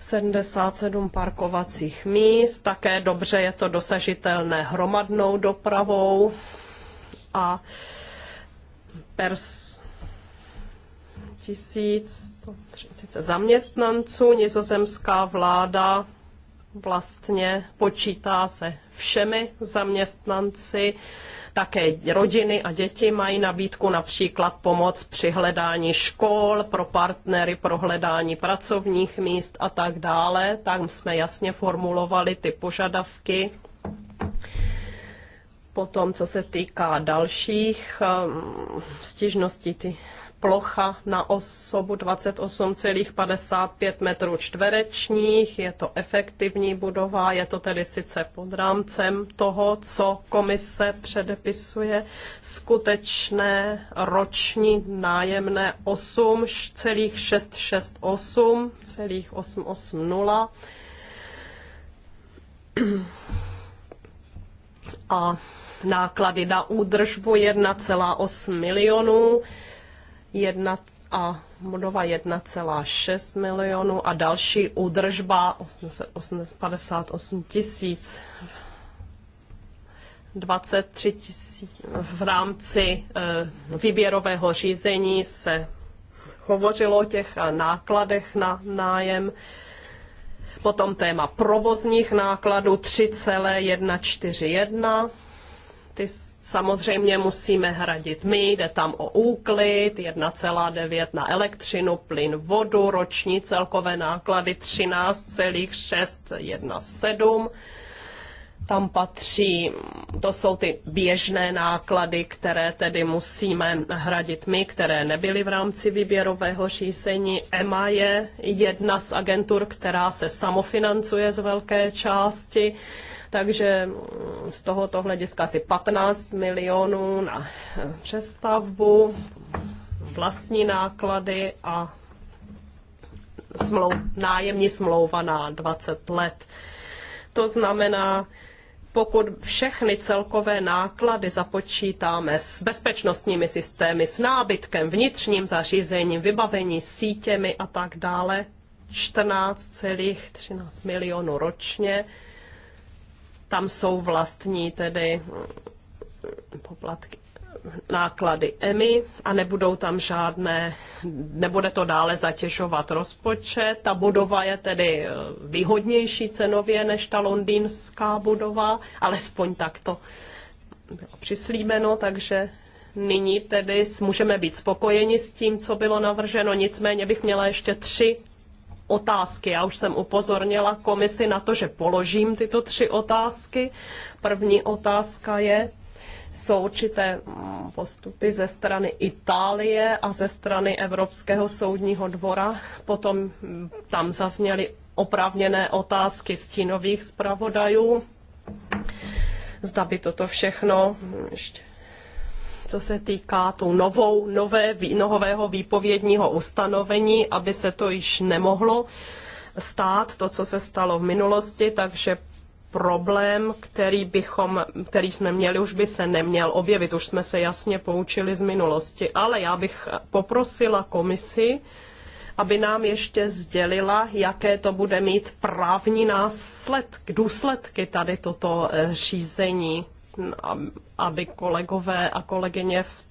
77 parkovacích míst, také dobře je to dosažitelné hromadnou dopravou a pers 1130 zaměstnanců. Nizozemská vláda vlastně počítá se všemi zaměstnanci také rodiny a děti mají nabídku například pomoc při hledání škol, pro partnery, pro hledání pracovních míst a tak dále. Tam jsme jasně formulovali ty požadavky. Potom, co se týká dalších ehm, stížností, ty plocha na osobu 28,55 metrů čtverečních, je to efektivní budova, je to tedy sice pod rámcem toho, co komise předepisuje, skutečné roční nájemné 8,668,880 a náklady na údržbu 1,8 milionů jedna a budova 1,6 milionů a další údržba 858 tisíc tisíc v rámci eh, výběrového řízení se hovořilo o těch eh, nákladech na nájem. Potom téma provozních nákladů 3,141 ty samozřejmě musíme hradit my, jde tam o úklid, 1,9 na elektřinu, plyn, vodu, roční celkové náklady 13,617. Tam patří, to jsou ty běžné náklady, které tedy musíme hradit my, které nebyly v rámci výběrového řízení. EMA je jedna z agentur, která se samofinancuje z velké části. Takže z tohoto hlediska asi 15 milionů na přestavbu, vlastní náklady a smlou, nájemní smlouva na 20 let. To znamená, pokud všechny celkové náklady započítáme s bezpečnostními systémy, s nábytkem, vnitřním zařízením, vybavení sítěmi a tak dále, 14,13 milionů ročně, tam jsou vlastní tedy eh, poplatky náklady EMI a nebudou tam žádné, nebude to dále zatěžovat rozpočet. Ta budova je tedy eh, výhodnější cenově než ta londýnská budova, alespoň tak to bylo přislíbeno, takže nyní tedy můžeme být spokojeni s tím, co bylo navrženo. Nicméně bych měla ještě tři otázky. Já už jsem upozornila komisi na to, že položím tyto tři otázky. První otázka je, jsou určité mm, postupy ze strany Itálie a ze strany Evropského soudního dvora. Potom mm, tam zazněly oprávněné otázky stínových zpravodajů. Zda by toto všechno mm, ještě co se týká tu novou, nové, nového výpovědního ustanovení, aby se to již nemohlo stát, to, co se stalo v minulosti, takže problém, který, bychom, který jsme měli, už by se neměl objevit. Už jsme se jasně poučili z minulosti. Ale já bych poprosila komisi, aby nám ještě sdělila, jaké to bude mít právní následky, důsledky tady toto eh, řízení aby kolegové a kolegyně v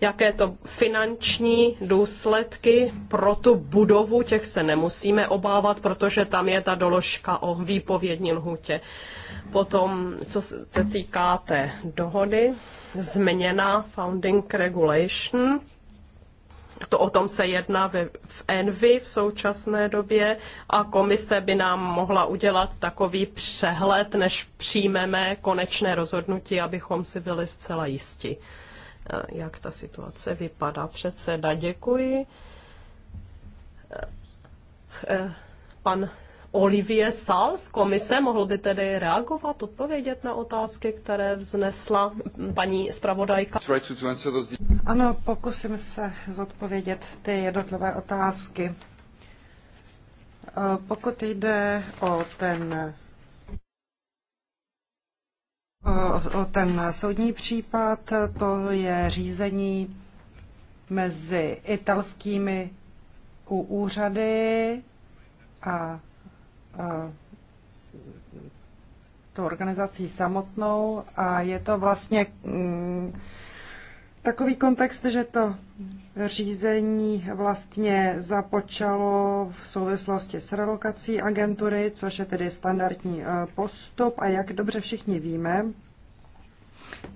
jaké to finanční důsledky pro tu budovu, těch se nemusíme obávat, protože tam je ta doložka o výpovědní lhůtě. Potom, co se týká té dohody, změna Founding Regulation, to o tom se jedná ve, v Envy v současné době a komise by nám mohla udělat takový přehled, než přijmeme konečné rozhodnutí, abychom si byli zcela jisti, eh, jak ta situace vypadá. Předseda, děkuji. Eh, pan Olivier Sal z komise. Mohl by tedy reagovat, odpovědět na otázky, které vznesla paní zpravodajka? Ano, pokusím se zodpovědět ty jednotlivé otázky. E, pokud jde o ten O ten soudní případ, to je řízení mezi italskými úřady a tu organizací samotnou a je to vlastně mm, takový kontext, že to řízení vlastně započalo v souvislosti s relokací agentury, což je tedy standardní e, postup a jak dobře všichni víme,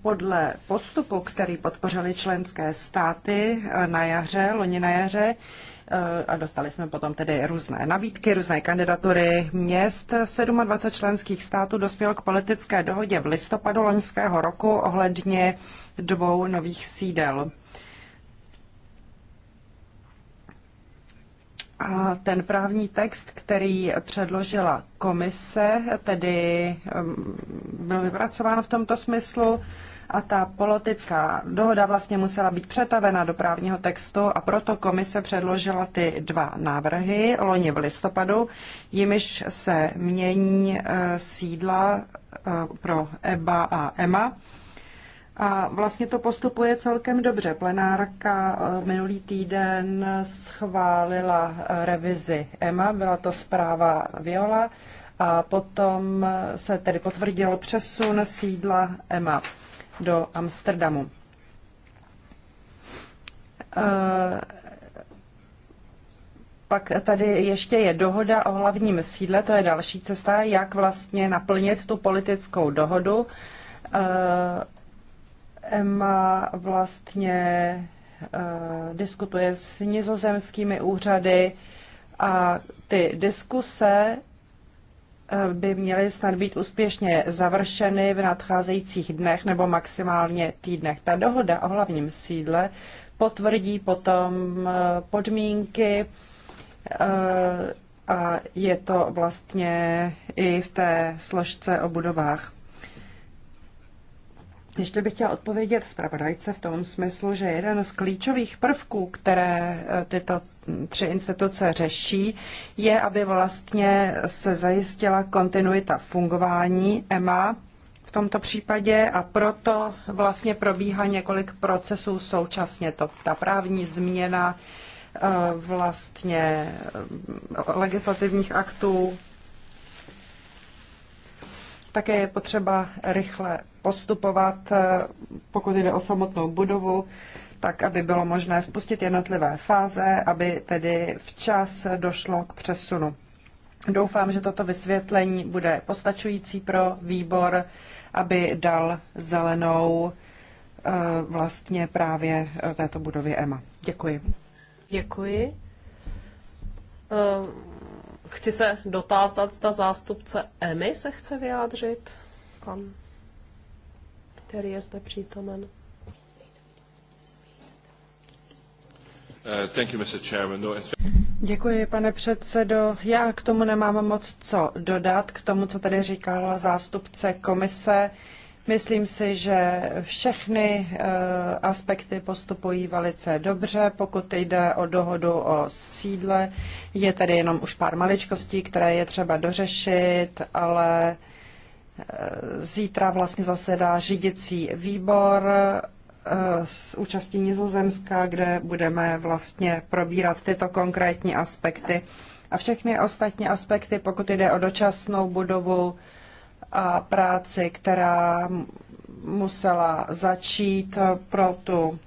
podle postupu, který podpořili členské státy e, na jaře, loni na jaře, Eh, a dostali jsme potom tedy různé nabídky, různé kandidatury měst. 27 členských států dospěl k politické dohodě v listopadu loňského roku ohledně dvou nových sídel. A ten právní text, který předložila komise, tedy byl vypracován v tomto smyslu a ta politická dohoda vlastně musela být přetavena do právního textu a proto komise předložila ty dva návrhy loni v listopadu, jimiž se mění e, sídla e, pro EBA a EMA. E a vlastně to postupuje celkem dobře. Plenárka minulý týden schválila revizi EMA, byla to zpráva Viola, a potom se tedy potvrdil přesun sídla EMA do Amsterdamu. Eh, pak tady ještě je dohoda o hlavním sídle, to je další cesta, jak vlastně naplnit tu politickou dohodu. Eh, Emma vlastně eh, diskutuje s nizozemskými úřady a ty diskuse by měly snad být úspěšně završeny v nadcházejících dnech nebo maximálně týdnech. Ta dohoda o hlavním sídle potvrdí potom eh, podmínky eh, a je to vlastně i v té složce o budovách. Ještě bych chtěla odpovědět zpravodajce v tom smyslu, že jeden z klíčových prvků, které e, tyto tři instituce řeší, je, aby vlastně se zajistila kontinuita fungování EMA v tomto případě a proto vlastně probíhá několik procesů současně. To, ta právní změna e, vlastně e, legislativních aktů, také je potřeba rychle postupovat, eh, pokud jde o samotnou budovu, tak aby bylo možné spustit jednotlivé fáze, aby tedy včas došlo k přesunu. Doufám, že toto vysvětlení bude postačující pro výbor, aby dal zelenou eh, vlastně právě eh, této budově EMA. Děkuji. Děkuji. Chci se dotázat, zda zástupce EMI se chce vyjádřit. Pan který je zde přítomen. Uh, no, Děkuji, pane předsedo. Já k tomu nemám moc co dodat, k tomu, co tady říkala zástupce komise. Myslím si, že všechny eh, aspekty postupují velice dobře. Pokud jde o dohodu o sídle, je tady jenom už pár maličkostí, které je třeba dořešit, ale Zítra vlastně zasedá řídicí výbor eh, s účastí Nizozemska, kde budeme vlastně probírat tyto konkrétní aspekty. A všechny ostatní aspekty, pokud jde o dočasnou budovu a práci, která musela začít pro tu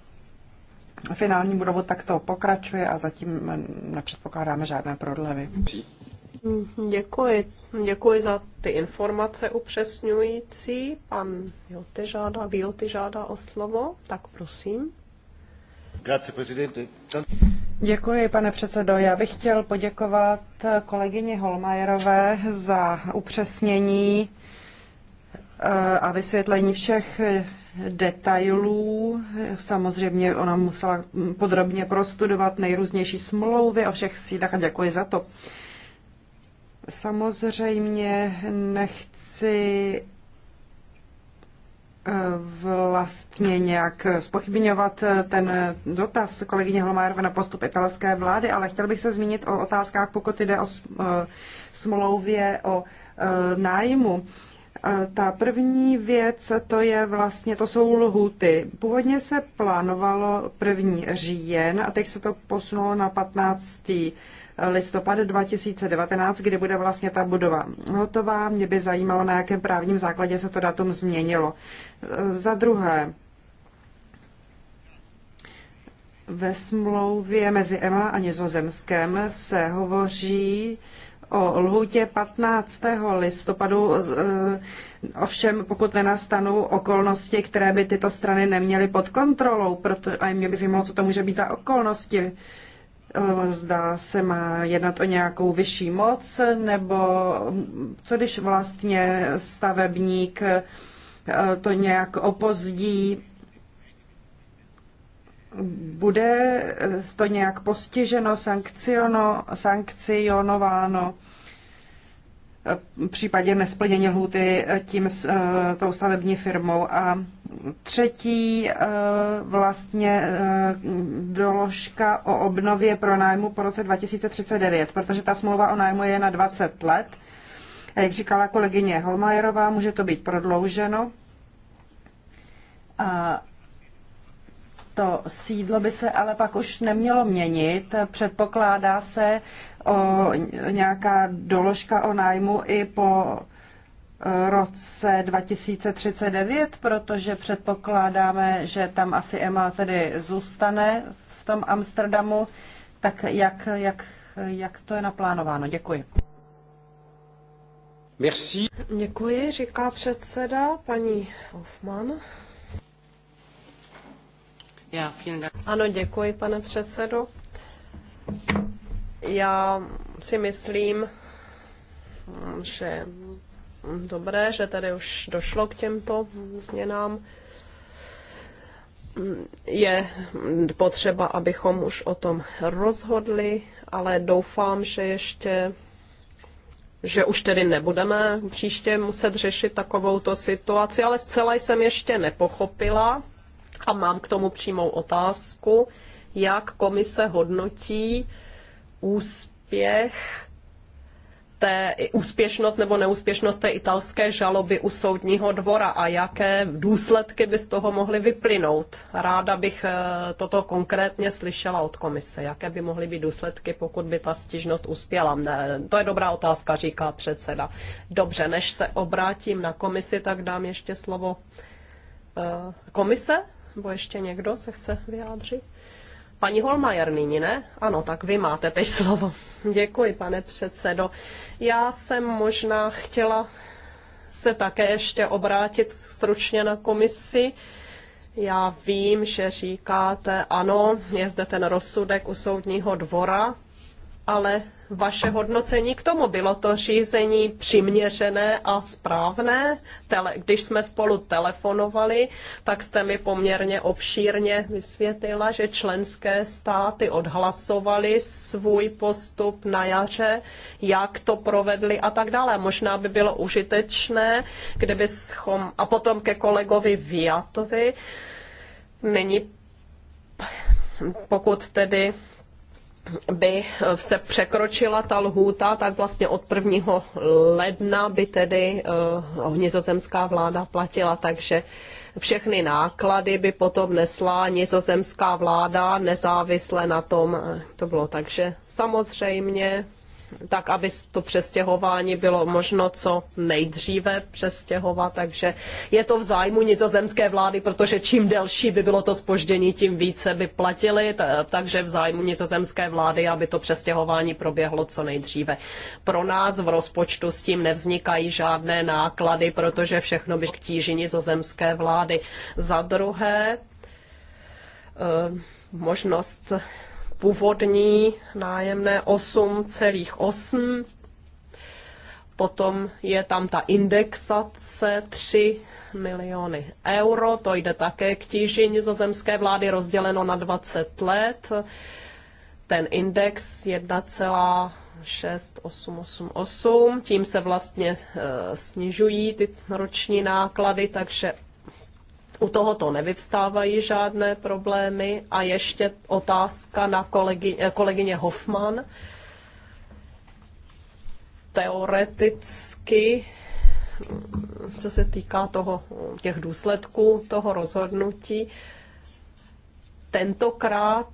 finální budovu, tak to pokračuje a zatím eh, nepředpokládáme žádné prodlevy. Děkuji. Děkuji za ty informace upřesňující. Pan Joty žádá, Vioty žádá o slovo, tak prosím. Děkuji, pane předsedo. Já bych chtěl poděkovat kolegyni Holmajerové za upřesnění eh, a vysvětlení všech detailů. Samozřejmě ona musela hm, podrobně prostudovat nejrůznější smlouvy o všech sídlech a děkuji za to. Samozřejmě nechci eh, vlastně nějak spochybňovat eh, ten dotaz kolegyně Holmárové na postup italské vlády, ale chtěl bych se zmínit o otázkách, pokud jde o eh, smlouvě o nájmu. Ta první věc, to je vlastně, to jsou lhuty. Původně se plánovalo první říjen a teď se to posunulo na 15 listopad 2019, kdy bude vlastně ta budova hotová. Mě by zajímalo, na jakém právním základě se to datum změnilo. Za druhé, ve smlouvě mezi EMA a Nizozemskem se hovoří o lhůtě 15. listopadu, eh, ovšem pokud nenastanou okolnosti, které by tyto strany neměly pod kontrolou, proto, a mě by zajímalo, co to může být za okolnosti, Eh, zda se má jednat o nějakou vyšší moc, nebo co když vlastně stavebník eh, to nějak opozdí, bude eh, to nějak postiženo, sankciono, sankcionováno v případě nesplnění lhuty tím s eh, tou stavební firmou. A třetí eh, vlastně eh, doložka o obnově pro nájmu po roce 2039, protože ta smlouva o nájmu je na 20 let. A jak říkala kolegyně Holmajerová, může to být prodlouženo. A to sídlo by se ale pak už nemělo měnit. Předpokládá se o nějaká doložka o nájmu i po e, roce 2039, protože předpokládáme, že tam asi Emma tedy zůstane v tom Amsterdamu. Tak jak, jak, jak to je naplánováno? Děkuji. Merci. Děkuji, říká předseda paní Hoffman. Ano, děkuji, pane předsedo. Já si myslím, že dobré, že tady už došlo k těmto změnám. Je potřeba, abychom už o tom rozhodli, ale doufám, že ještě že už tedy nebudeme příště muset řešit takovouto situaci, ale zcela jsem ještě nepochopila, a mám k tomu přímou otázku, jak komise hodnotí úspěch té úspěšnost nebo neúspěšnost té italské žaloby u soudního dvora a jaké důsledky by z toho mohly vyplynout. Ráda bych eh, toto konkrétně slyšela od komise. Jaké by mohly být důsledky, pokud by ta stížnost uspěla? Ne, to je dobrá otázka, říká předseda. Dobře, než se obrátím na komisi, tak dám ještě slovo eh, komise. Nebo ještě někdo se chce vyjádřit? Paní Holmajer nyní, ne? Ano, tak vy máte teď slovo. Děkuji, pane předsedo. Já jsem možná chtěla se také ještě obrátit stručně na komisi. Já vím, že říkáte, ano, je zde ten rozsudek u soudního dvora, ale vaše hodnocení k tomu. Bylo to řízení přiměřené a správné? Tele, když jsme spolu telefonovali, tak jste mi poměrně obšírně vysvětlila, že členské státy odhlasovali svůj postup na jaře, jak to provedli a tak dále. Možná by bylo užitečné, kdybychom... A potom ke kolegovi Viatovi. Není pokud tedy by se překročila ta lhůta, tak vlastně od 1. ledna by tedy uh, nizozemská vláda platila, takže všechny náklady by potom nesla nizozemská vláda nezávisle na tom, eh, to bylo takže samozřejmě tak aby to přestěhování bylo možno co nejdříve přestěhovat, takže je to v zájmu nizozemské vlády, protože čím delší by bylo to spoždění, tím více by platili, takže v zájmu nizozemské vlády, aby to přestěhování proběhlo co nejdříve. Pro nás v rozpočtu s tím nevznikají žádné náklady, protože všechno by k tíži nizozemské vlády. Za druhé, eh, možnost původní nájemné 8,8. Potom je tam ta indexace 3 miliony euro, to jde také k tíži nizozemské vlády rozděleno na 20 let. Ten index 1,6888, tím se vlastně eh, snižují ty roční náklady, takže u tohoto nevyvstávají žádné problémy. A ještě otázka na kolegy, eh, kolegyně Hoffman. Teoreticky, mm, co se týká toho, těch důsledků toho rozhodnutí, tentokrát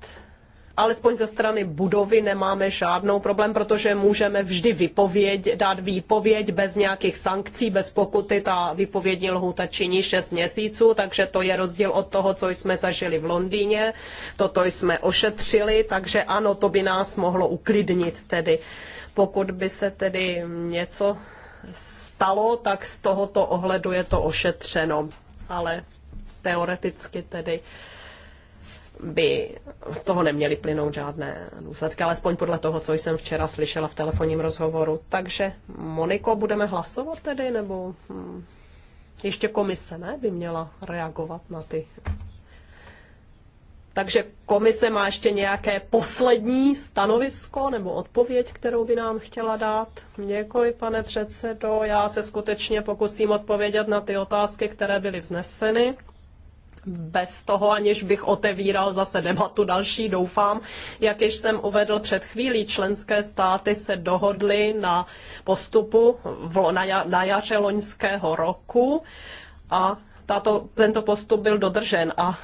alespoň ze strany budovy nemáme žádnou problém, protože můžeme vždy vypověď, dát výpověď bez nějakých sankcí, bez pokuty. Ta výpovědní lhůta činí 6 měsíců, takže to je rozdíl od toho, co jsme zažili v Londýně. Toto jsme ošetřili, takže ano, to by nás mohlo uklidnit tedy. Pokud by se tedy něco stalo, tak z tohoto ohledu je to ošetřeno. Ale teoreticky tedy by z toho neměly plynout žádné důsledky, alespoň podle toho, co jsem včera slyšela v telefonním rozhovoru. Takže, Moniko, budeme hlasovat tedy, nebo hm, ještě komise, ne, by měla reagovat na ty. Takže komise má ještě nějaké poslední stanovisko nebo odpověď, kterou by nám chtěla dát? Děkuji, pane předsedo. Já se skutečně pokusím odpovědět na ty otázky, které byly vzneseny bez toho, aniž bych otevíral zase debatu další, doufám. Jak již jsem uvedl před chvílí, členské státy se dohodly na postupu v, na, na jaře loňského roku a tato, tento postup byl dodržen a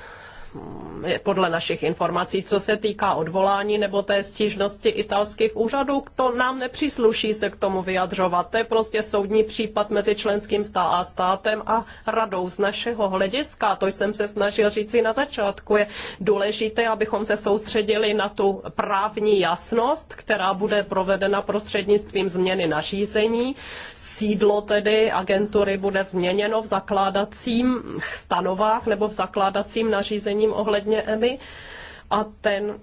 Mm, podle našich informací, co se týká odvolání nebo té stížnosti italských úřadů, to nám nepřísluší se k tomu vyjadřovat. To je prostě soudní případ mezi členským stá a státem a radou z našeho hlediska. To jsem se snažil říci na začátku. Je důležité, abychom se soustředili na tu právní jasnost, která bude provedena prostřednictvím změny nařízení. Sídlo tedy agentury bude změněno v zakládacím stanovách nebo v zakládacím nařízení vyjádřením ohledně EMI a ten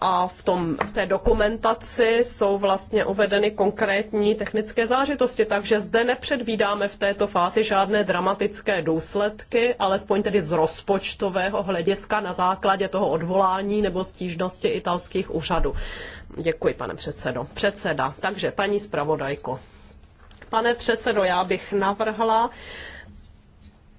a v, tom, v té dokumentaci jsou vlastně uvedeny konkrétní technické záležitosti, takže zde nepředvídáme v této fázi žádné dramatické důsledky, alespoň tedy z rozpočtového hlediska na základě toho odvolání nebo stížnosti italských úřadů. Děkuji, pane předsedo. Předseda, takže paní zpravodajko. Pane předsedo, já bych navrhla,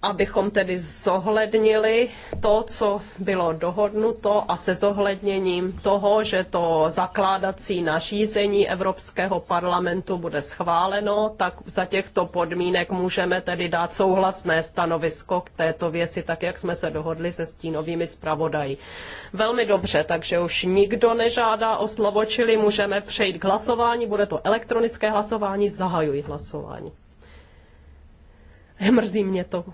abychom tedy zohlednili to, co bylo dohodnuto a se zohledněním toho, že to zakládací nařízení Evropského parlamentu bude schváleno, tak za těchto podmínek můžeme tedy dát souhlasné stanovisko k této věci, tak jak jsme se dohodli se stínovými zpravodaji. Velmi dobře, takže už nikdo nežádá o slovo, čili můžeme přejít k hlasování. Bude to elektronické hlasování, zahajuji hlasování. Mrzí mě to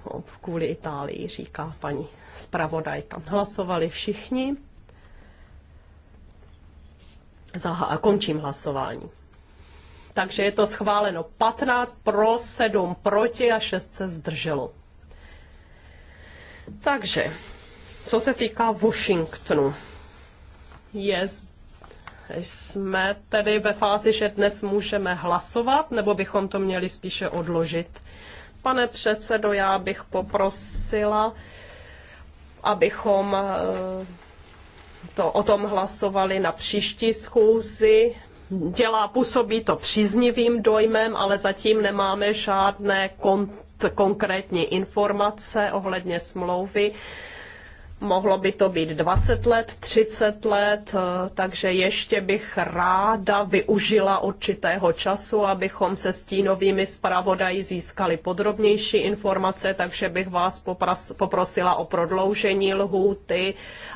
kvůli Itálii, říká paní zpravodajka. Hlasovali všichni. Zaha- a končím hlasování. Takže je to schváleno 15 pro, 7 proti a 6 se zdrželo. Takže, co se týká Washingtonu, je jsme tedy ve fázi, že dnes můžeme hlasovat, nebo bychom to měli spíše odložit pane předsedo, já bych poprosila, abychom eh, to, o tom hlasovali na příští schůzi. Dělá, působí to příznivým dojmem, ale zatím nemáme žádné kon, konkrétní informace ohledně smlouvy mohlo by to být 20 let, 30 let, eh, takže ještě bych ráda využila určitého času, abychom se stínovými zpravodají získali podrobnější informace, takže bych vás poprosila o prodloužení lhůty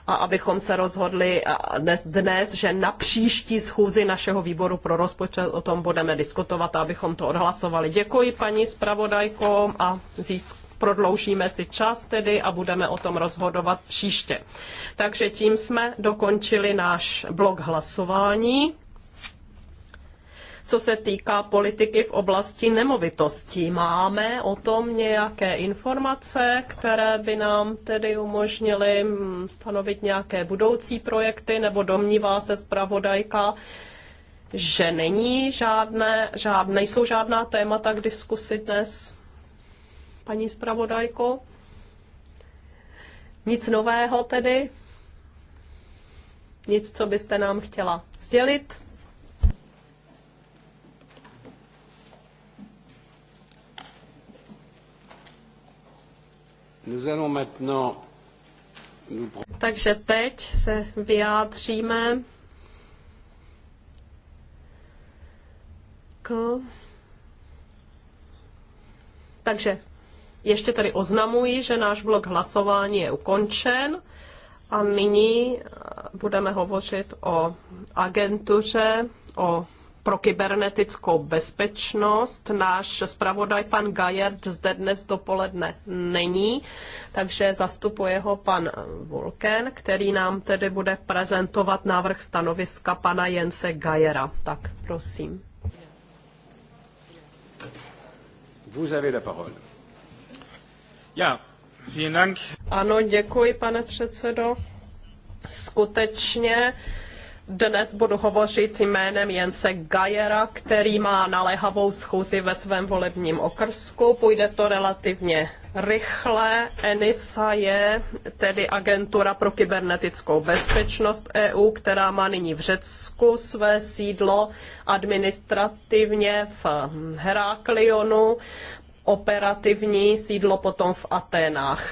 a abychom se rozhodli eh, dnes, dnes, že na příští schůzi našeho výboru pro rozpočet o tom budeme diskutovat a abychom to odhlasovali. Děkuji paní zpravodajkom a získám prodloužíme si čas tedy a budeme o tom rozhodovat příště. Takže tím jsme dokončili náš blok hlasování co se týká politiky v oblasti nemovitostí. Máme o tom nějaké informace, které by nám tedy umožnily mm, stanovit nějaké budoucí projekty, nebo domnívá se zpravodajka, že není žádné, žádné, nejsou žádná témata k diskusi dnes? paní zpravodajko. Nic nového tedy, nic, co byste nám chtěla sdělit. Takže teď se vyjádříme k... Takže ještě tady oznamuji, že náš blok hlasování je ukončen a nyní eh, budeme hovořit o agentuře, o pro kybernetickou bezpečnost. Náš zpravodaj pan Gajard zde dnes dopoledne není, takže zastupuje ho pan Vulken, který nám tedy bude prezentovat návrh stanoviska pana Jense Gajera. Tak prosím. Vous avez la parole. Ja, vielen Dank. Ano, děkuji, pane předsedo. Skutečně dnes budu hovořit jménem Jense Gajera, který má naléhavou schůzi ve svém volebním okrsku. Půjde to relativně rychle. ENISA je tedy agentura pro kybernetickou bezpečnost EU, která má nyní v Řecku své sídlo administrativně v Heraklionu operativní sídlo potom v Aténách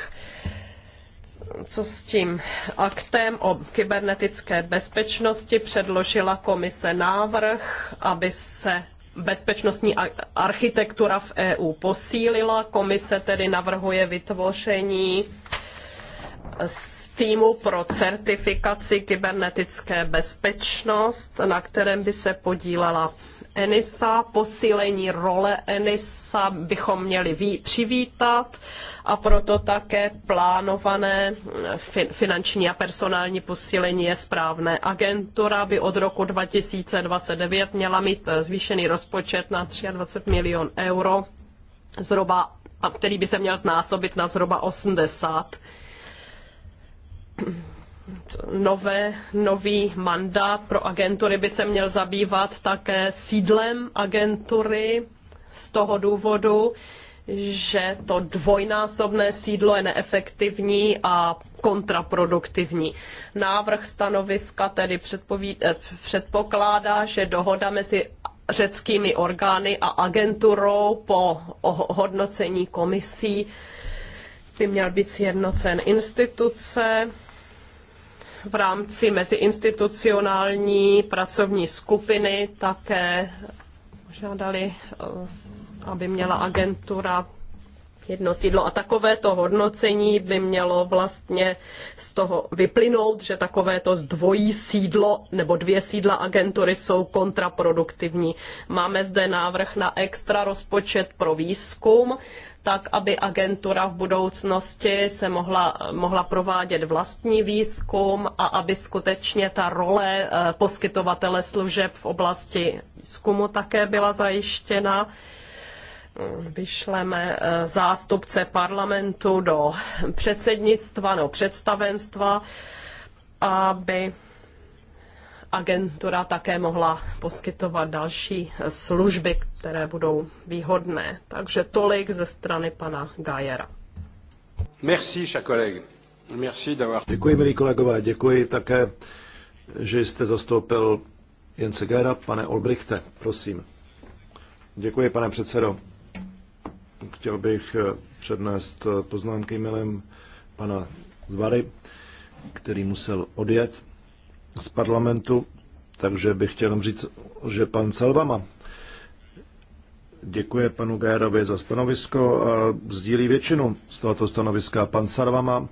co s tím aktem o kybernetické bezpečnosti předložila komise návrh, aby se bezpečnostní architektura v EU posílila. Komise tedy navrhuje vytvoření týmu pro certifikaci kybernetické bezpečnost, na kterém by se podílela ENISA, posílení role ENISA bychom měli přivítat a proto také plánované finanční a personální posílení je správné. Agentura by od roku 2029 měla mít eh, zvýšený rozpočet na 23 milion euro, zhruba, který by se měl znásobit na zhruba 80 nové, nový mandát pro agentury by se měl zabývat také sídlem agentury z toho důvodu, že to dvojnásobné sídlo je neefektivní a kontraproduktivní. Návrh stanoviska tedy eh, předpokládá, že dohoda mezi řeckými orgány a agenturou po hodnocení komisí by měl být sjednocen instituce, v rámci meziinstitucionální pracovní skupiny také požádali, eh, aby měla agentura jedno sídlo. A takovéto hodnocení by mělo vlastně z toho vyplynout, že takovéto zdvojí sídlo nebo dvě sídla agentury jsou kontraproduktivní. Máme zde návrh na extra rozpočet pro výzkum, tak aby agentura v budoucnosti se mohla, mohla provádět vlastní výzkum a aby skutečně ta role eh, poskytovatele služeb v oblasti výzkumu také byla zajištěna vyšleme eh, zástupce parlamentu do předsednictva nebo představenstva, aby agentura také mohla poskytovat další služby, které budou výhodné. Takže tolik ze strany pana Gajera. Merci, Děkuji, milí kolegové, děkuji také, že jste zastoupil Jence Gajera. Pane Olbrichte, prosím. Děkuji, pane předsedo. Chtěl bych eh, přednést eh, poznámky milem pana Zvary, který musel odjet z parlamentu, takže bych chtěl říct, že pan Salvama děkuje panu Gajerovi za stanovisko a sdílí většinu z tohoto stanoviska. Pan Sarvama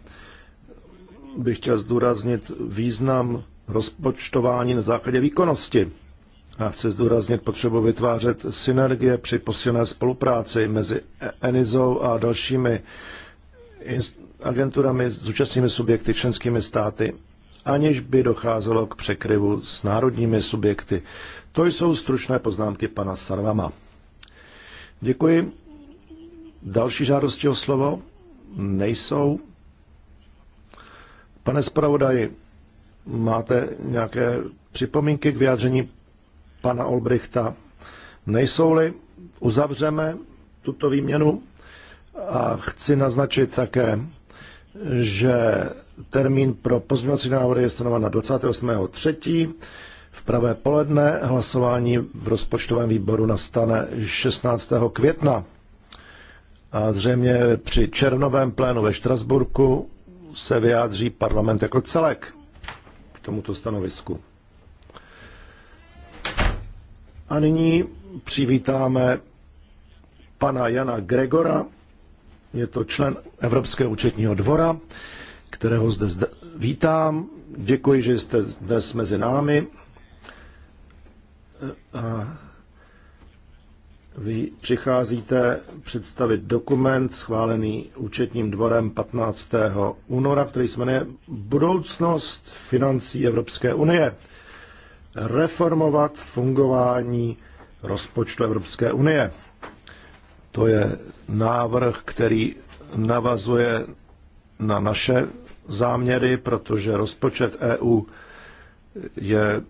bych chtěl zdůraznit význam rozpočtování na základě výkonnosti a chci zdůraznit potřebu vytvářet synergie při posilné spolupráci mezi ENIZou a dalšími agenturami s účastními subjekty členskými státy, aniž by docházelo k překryvu s národními subjekty. To jsou stručné poznámky pana Sarvama. Děkuji. Další žádosti o slovo nejsou. Pane zpravodaji, máte nějaké připomínky k vyjádření pana Olbrichta. Nejsou-li, uzavřeme tuto výměnu a chci naznačit také, že termín pro pozměňovací návrhy je stanoven na 28.3. V pravé poledne hlasování v rozpočtovém výboru nastane 16. května. A zřejmě při červnovém plénu ve Štrasburku se vyjádří parlament jako celek k tomuto stanovisku. A nyní přivítáme pana Jana Gregora, je to člen Evropského účetního dvora, kterého zde, vítám. Děkuji, že jste dnes mezi námi. A vy přicházíte představit dokument schválený účetním dvorem 15. února, který se jmenuje Budoucnost financí Evropské unie reformovat fungování rozpočtu Evropské unie. To je návrh, který navazuje na naše záměry, protože rozpočet EU je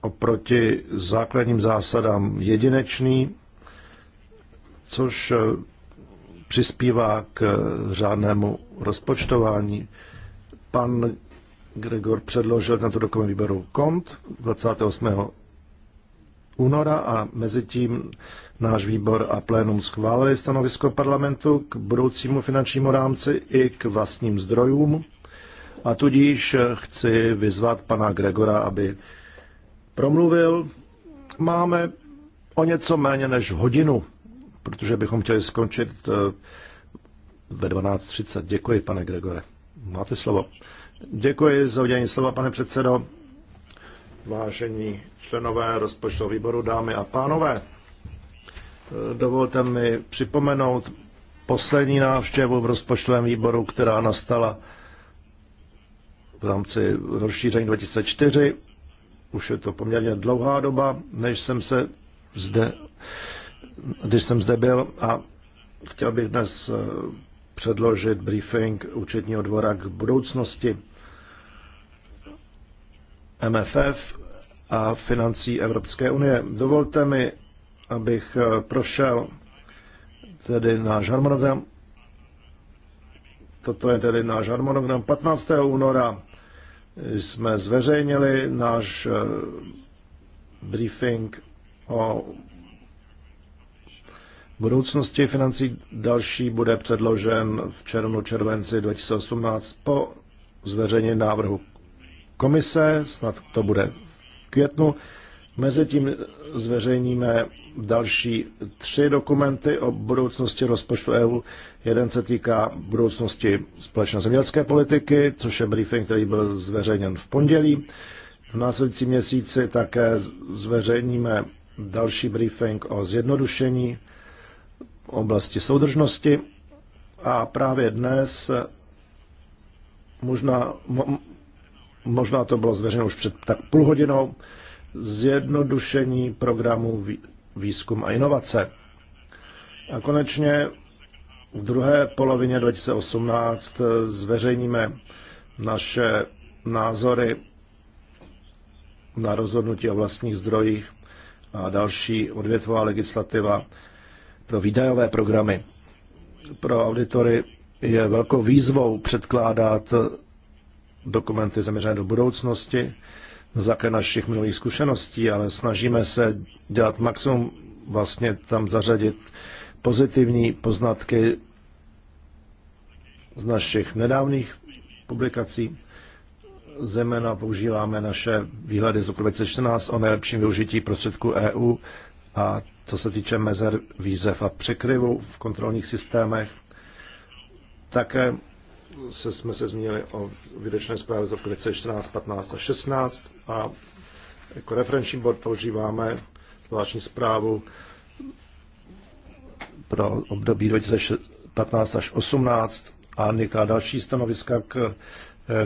oproti základním zásadám jedinečný, což přispívá k řádnému rozpočtování. Pan Gregor předložil na to dokument výboru KONT 28. února a mezi tím náš výbor a plénum schválili stanovisko parlamentu k budoucímu finančnímu rámci i k vlastním zdrojům. A tudíž chci vyzvat pana Gregora, aby promluvil. Máme o něco méně než hodinu, protože bychom chtěli skončit eh, ve 12.30. Děkuji, pane Gregore. Máte slovo. Děkuji za udělení slova, pane předsedo. Vážení členové rozpočtového výboru, dámy a pánové, dovolte mi připomenout poslední návštěvu v rozpočtovém výboru, která nastala v rámci rozšíření 2004. Už je to poměrně dlouhá doba, než jsem se zde, když jsem zde byl a chtěl bych dnes předložit briefing účetního dvora k budoucnosti MFF a financí Evropské unie. Dovolte mi, abych eh, prošel tedy náš harmonogram. Toto je tedy náš harmonogram. 15. února jsme zveřejnili náš eh, briefing o budoucnosti financí. Další bude předložen v červnu, červenci 2018 po zveřejnění návrhu komise, snad to bude v květnu. Mezitím zveřejníme další tři dokumenty o budoucnosti rozpočtu EU. Jeden se týká budoucnosti společné zemědělské politiky, což je briefing, který byl zveřejněn v pondělí. V následující měsíci také zveřejníme další briefing o zjednodušení oblasti soudržnosti. A právě dnes možná možná to bylo zveřejněno už před tak půl hodinou, zjednodušení programu výzkum a inovace. A konečně v druhé polovině 2018 eh, zveřejníme naše názory na rozhodnutí o vlastních zdrojích a další odvětvová legislativa pro výdajové programy. Pro auditory je velkou výzvou předkládat dokumenty zaměřené do budoucnosti na základě našich minulých zkušeností, ale snažíme se dělat maximum vlastně tam zařadit pozitivní poznatky z našich nedávných publikací. Zejména používáme naše výhledy z roku 2014 o nejlepším využití prostředků EU a co se týče mezer výzev a překryvů v kontrolních systémech. Také se, jsme se zmínili o výročné zprávě z roku 2014, 15 a 16 a jako referenční bod používáme zvláštní zprávu pro období 2015 až 18 a některá další stanoviska k,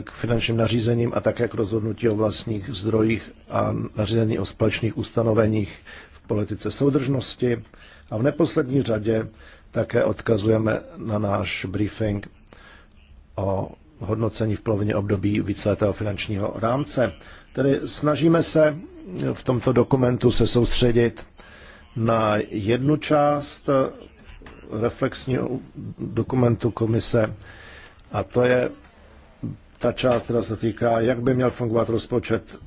k finančním nařízením a také k rozhodnutí o vlastních zdrojích a nařízení o společných ustanoveních v politice soudržnosti. A v neposlední řadě také odkazujeme na náš briefing o hodnocení v polovině období víceletého finančního rámce. Tedy snažíme se v tomto dokumentu se soustředit na jednu část reflexního dokumentu komise a to je ta část, která se týká, jak by měl fungovat rozpočet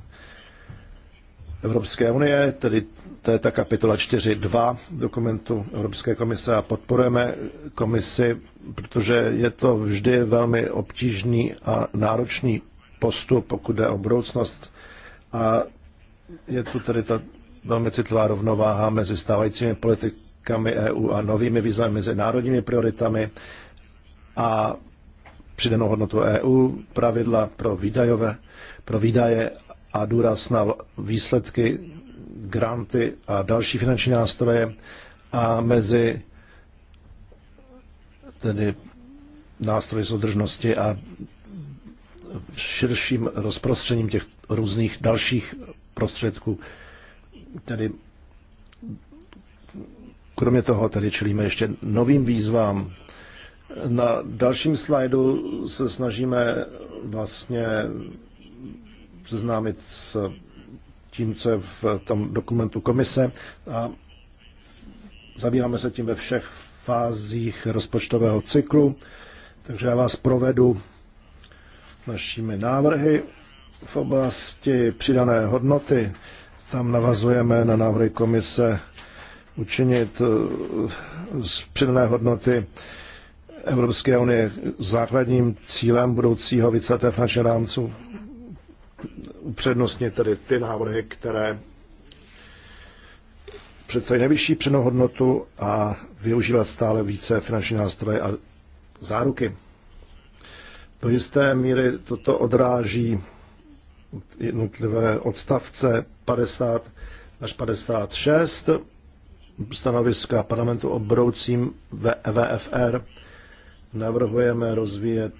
Evropské unie, tedy to je ta kapitola 4.2 dokumentu Evropské komise a podporujeme komisi protože je to vždy velmi obtížný a náročný postup, pokud jde o budoucnost. A je tu tedy ta velmi citlivá rovnováha mezi stávajícími politikami EU a novými výzvami, mezi národními prioritami a přidanou hodnotu EU, pravidla pro výdajové, pro výdaje a důraz na výsledky, granty a další finanční nástroje a mezi tedy nástroj soudržnosti a širším rozprostřením těch různých dalších prostředků. Tedy kromě toho tedy čelíme ještě novým výzvám. Na dalším slajdu se snažíme vlastně seznámit s tím, co je v tom dokumentu komise a zabýváme se tím ve všech fázích rozpočtového cyklu, takže já vás provedu našimi návrhy v oblasti přidané hodnoty. Tam navazujeme na návrhy komise učinit eh, z přidané hodnoty Evropské unie základním cílem budoucího víceté finančního rámcu upřednostně tedy ty návrhy, které představí nejvyšší přenou hodnotu a využívat stále více finanční nástroje a záruky. Do jisté míry toto odráží jednotlivé odstavce 50 až 56 stanoviska parlamentu o budoucím VFR. Navrhujeme rozvíjet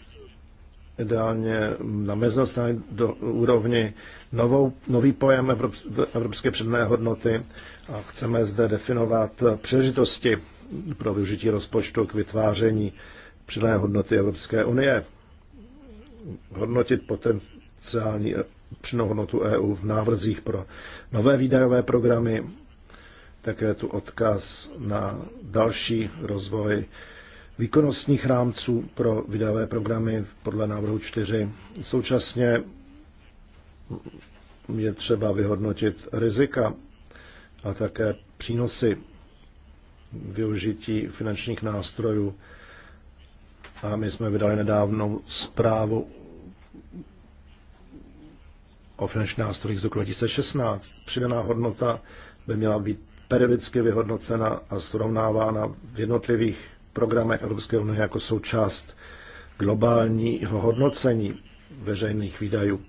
ideálně na mezinárodní úrovni novou, nový pojem Evropské předné hodnoty a chceme zde definovat příležitosti pro využití rozpočtu k vytváření přidané hodnoty Evropské unie, hodnotit potenciální přidanou hodnotu EU v návrzích pro nové výdajové programy, také tu odkaz na další rozvoj výkonnostních rámců pro výdajové programy podle návrhu 4. Současně je třeba vyhodnotit rizika a také přínosy využití finančních nástrojů. A my jsme vydali nedávnou zprávu o finančních nástrojích z roku 2016. Přidaná hodnota by měla být periodicky vyhodnocena a srovnávána v jednotlivých programech Evropské unie jako součást globálního hodnocení veřejných výdajů.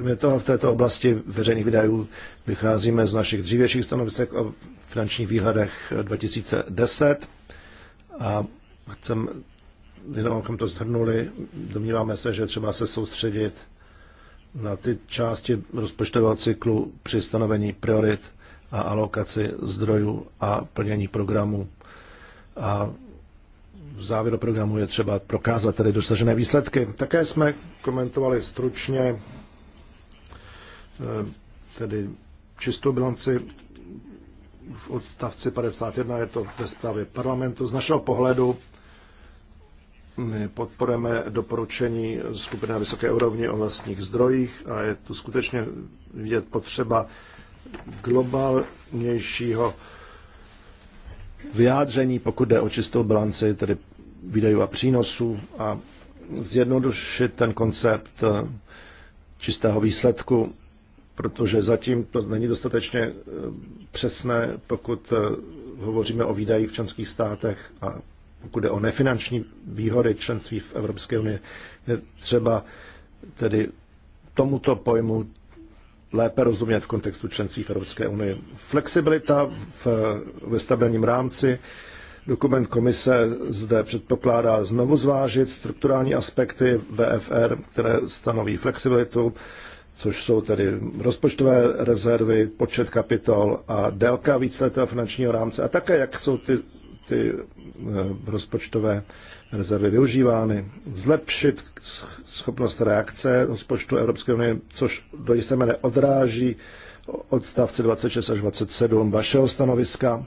Kromě toho v této oblasti veřejných výdajů vycházíme z našich dřívějších stanovisek o finančních výhledech 2010 a chcem, jenom abychom to zhrnuli, domníváme se, že třeba se soustředit na ty části rozpočtového cyklu při stanovení priorit a alokaci zdrojů a plnění programu. A v závěru programu je třeba prokázat tedy dosažené výsledky. Také jsme komentovali stručně Eh, tedy čistou bilanci v odstavci 51 je to ve zprávě parlamentu. Z našeho pohledu my podporujeme doporučení skupiny na vysoké úrovni o vlastních zdrojích a je tu skutečně vidět potřeba globálnějšího vyjádření, pokud jde o čistou bilanci, tedy výdajů a přínosů a zjednodušit ten koncept eh, čistého výsledku protože zatím to není dostatečně eh, přesné, pokud eh, hovoříme o výdajích v členských státech a pokud jde o nefinanční výhody členství v Evropské unii, je třeba tedy tomuto pojmu lépe rozumět v kontextu členství v Evropské unii. Flexibilita v, ve stabilním rámci. Dokument komise zde předpokládá znovu zvážit strukturální aspekty VFR, které stanoví flexibilitu což jsou tedy rozpočtové rezervy, počet kapitol a délka víceletého finančního rámce a také, jak jsou ty, ty eh, rozpočtové rezervy využívány. Zlepšit schopnost reakce rozpočtu Evropské unie, což do jisté mene odráží odstavce 26 až 27 vašeho stanoviska.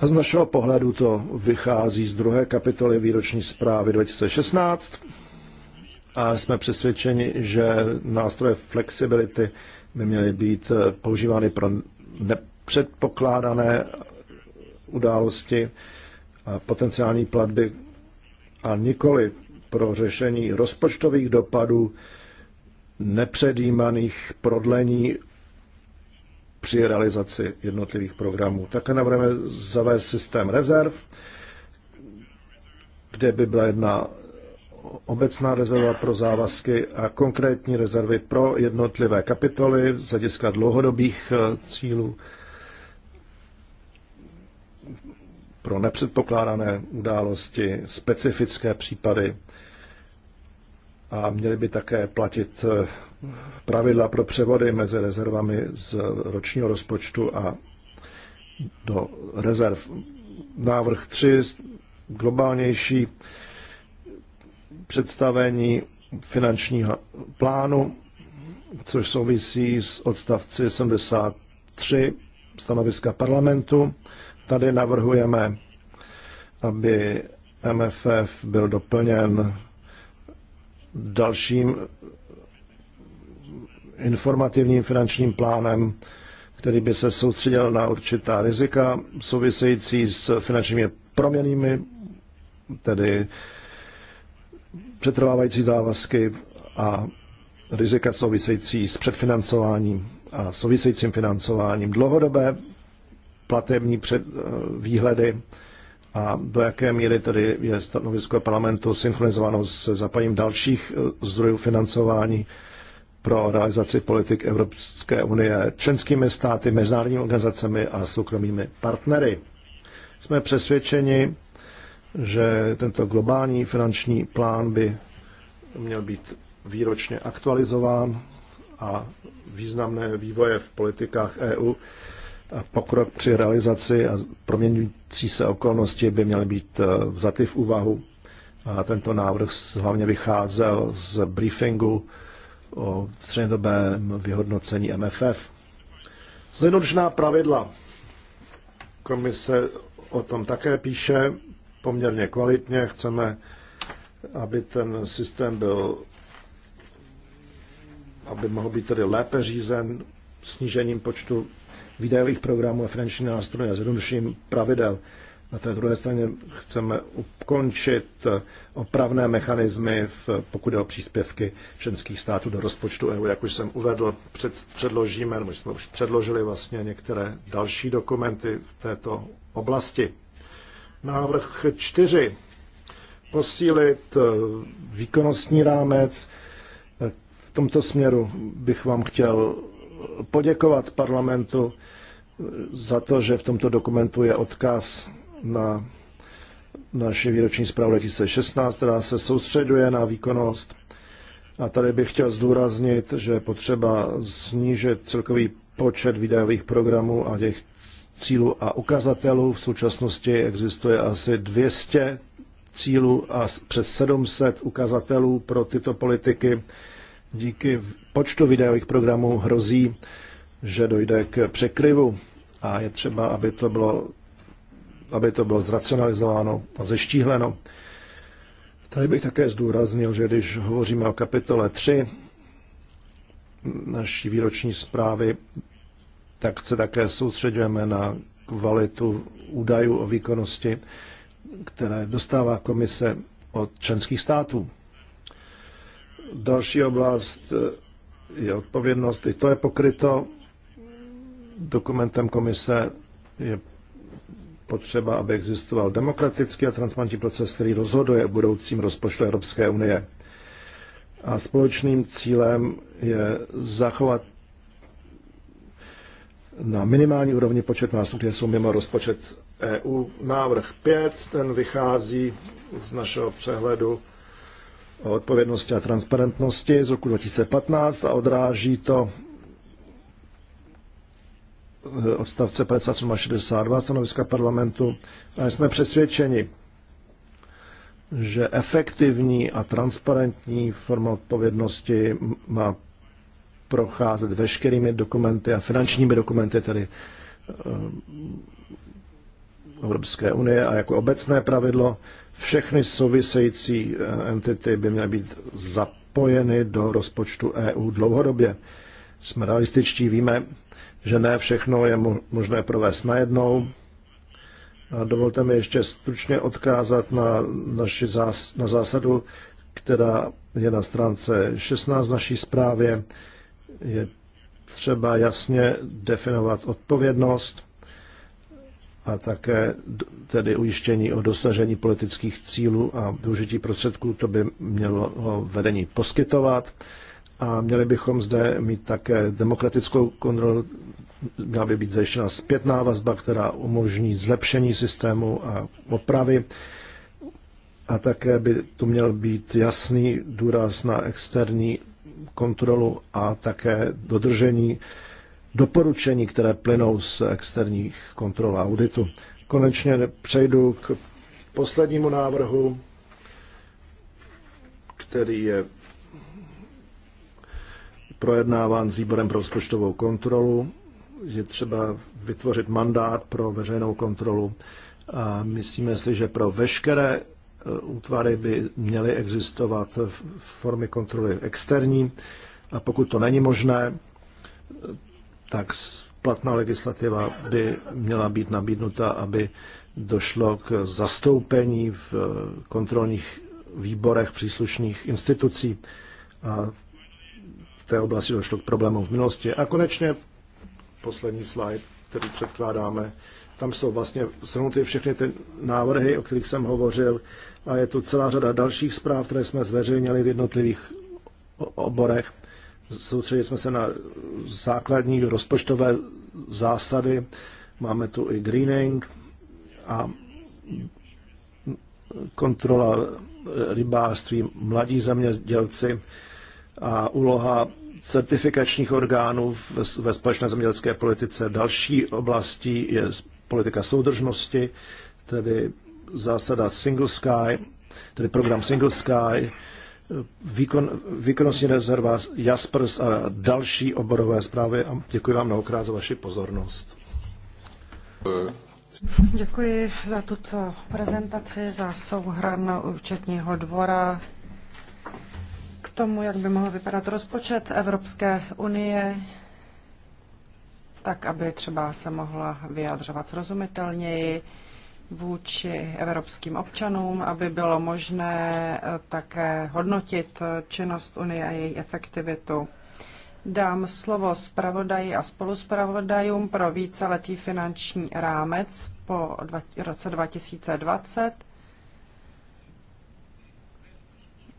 A z našeho pohledu to vychází z druhé kapitoly výroční zprávy 2016 a jsme přesvědčeni, že nástroje flexibility by měly být eh, používány pro nepředpokládané události a potenciální platby a nikoli pro řešení rozpočtových dopadů nepředjímaných prodlení při realizaci jednotlivých programů. Také navrhujeme zavést systém rezerv, kde by byla jedna obecná rezerva pro závazky a konkrétní rezervy pro jednotlivé kapitoly z hlediska dlouhodobých eh, cílů pro nepředpokládané události, specifické případy a měly by také platit eh, pravidla pro převody mezi rezervami z ročního rozpočtu a do rezerv. Návrh 3, globálnější představení finančního plánu, což souvisí s odstavci 73 stanoviska parlamentu. Tady navrhujeme, aby MFF byl doplněn dalším informativním finančním plánem, který by se soustředil na určitá rizika související s finančními proměnými, tedy přetrvávající závazky a rizika související s předfinancováním a souvisejícím financováním, dlouhodobé platební před, eh, výhledy a do jaké míry tedy je stanovisko parlamentu synchronizováno se zapojením dalších eh, zdrojů financování pro realizaci politik Evropské unie členskými státy, mezinárodními organizacemi a soukromými partnery. Jsme přesvědčeni, že tento globální finanční plán by měl být výročně aktualizován a významné vývoje v politikách EU a pokrok při realizaci a proměňující se okolnosti by měly být eh, vzaty v úvahu. A tento návrh hlavně vycházel z briefingu o střednodobém vyhodnocení MFF. Zjednodušená pravidla. Komise o tom také píše poměrně kvalitně. Chceme, aby ten systém byl, aby mohl být tedy lépe řízen snížením počtu výdajových programů a finanční nástroje a zjednodušením pravidel. Na té druhé straně chceme ukončit opravné mechanismy, pokud je o příspěvky členských států do rozpočtu EU. Jak už jsem uvedl, před, předložíme, nebo jsme už předložili vlastně některé další dokumenty v této oblasti. Návrh 4. Posílit eh, výkonnostní rámec. Eh, v tomto směru bych vám chtěl poděkovat parlamentu eh, za to, že v tomto dokumentu je odkaz na naše výroční zprávu 2016, která se soustředuje na výkonnost. A tady bych chtěl zdůraznit, že je potřeba snížit celkový počet videových programů a těch cílů a ukazatelů. V současnosti existuje asi 200 cílů a přes 700 ukazatelů pro tyto politiky. Díky počtu videových programů hrozí, že dojde k překryvu a je třeba, aby to bylo, aby to bylo zracionalizováno a zeštíhleno. Tady bych také zdůraznil, že když hovoříme o kapitole 3 naší výroční zprávy, tak se také soustředujeme na kvalitu údajů o výkonnosti, které dostává komise od členských států. Další oblast eh, je odpovědnost. I to je pokryto dokumentem komise. Je potřeba, aby existoval demokratický a transparentní proces, který rozhoduje o budoucím rozpočtu Evropské unie. A společným cílem je zachovat na minimální úrovni počet nástrojů, které jsou mimo rozpočet EU. Návrh 5, ten vychází z našeho přehledu o odpovědnosti a transparentnosti z roku 2015 a odráží to odstavce 58 a 62 stanoviska parlamentu. A jsme přesvědčeni, že efektivní a transparentní forma odpovědnosti má procházet veškerými dokumenty a finančními dokumenty tedy eh, Evropské unie a jako obecné pravidlo všechny související eh, entity by měly být zapojeny do rozpočtu EU dlouhodobě. Jsme realističtí, víme, že ne všechno je možné provést najednou. A dovolte mi ještě stručně odkázat na, naši zás, na zásadu, která je na stránce 16 naší zprávě, je třeba jasně definovat odpovědnost a také tedy ujištění o dosažení politických cílů a využití prostředků, to by mělo vedení poskytovat. A měli bychom zde mít také demokratickou kontrolu, měla by být zajištěna zpětná vazba, která umožní zlepšení systému a opravy. A také by tu měl být jasný důraz na externí kontrolu a také dodržení doporučení, které plynou z externích kontrol a auditu. Konečně přejdu k poslednímu návrhu, který je projednáván s výborem pro rozpočtovou kontrolu. Je třeba vytvořit mandát pro veřejnou kontrolu a myslíme si, že pro veškeré Eh, útvary by měly existovat v formě kontroly externí a pokud to není možné, tak platná legislativa by měla být nabídnuta, aby došlo k zastoupení v kontrolních výborech příslušných institucí a v té oblasti došlo k problémům v minulosti. A konečně poslední slide, který předkládáme, tam jsou vlastně shrnuty všechny ty návrhy, o kterých jsem hovořil a je tu celá řada dalších zpráv, které jsme zveřejnili v jednotlivých oborech. Soustředili jsme se na základní rozpočtové zásady. Máme tu i greening a kontrola rybářství, mladí zemědělci a úloha certifikačních orgánů ve společné zemědělské politice. Další oblastí je politika soudržnosti, tedy zásada Single Sky, tedy program Single Sky, výkon, výkonnostní rezerva Jaspers a další oborové zprávy a děkuji vám mnohokrát za vaši pozornost. Děkuji za tuto prezentaci, za souhrn účetního dvora k tomu, jak by mohl vypadat rozpočet Evropské unie, tak aby třeba se mohla vyjadřovat srozumitelněji vůči evropským občanům, aby bylo možné eh, také hodnotit eh, činnost Unie a její efektivitu. Dám slovo zpravodaji a spoluzpravodajům pro víceletý finanční rámec po dva, roce 2020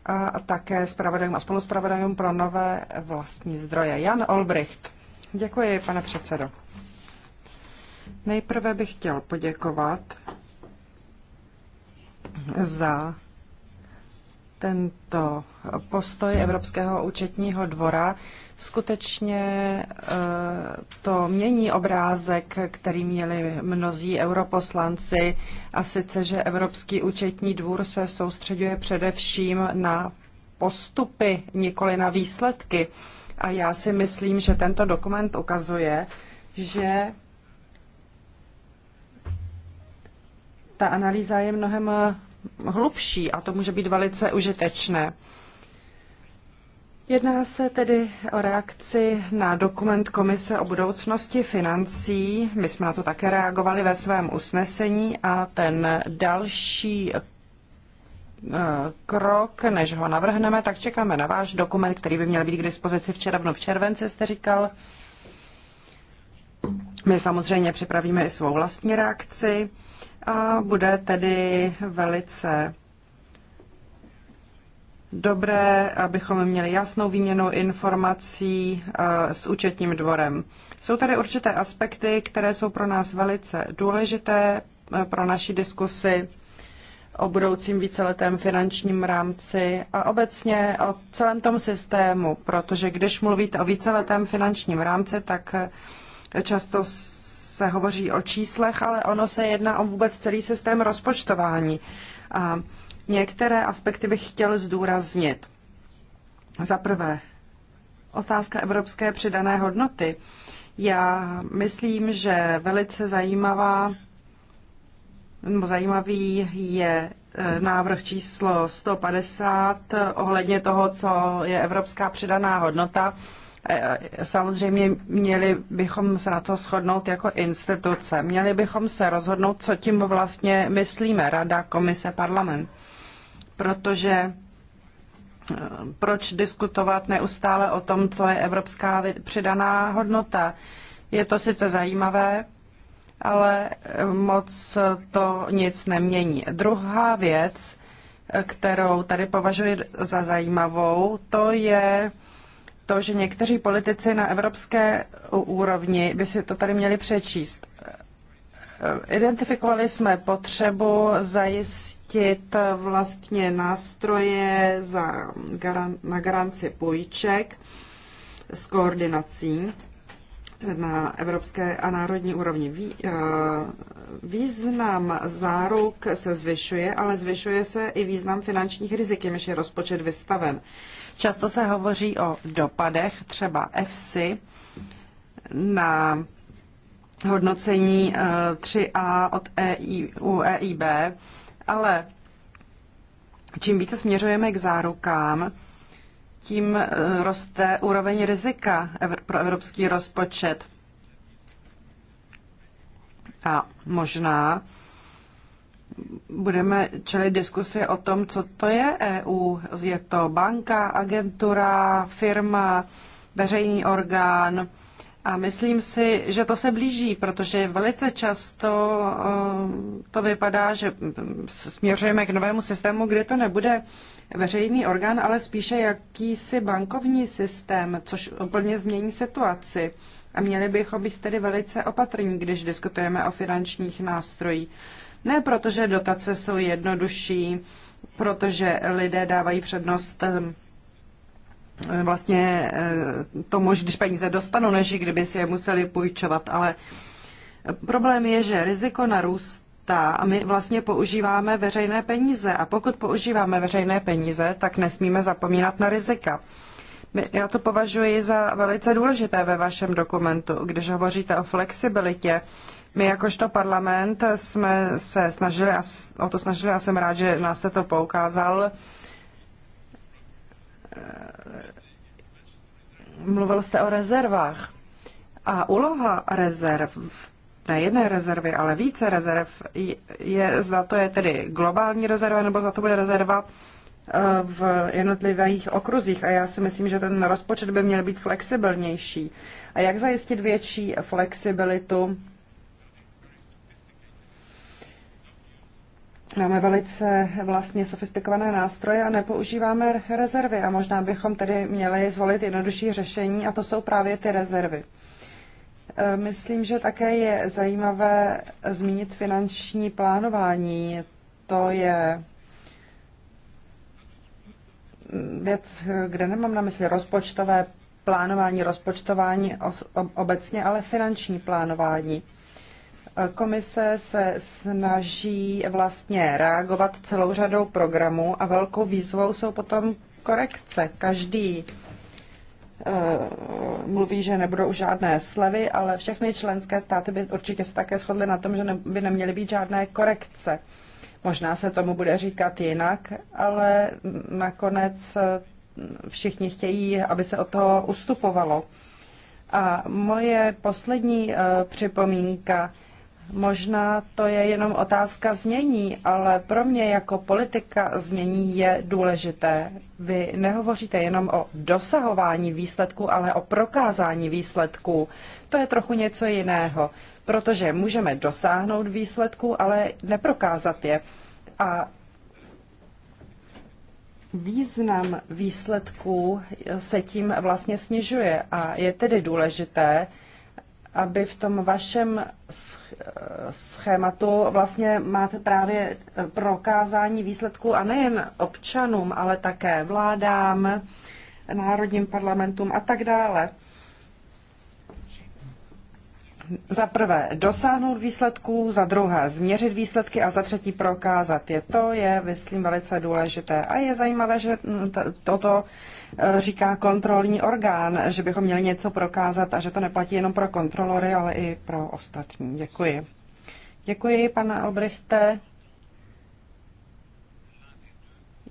a také zpravodajům a spoluzpravodajům pro nové vlastní zdroje. Jan Olbricht. Děkuji, pane předsedo. Nejprve bych chtěl poděkovat za tento postoj Evropského účetního dvora. Skutečně eh, to mění obrázek, který měli mnozí europoslanci, a sice, že Evropský účetní dvůr se soustředuje především na postupy, nikoli na výsledky. A já si myslím, že tento dokument ukazuje, že ta analýza je mnohem eh, hlubší a to může být velice užitečné. Jedná se tedy o reakci na dokument Komise o budoucnosti financí. My jsme na to také reagovali ve svém usnesení a ten další eh, krok, než ho navrhneme, tak čekáme na váš dokument, který by měl být k dispozici v červnu, v červenci, jste říkal. My samozřejmě připravíme i svou vlastní reakci a bude tedy velice dobré, abychom měli jasnou výměnu informací eh, s účetním dvorem. Jsou tady určité aspekty, které jsou pro nás velice důležité eh, pro naši diskusi o budoucím víceletém finančním rámci a obecně o celém tom systému, protože když mluvíte o víceletém finančním rámci, tak eh, často se hovoří o číslech, ale ono se jedná o vůbec celý systém rozpočtování. A některé aspekty bych chtěl zdůraznit. Za prvé, otázka evropské přidané hodnoty. Já myslím, že velice zajímavá, nebo zajímavý je e, návrh číslo 150 ohledně toho, co je evropská přidaná hodnota Eh, samozřejmě měli bychom se na to shodnout jako instituce. Měli bychom se rozhodnout, co tím vlastně myslíme, Rada, Komise, Parlament. Protože eh, proč diskutovat neustále o tom, co je evropská přidaná hodnota? Je to sice zajímavé, ale eh, moc to nic nemění. Druhá věc, kterou tady považuji za zajímavou, to je to, že někteří politici na evropské úrovni by si to tady měli přečíst. Identifikovali jsme potřebu zajistit vlastně nástroje za, na garanci půjček s koordinací na evropské a národní úrovni. Eh, význam záruk se zvyšuje, ale zvyšuje se i význam finančních rizik, jimž je rozpočet vystaven. Často se hovoří o dopadech, třeba EFSI, na hodnocení 3A eh, od EIB, e ale čím více směřujeme k zárukám, tím eh, roste úroveň rizika pro evropský rozpočet. A možná budeme čelit diskusi o tom, co to je EU. Je to banka, agentura, firma, veřejný orgán. A myslím si, že to se blíží, protože velice často eh, to vypadá, že mm, směřujeme k novému systému, kde to nebude veřejný orgán, ale spíše jakýsi bankovní systém, což úplně změní situaci. A měli bychom být tedy velice opatrní, když diskutujeme o finančních nástrojích. Ne protože dotace jsou jednodušší, protože lidé dávají přednost ehm, vlastně eh, tomu, když peníze dostanou, než kdyby si je museli půjčovat, ale problém je, že riziko narůstá a my vlastně používáme veřejné peníze a pokud používáme veřejné peníze, tak nesmíme zapomínat na rizika. Já to považuji za velice důležité ve vašem dokumentu, když hovoříte o flexibilitě. My jakožto parlament jsme se snažili, o to snažili a jsem rád, že nás se to poukázal. Mluvil jste o rezervách. A úloha rezerv, ne jedné rezervy, ale více rezerv, je, za to je tedy globální rezerva, nebo za to bude rezerva Eh, v jednotlivých okruzích a já si myslím, že ten rozpočet by měl být flexibilnější. A jak zajistit větší flexibilitu? Máme velice vlastně sofistikované nástroje a nepoužíváme rezervy a možná bychom tedy měli zvolit jednodušší řešení a to jsou právě ty rezervy. Eh, myslím, že také je zajímavé zmínit finanční plánování. To je věc, kde nemám na mysli rozpočtové plánování, rozpočtování obecně, ale finanční plánování. Komise se snaží vlastně reagovat celou řadou programů a velkou výzvou jsou potom korekce. Každý eh, mluví, že nebudou žádné slevy, ale všechny členské státy by určitě se také shodly na tom, že by neměly být žádné korekce. Možná se tomu bude říkat jinak, ale nakonec eh, všichni chtějí, aby se o toho ustupovalo. A moje poslední eh, připomínka, možná to je jenom otázka znění, ale pro mě jako politika znění je důležité. Vy nehovoříte jenom o dosahování výsledků, ale o prokázání výsledků. To je trochu něco jiného protože můžeme dosáhnout výsledků, ale neprokázat je. A význam výsledků se tím vlastně snižuje a je tedy důležité, aby v tom vašem schématu vlastně máte právě prokázání výsledků a nejen občanům, ale také vládám, národním parlamentům a tak dále za prvé dosáhnout výsledků, za druhé změřit výsledky a za třetí prokázat je. To je, myslím, velice důležité. A je zajímavé, že mm, toto e, říká kontrolní orgán, že bychom měli něco prokázat a že to neplatí jenom pro kontrolory, ale i pro ostatní. Děkuji. Děkuji, pane Albrechte.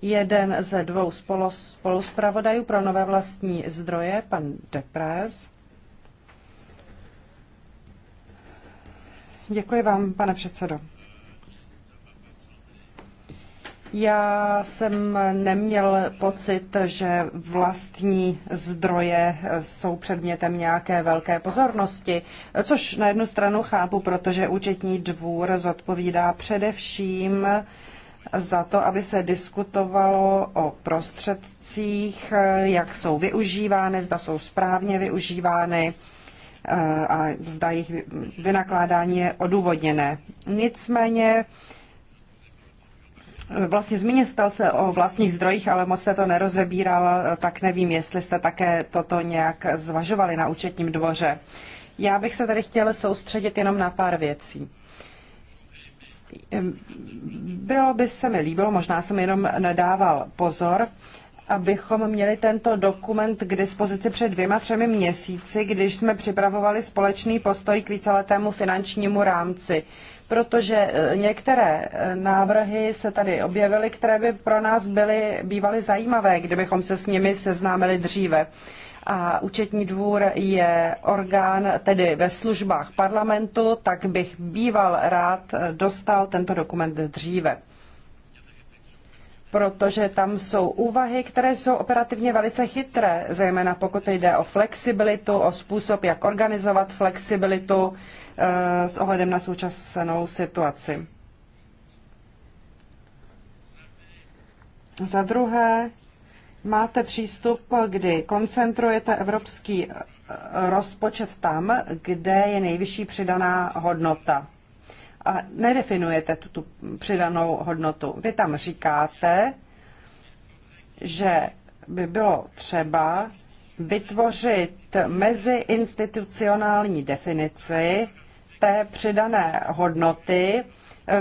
Jeden ze dvou spoluspravodajů pro nové vlastní zdroje, pan Deprez. Děkuji vám, pane předsedo. Já jsem neměl pocit, že vlastní zdroje jsou předmětem nějaké velké pozornosti, což na jednu stranu chápu, protože účetní dvůr zodpovídá především za to, aby se diskutovalo o prostředcích, jak jsou využívány, zda jsou správně využívány a zda jejich vynakládání je odůvodněné. Nicméně Vlastně zmíně stal se o vlastních zdrojích, ale moc se to nerozebíral, tak nevím, jestli jste také toto nějak zvažovali na účetním dvoře. Já bych se tady chtěla soustředit jenom na pár věcí. Bylo by se mi líbilo, možná jsem jenom nedával pozor, abychom měli tento dokument k dispozici před dvěma, třemi měsíci, když jsme připravovali společný postoj k víceletému finančnímu rámci. Protože eh, některé eh, návrhy se tady objevily, které by pro nás byly bývaly zajímavé, kdybychom se s nimi seznámili dříve. A účetní dvůr je orgán tedy ve službách parlamentu, tak bych býval rád eh, dostal tento dokument dříve protože tam jsou úvahy, které jsou operativně velice chytré, zejména pokud jde o flexibilitu, o způsob, jak organizovat flexibilitu eh, s ohledem na současnou situaci. Za druhé, máte přístup, kdy koncentrujete evropský eh, rozpočet tam, kde je nejvyšší přidaná hodnota a nedefinujete tu, tu přidanou hodnotu. Vy tam říkáte, že by bylo třeba vytvořit meziinstitucionální definici té přidané hodnoty,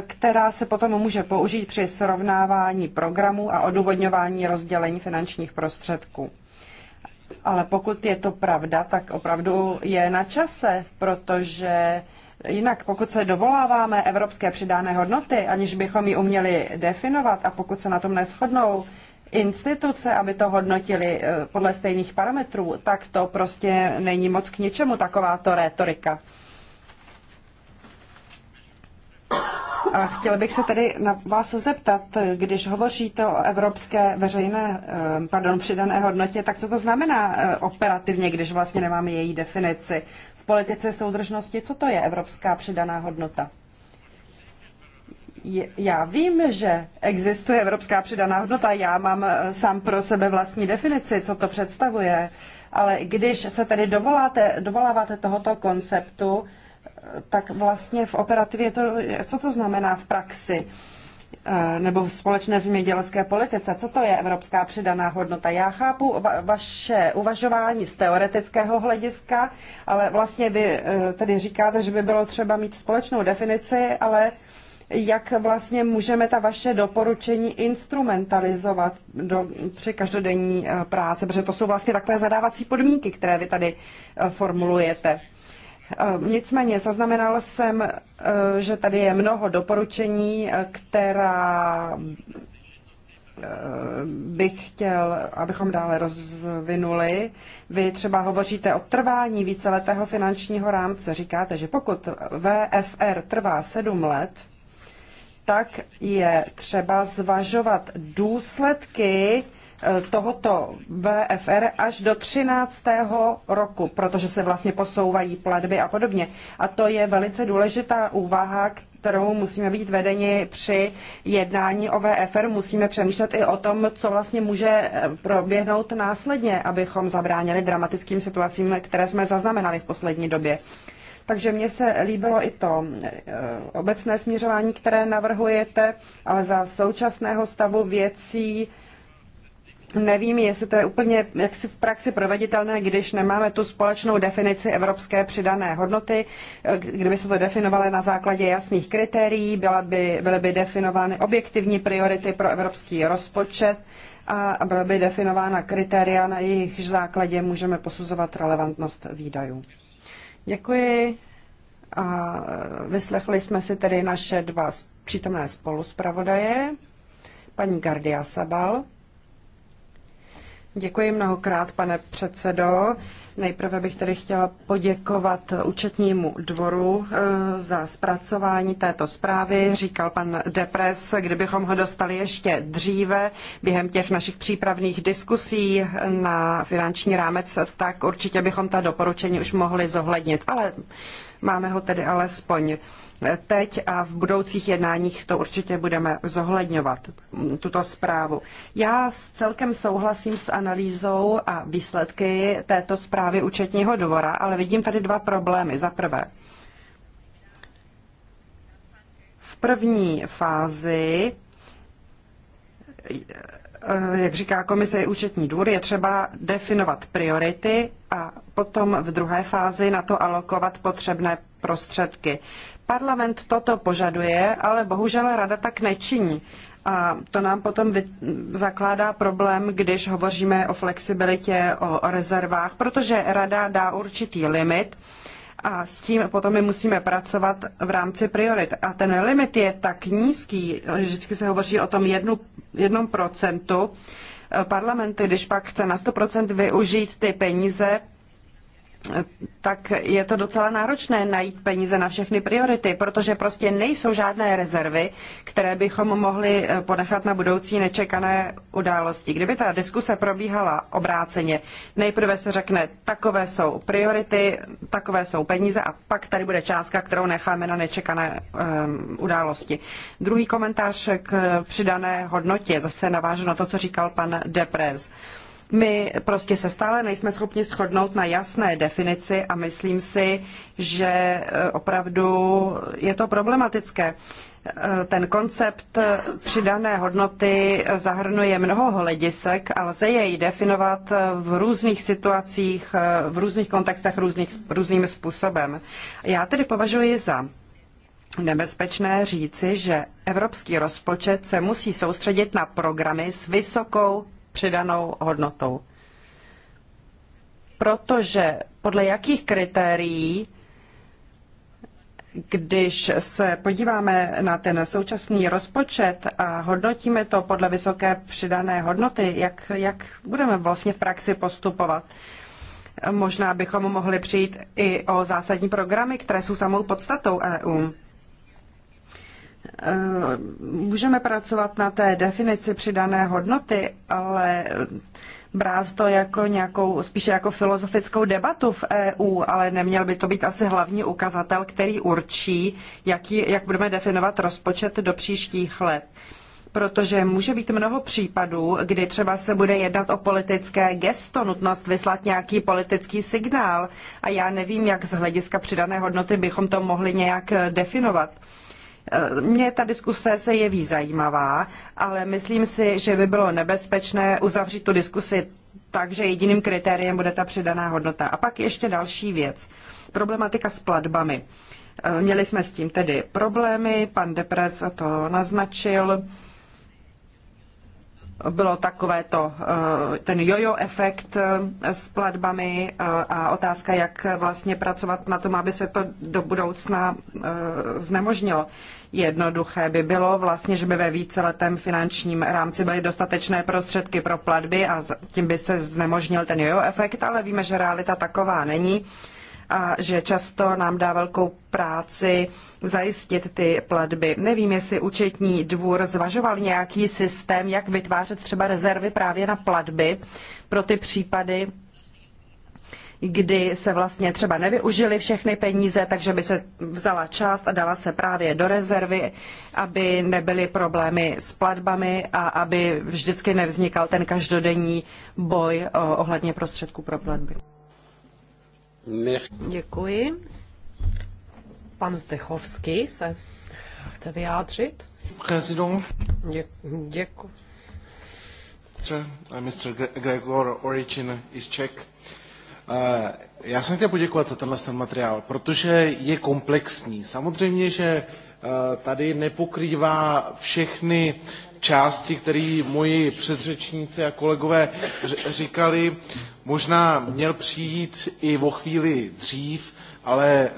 která se potom může použít při srovnávání programů a odůvodňování rozdělení finančních prostředků. Ale pokud je to pravda, tak opravdu je na čase, protože Jinak, pokud se dovoláváme evropské přidané hodnoty, aniž bychom ji uměli definovat a pokud se na tom neschodnou instituce, aby to hodnotili eh, podle stejných parametrů, tak to prostě není moc k ničemu takováto rétorika. A chtěla bych se tedy na vás zeptat, když hovoříte o evropské veřejné, eh, pardon, přidané hodnotě, tak co to znamená eh, operativně, když vlastně nemáme její definici? v politice soudržnosti, co to je evropská přidaná hodnota? Já vím, že existuje evropská přidaná hodnota, já mám eh, sám pro sebe vlastní definici, co to představuje, ale když se tedy dovoláte, dovoláváte tohoto konceptu, eh, tak vlastně v operativě to, co to znamená v praxi? Eh, nebo v společné zemědělské politice. Co to je evropská přidaná hodnota? Já chápu va- vaše uvažování z teoretického hlediska, ale vlastně vy eh, tedy říkáte, že by bylo třeba mít společnou definici, ale jak vlastně můžeme ta vaše doporučení instrumentalizovat do, při každodenní eh, práce, protože to jsou vlastně takové zadávací podmínky, které vy tady formulujete. Ehm, nicméně zaznamenal jsem, ehm, že tady je mnoho doporučení, eh, která ehm, bych chtěl, abychom dále rozvinuli. Vy třeba hovoříte o trvání víceletého finančního rámce. Říkáte, že pokud VFR trvá sedm let, tak je třeba zvažovat důsledky tohoto VFR až do 13. roku, protože se vlastně posouvají platby a podobně. A to je velice důležitá úvaha, kterou musíme být vedeni při jednání o VFR. Musíme přemýšlet i o tom, co vlastně může eh, proběhnout následně, abychom zabránili dramatickým situacím, které jsme zaznamenali v poslední době. Takže mně se líbilo i to eh, obecné směřování, které navrhujete, ale za současného stavu věcí Nevím, jestli to je úplně jaksi v praxi proveditelné, když nemáme tu společnou definici evropské přidané hodnoty, kdyby se to definovalo na základě jasných kritérií, byla by, byly by definovány objektivní priority pro evropský rozpočet a byla by definována kritéria, na jejich základě můžeme posuzovat relevantnost výdajů. Děkuji. A vyslechli jsme si tedy naše dva přítomné spoluspravodaje, paní Gardia Sabal. Děkuji mnohokrát, pane předsedo. Nejprve bych tedy chtěla poděkovat účetnímu dvoru eh, za zpracování této zprávy. Říkal pan Depres, kdybychom ho dostali ještě dříve během těch našich přípravných diskusí na finanční rámec, tak určitě bychom ta doporučení už mohli zohlednit. Ale Máme ho tedy alespoň teď a v budoucích jednáních to určitě budeme zohledňovat, tuto zprávu. Já celkem souhlasím s analýzou a výsledky této zprávy účetního dvora, ale vidím tady dva problémy. Za prvé, v první fázi eh, jak říká komise účetní dvůr, je třeba definovat priority a potom v druhé fázi na to alokovat potřebné prostředky. Parlament toto požaduje, ale bohužel rada tak nečiní. A to nám potom zakládá problém, když hovoříme o flexibilitě, o rezervách, protože rada dá určitý limit a s tím potom my musíme pracovat v rámci priorit. A ten limit je tak nízký, vždycky se hovoří o tom jednu, jednom procentu, Parlamenty, když pak chce na 100% využít ty peníze, tak je to docela náročné najít peníze na všechny priority, protože prostě nejsou žádné rezervy, které bychom mohli eh, ponechat na budoucí nečekané události. Kdyby ta diskuse probíhala obráceně, nejprve se řekne, takové jsou priority, takové jsou peníze a pak tady bude částka, kterou necháme na nečekané um, události. Druhý komentář k přidané hodnotě, zase navážu na to, co říkal pan Deprez. Um, my prostě se stále nejsme schopni shodnout na jasné definici a myslím si, že eh, opravdu je to problematické. Eh, ten koncept eh, přidané hodnoty zahrnuje mnoho hledisek a lze jej definovat v různých situacích, v různých kontextech různých, různým způsobem. Já tedy považuji za nebezpečné říci, že evropský rozpočet se musí soustředit na programy s vysokou přidanou hodnotou. Protože podle jakých kritérií, když se podíváme na ten současný rozpočet a hodnotíme to podle vysoké přidané hodnoty, jak, jak budeme vlastně v praxi postupovat? Možná bychom mohli přijít i o zásadní programy, které jsou samou podstatou EU. Eh, můžeme pracovat na té definici přidané hodnoty, ale brát to jako nějakou, spíše jako filozofickou debatu v EU, ale neměl by to být asi hlavní ukazatel, který určí, jaký, jak budeme definovat rozpočet do příštích let. Protože může být mnoho případů, kdy třeba se bude jednat o politické gesto, nutnost vyslat nějaký politický signál. A já nevím, jak z hlediska přidané hodnoty bychom to mohli nějak definovat. Mně ta diskuse se jeví zajímavá, ale myslím si, že by bylo nebezpečné uzavřít tu diskusi tak, že jediným kritériem bude ta přidaná hodnota. A pak ještě další věc. Problematika s platbami. E, měli jsme s tím tedy problémy, pan Depres to naznačil bylo takovéto eh, ten jojo efekt eh, s platbami eh, a otázka, jak vlastně pracovat na tom, aby se to do budoucna znemožnilo. Jednoduché by bylo vlastně, že by ve víceletém finančním rámci byly dostatečné prostředky pro platby a tím by se znemožnil ten jojo efekt, ale víme, že realita taková není a že často nám dá velkou práci zajistit ty platby. Nevím, jestli účetní dvůr zvažoval nějaký systém, jak vytvářet třeba rezervy právě na platby pro ty případy, kdy se vlastně třeba nevyužili všechny peníze, takže by se vzala část a dala se právě do rezervy, aby nebyly problémy s platbami a aby vždycky nevznikal ten každodenní boj ohledně prostředků pro platby. Děkuji. Pan Zdechovský se chce vyjádřit. Prezident. Dě, děkuji. Mr. Eh, Gregor Origin is Czech. Eh, já jsem chtěl poděkovat za tenhle ten materiál, protože je komplexní. Samozřejmě, že eh, tady nepokrývá všechny části, které moji předřečníci a kolegové říkali, možná měl přijít i o chvíli dřív, ale e,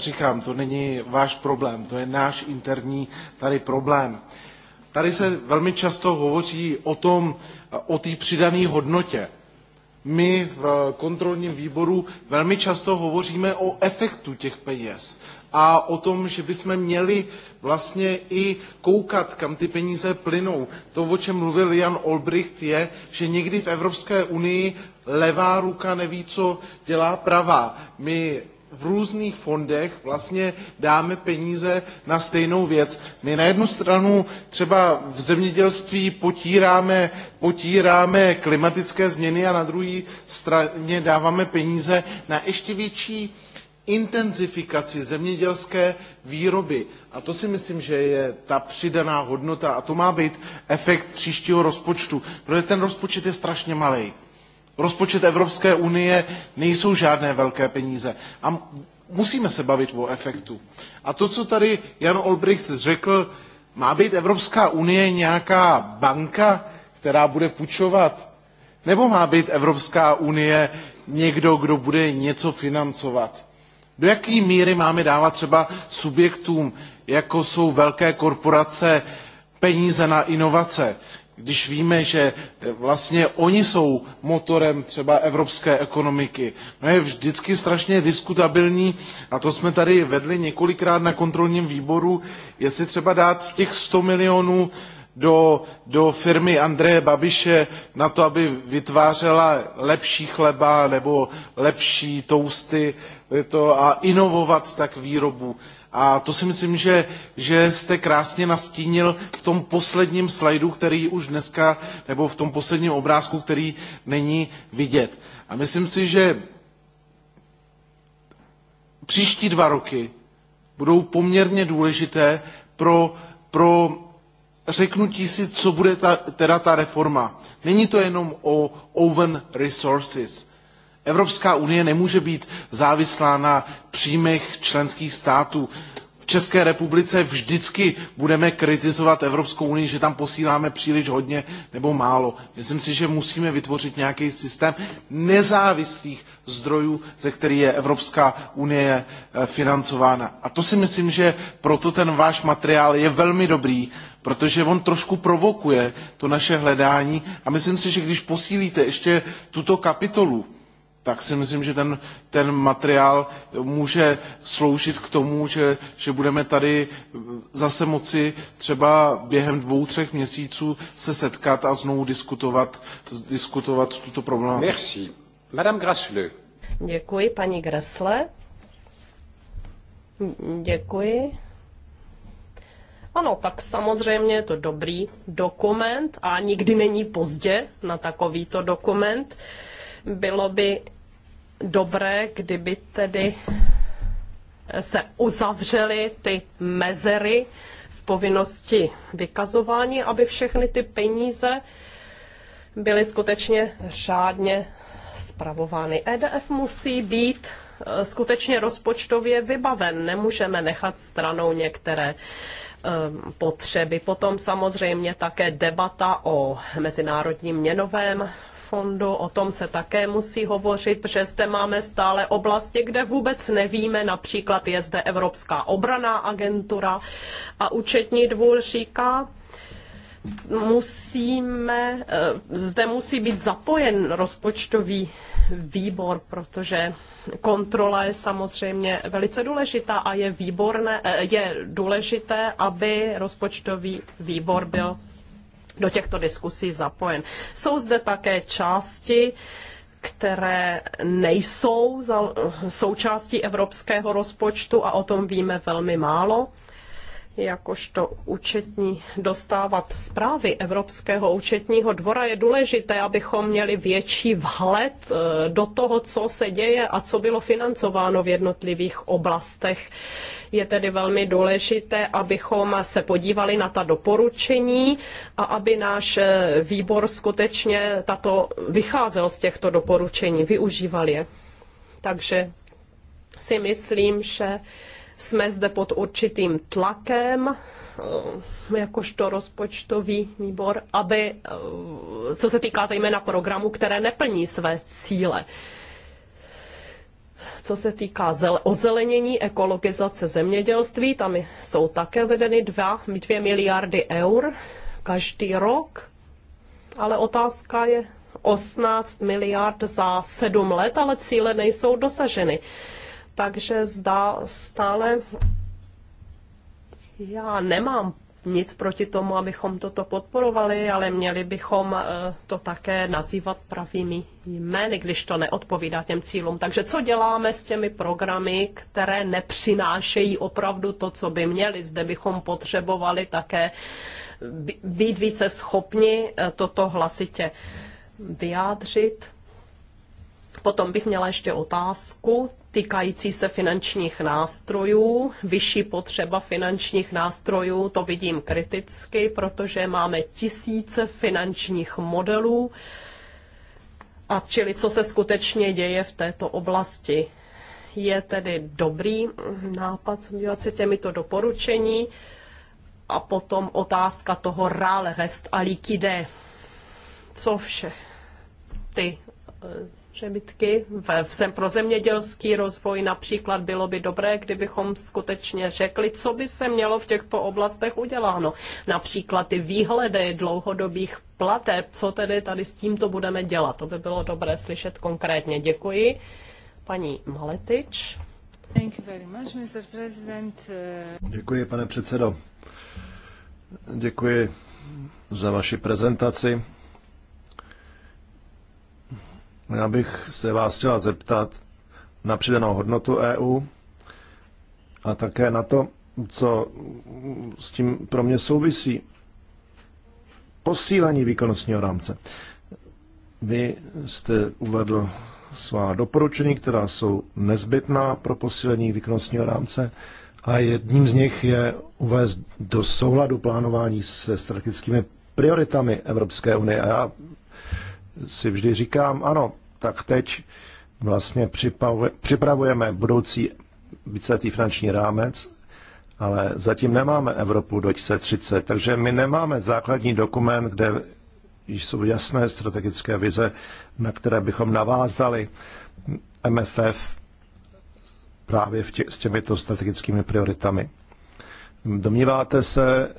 říkám, to není váš problém, to je náš interní tady problém. Tady se velmi často hovoří o tom, o té přidané hodnotě. My v kontrolním výboru velmi často hovoříme o efektu těch peněz, a o tom, že bychom měli vlastně i koukat, kam ty peníze plynou. To, o čem mluvil Jan Olbricht, je, že někdy v Evropské unii levá ruka neví, co dělá pravá. My v různých fondech vlastně dáme peníze na stejnou věc. My na jednu stranu třeba v zemědělství potíráme, potíráme klimatické změny a na druhé straně dáváme peníze na ještě větší intenzifikaci zemědělské výroby. A to si myslím, že je ta přidaná hodnota a to má být efekt příštího rozpočtu, protože ten rozpočet je strašně malý. Rozpočet Evropské unie nejsou žádné velké peníze. A musíme se bavit o efektu. A to, co tady Jan Olbricht řekl, má být Evropská unie nějaká banka, která bude půjčovat? Nebo má být Evropská unie někdo, kdo bude něco financovat? Do jaké míry máme dávat třeba subjektům, jako jsou velké korporace, peníze na inovace, když víme, že eh, vlastně oni jsou motorem třeba evropské ekonomiky. No je vždycky strašně diskutabilní, a to jsme tady vedli několikrát na kontrolním výboru, jestli třeba dát těch 100 milionů do, do firmy Andreje Babiše na to, aby vytvářela lepší chleba nebo lepší tousty to, a inovovat tak výrobu. A to si myslím, že, že jste krásně nastínil v tom posledním slajdu, který už dneska, nebo v tom posledním obrázku, který není vidět. A myslím si, že příští dva roky budou poměrně důležité pro, pro řeknutí si, co bude ta, teda ta reforma. Není to jenom o own resources. Evropská unie nemůže být závislá na příjmech členských států. České republice vždycky budeme kritizovat Evropskou unii, že tam posíláme příliš hodně nebo málo. Myslím si, že musíme vytvořit nějaký systém nezávislých zdrojů, ze kterých je Evropská unie eh, financována. A to si myslím, že proto ten váš materiál je velmi dobrý, protože on trošku provokuje to naše hledání a myslím si, že když posílíte ještě tuto kapitolu, tak si myslím, že ten, ten materiál může sloužit k tomu, že, že budeme tady zase moci třeba během dvou, třech měsíců se setkat a znovu diskutovat, diskutovat tuto problematiku. Merci. Madame Grasle. Děkuji, paní Grasle. Děkuji. Ano, tak samozřejmě je to dobrý dokument a nikdy není pozdě na takovýto dokument. Uh, bylo by dobré, kdyby tedy se uzavřely ty mezery v povinnosti vykazování, aby všechny ty peníze byly skutečně řádně spravovány. EDF musí být eh, skutečně rozpočtově vybaven. Nemůžeme nechat stranou některé ehm, potřeby. Potom samozřejmě také debata o Mezinárodním měnovém fondu, o tom se také musí hovořit, protože zde máme stále oblasti, kde vůbec nevíme, například je zde Evropská obraná agentura a účetní dvůr říká, musíme, eh, zde musí být zapojen rozpočtový výbor, protože kontrola je samozřejmě velice důležitá a je výborné, eh, je důležité, aby rozpočtový výbor byl do těchto diskusí zapojen. Jsou zde také části, které nejsou součástí evropského rozpočtu a o tom víme velmi málo jakožto účetní dostávat zprávy Evropského účetního dvora, je důležité, abychom měli větší vhled eh, do toho, co se děje a co bylo financováno v jednotlivých oblastech je tedy velmi důležité, abychom se podívali na ta doporučení a aby náš eh, výbor skutečně tato, vycházel z těchto doporučení, využíval je. Takže si myslím, že jsme zde pod určitým tlakem, eh, jakožto rozpočtový výbor, aby, eh, co se týká zejména programu, které neplní své cíle co se týká ozelenění, ekologizace zemědělství, tam jsou také vedeny 2, 2 miliardy eur každý rok, ale otázka je 18 miliard za 7 let, ale cíle nejsou dosaženy. Takže zdá stále já nemám nic proti tomu, abychom toto podporovali, ale měli bychom eh, to také nazývat pravými jmény, když to neodpovídá těm cílům. Takže co děláme s těmi programy, které nepřinášejí opravdu to, co by měli? Zde bychom potřebovali také být více schopni eh, toto hlasitě vyjádřit. Potom bych měla ještě otázku týkající se finančních nástrojů, vyšší potřeba finančních nástrojů, to vidím kriticky, protože máme tisíce finančních modelů. A čili co se skutečně děje v této oblasti? Je tedy dobrý nápad zabývat se těmito doporučení a potom otázka toho rále rest a liquide. Co vše ty přebytky v, sem pro zemědělský rozvoj například bylo by dobré, kdybychom skutečně řekli, co by se mělo v těchto oblastech uděláno. Například ty výhledy dlouhodobých plateb, co tedy tady s tímto budeme dělat. To by bylo dobré slyšet konkrétně. Děkuji. Paní Maletič. Thank you very much, Mr. President. Děkuji, pane předsedo. Děkuji za vaši prezentaci já bych se vás chtěla zeptat na přidanou hodnotu EU a také na to, co s tím pro mě souvisí. Posílení výkonnostního rámce. Vy jste uvedl svá doporučení, která jsou nezbytná pro posílení výkonnostního rámce a jedním z nich je uvést do souladu plánování se strategickými prioritami Evropské unie. A já si vždy říkám, ano, tak teď vlastně připravujeme budoucí víceletý finanční rámec, ale zatím nemáme Evropu 2030, takže my nemáme základní dokument, kde jsou jasné strategické vize, na které bychom navázali MFF právě v tě, s těmito strategickými prioritami. Domníváte se,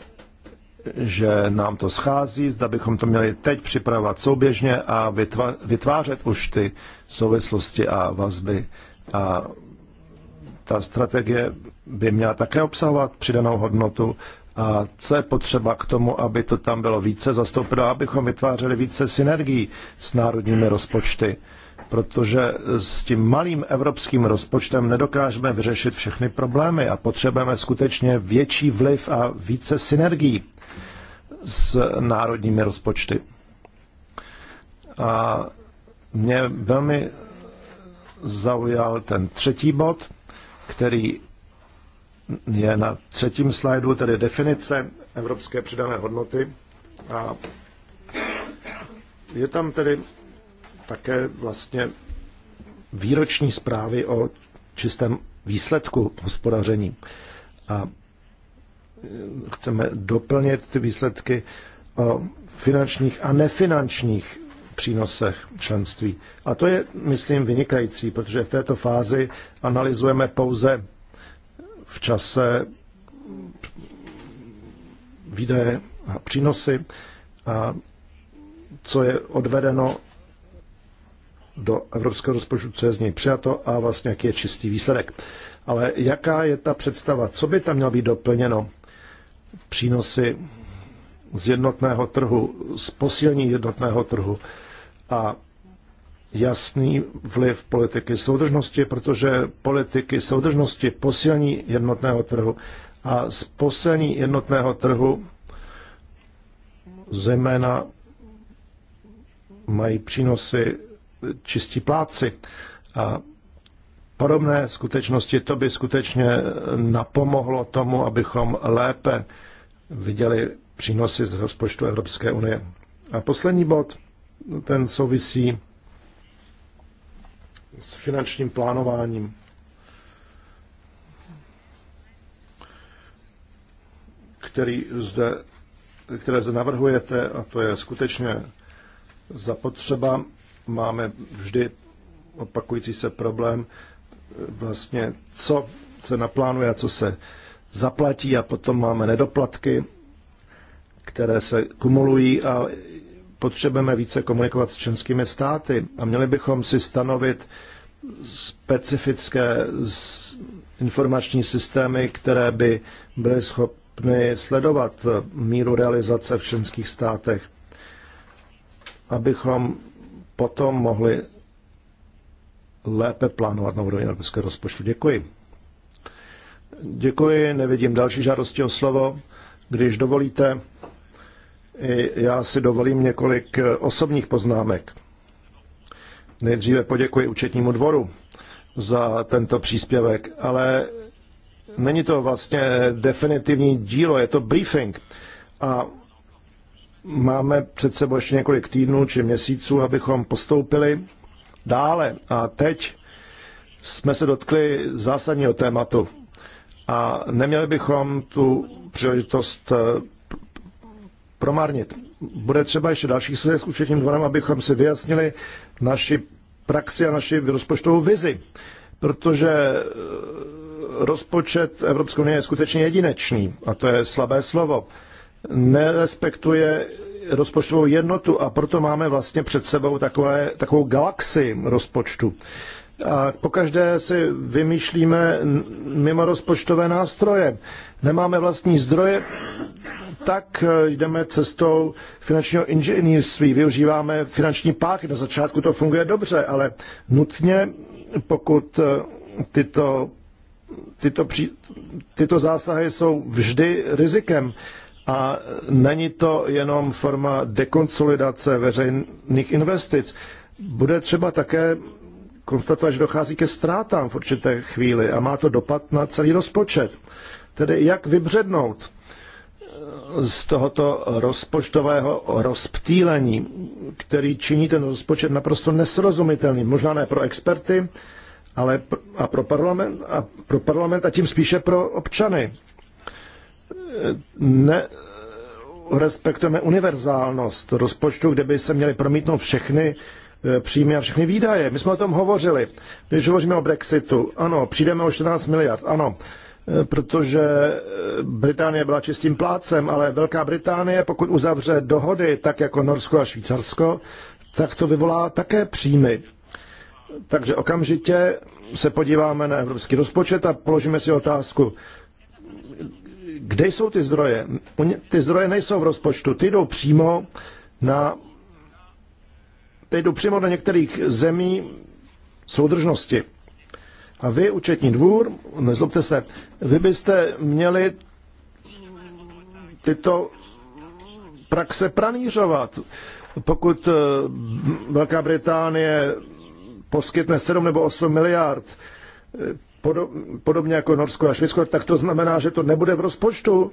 že nám to schází, zda bychom to měli teď připravovat souběžně a vytvářet už ty souvislosti a vazby. A ta strategie by měla také obsahovat přidanou hodnotu a co je potřeba k tomu, aby to tam bylo více zastoupeno, abychom vytvářeli více synergií s národními rozpočty, protože s tím malým evropským rozpočtem nedokážeme vyřešit všechny problémy a potřebujeme skutečně větší vliv a více synergií s národními rozpočty. A mě velmi zaujal ten třetí bod, který je na třetím slajdu, tedy definice evropské přidané hodnoty. A je tam tedy také vlastně výroční zprávy o čistém výsledku hospodaření. A chceme doplnit ty výsledky o finančních a nefinančních přínosech členství. A to je, myslím, vynikající, protože v této fázi analyzujeme pouze v čase výdaje a přínosy a co je odvedeno do evropského rozpočtu, co je z něj přijato a vlastně jaký je čistý výsledek. Ale jaká je ta představa? Co by tam mělo být doplněno? přínosy z jednotného trhu, z posílení jednotného trhu a jasný vliv politiky soudržnosti, protože politiky soudržnosti posílení jednotného trhu a z posílení jednotného trhu zejména mají přínosy čistí pláci a podobné skutečnosti, to by skutečně napomohlo tomu, abychom lépe viděli přínosy z rozpočtu Evropské unie. A poslední bod, ten souvisí s finančním plánováním. Který zde, které zde navrhujete, a to je skutečně zapotřeba, máme vždy opakující se problém, vlastně, co se naplánuje a co se zaplatí a potom máme nedoplatky, které se kumulují a potřebujeme více komunikovat s členskými státy a měli bychom si stanovit specifické informační systémy, které by byly schopny sledovat míru realizace v členských státech, abychom potom mohli lépe plánovat na úrovni evropského rozpočtu. Děkuji. Děkuji, nevidím další žádosti o slovo. Když dovolíte, já si dovolím několik osobních poznámek. Nejdříve poděkuji účetnímu dvoru za tento příspěvek, ale není to vlastně definitivní dílo, je to briefing. A máme před sebou ještě několik týdnů či měsíců, abychom postoupili dále. A teď jsme se dotkli zásadního tématu a neměli bychom tu příležitost eh, promarnit. Bude třeba ještě další schůze s účetním dvorem, abychom si vyjasnili naši praxi a naši rozpočtovou vizi, protože eh, rozpočet Evropské unie je skutečně jedinečný, a to je slabé slovo. Nerespektuje rozpočtovou jednotu a proto máme vlastně před sebou takové, takovou galaxii rozpočtu. A pokaždé si vymýšlíme mimo rozpočtové nástroje. Nemáme vlastní zdroje, tak eh, jdeme cestou finančního inženýrství, využíváme finanční páky. Na začátku to funguje dobře, ale nutně, pokud eh, tyto, tyto, tyto zásahy jsou vždy rizikem, a není to jenom forma dekonsolidace veřejných investic. Bude třeba také konstatovat, že dochází ke ztrátám v určité chvíli a má to dopad na celý rozpočet. Tedy jak vybřednout eh, z tohoto rozpočtového rozptýlení, který činí ten rozpočet naprosto nesrozumitelný, možná ne pro experty, ale a pro parlament a, pro parlament a tím spíše pro občany ne, respektujeme univerzálnost rozpočtu, kde by se měly promítnout všechny e, příjmy a všechny výdaje. My jsme o tom hovořili. Když hovoříme o Brexitu, ano, přijdeme o 14 miliard, ano, e, protože e, Británie byla čistým plácem, ale Velká Británie, pokud uzavře dohody, tak jako Norsko a Švýcarsko, tak to vyvolá také příjmy. Takže okamžitě se podíváme na evropský rozpočet a položíme si otázku, kde jsou ty zdroje? Ty zdroje nejsou v rozpočtu, ty jdou přímo na ty jdou přímo do některých zemí soudržnosti. A vy, účetní dvůr, nezlobte se, vy byste měli tyto praxe pranířovat. Pokud eh, Velká Británie poskytne 7 nebo 8 miliard eh, podobně jako Norsko a Švédsko, tak to znamená, že to nebude v rozpočtu.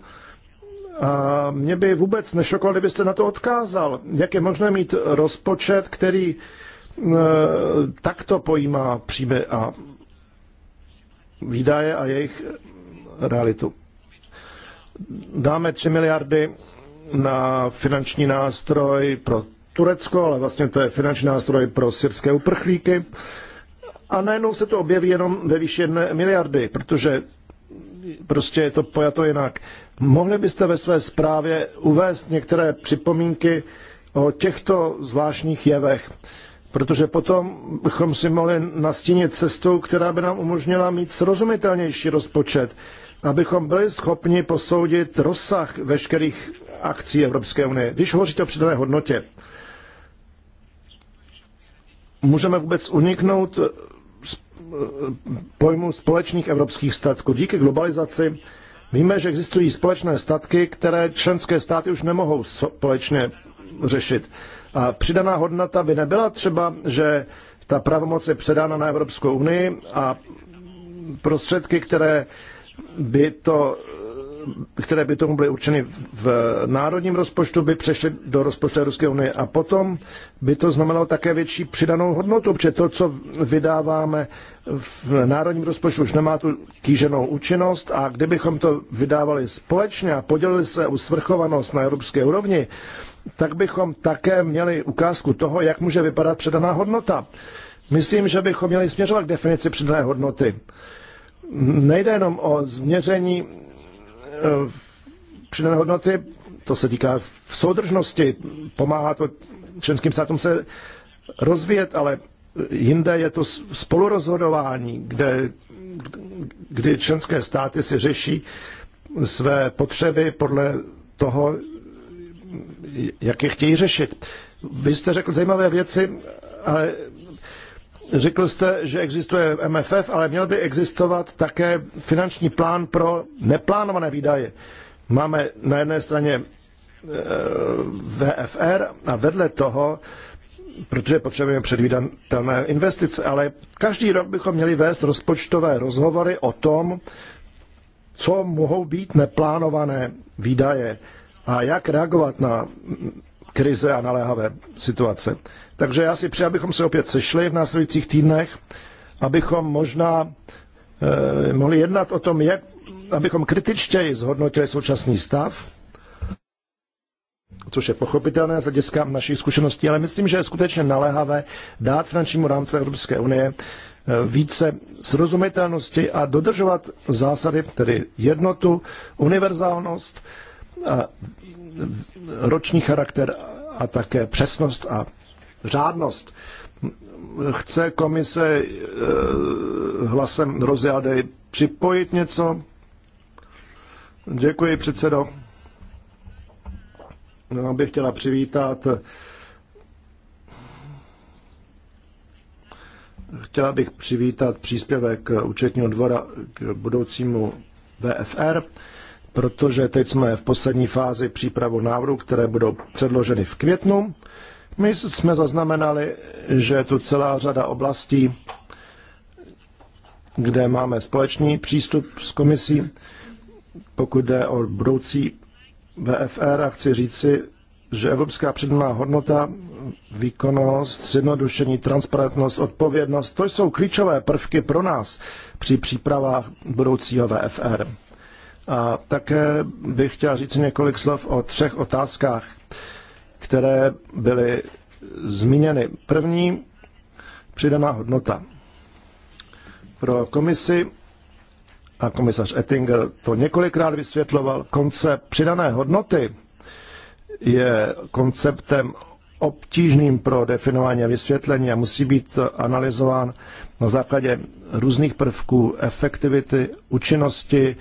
A mě by vůbec nešokovalo, kdybyste na to odkázal. Jak je možné mít rozpočet, který e, takto pojímá příjmy a výdaje a jejich realitu. Dáme 3 miliardy na finanční nástroj pro Turecko, ale vlastně to je finanční nástroj pro syrské uprchlíky. A najednou se to objeví jenom ve výši jedné miliardy, protože prostě je to pojato jinak. Mohli byste ve své zprávě uvést některé připomínky o těchto zvláštních jevech, protože potom bychom si mohli nastínit cestu, která by nám umožnila mít srozumitelnější rozpočet, abychom byli schopni posoudit rozsah veškerých akcí Evropské unie. Když hovoříte o přidané hodnotě, můžeme vůbec uniknout pojmu společných evropských statků. Díky globalizaci víme, že existují společné statky, které členské státy už nemohou společně řešit. A přidaná hodnota by nebyla třeba, že ta pravomoc je předána na Evropskou unii a prostředky, které by to které by tomu byly určeny v národním rozpočtu, by přešly do rozpočtu Evropské unie. A potom by to znamenalo také větší přidanou hodnotu, protože to, co vydáváme v národním rozpočtu, už nemá tu kýženou účinnost. A kdybychom to vydávali společně a podělili se o svrchovanost na evropské úrovni, tak bychom také měli ukázku toho, jak může vypadat přidaná hodnota. Myslím, že bychom měli směřovat k definici přidané hodnoty. Nejde jenom o změření Eh, přidané hodnoty, to se týká v soudržnosti, pomáhá to členským státům se rozvíjet, ale jinde je to spolurozhodování, kde, kdy členské státy si řeší své potřeby podle toho, jak je chtějí řešit. Vy jste řekl zajímavé věci, ale Řekl jste, že existuje MFF, ale měl by existovat také finanční plán pro neplánované výdaje. Máme na jedné straně eh, VFR a vedle toho, protože potřebujeme předvídatelné investice, ale každý rok bychom měli vést rozpočtové rozhovory o tom, co mohou být neplánované výdaje a jak reagovat na krize a naléhavé situace. Takže já si přeji, abychom se opět sešli v následujících týdnech, abychom možná eh, mohli jednat o tom, jak, abychom kritičtěji zhodnotili současný stav, což je pochopitelné z hlediska našich zkušeností, ale myslím, že je skutečně naléhavé dát finančnímu rámci Evropské unie eh, více srozumitelnosti a dodržovat zásady, tedy jednotu, univerzálnost, a roční charakter a také přesnost a řádnost. Chce komise eh, hlasem Roziady připojit něco? Děkuji, předsedo. Já bych chtěla přivítat. Chtěla bych přivítat příspěvek účetního dvora k budoucímu VFR, protože teď jsme v poslední fázi přípravu návrhu, které budou předloženy v květnu. My jsme zaznamenali, že je tu celá řada oblastí, kde máme společný přístup s komisí, pokud jde o budoucí VFR a chci říci, že evropská přidaná hodnota, výkonnost, zjednodušení, transparentnost, odpovědnost, to jsou klíčové prvky pro nás při přípravách budoucího VFR. A také bych chtěl říct několik slov o třech otázkách, které byly zmíněny. První přidaná hodnota. Pro komisi a komisař Ettinger to několikrát vysvětloval, koncept přidané hodnoty je konceptem obtížným pro definování a vysvětlení a musí být analyzován na základě různých prvků efektivity, účinnosti,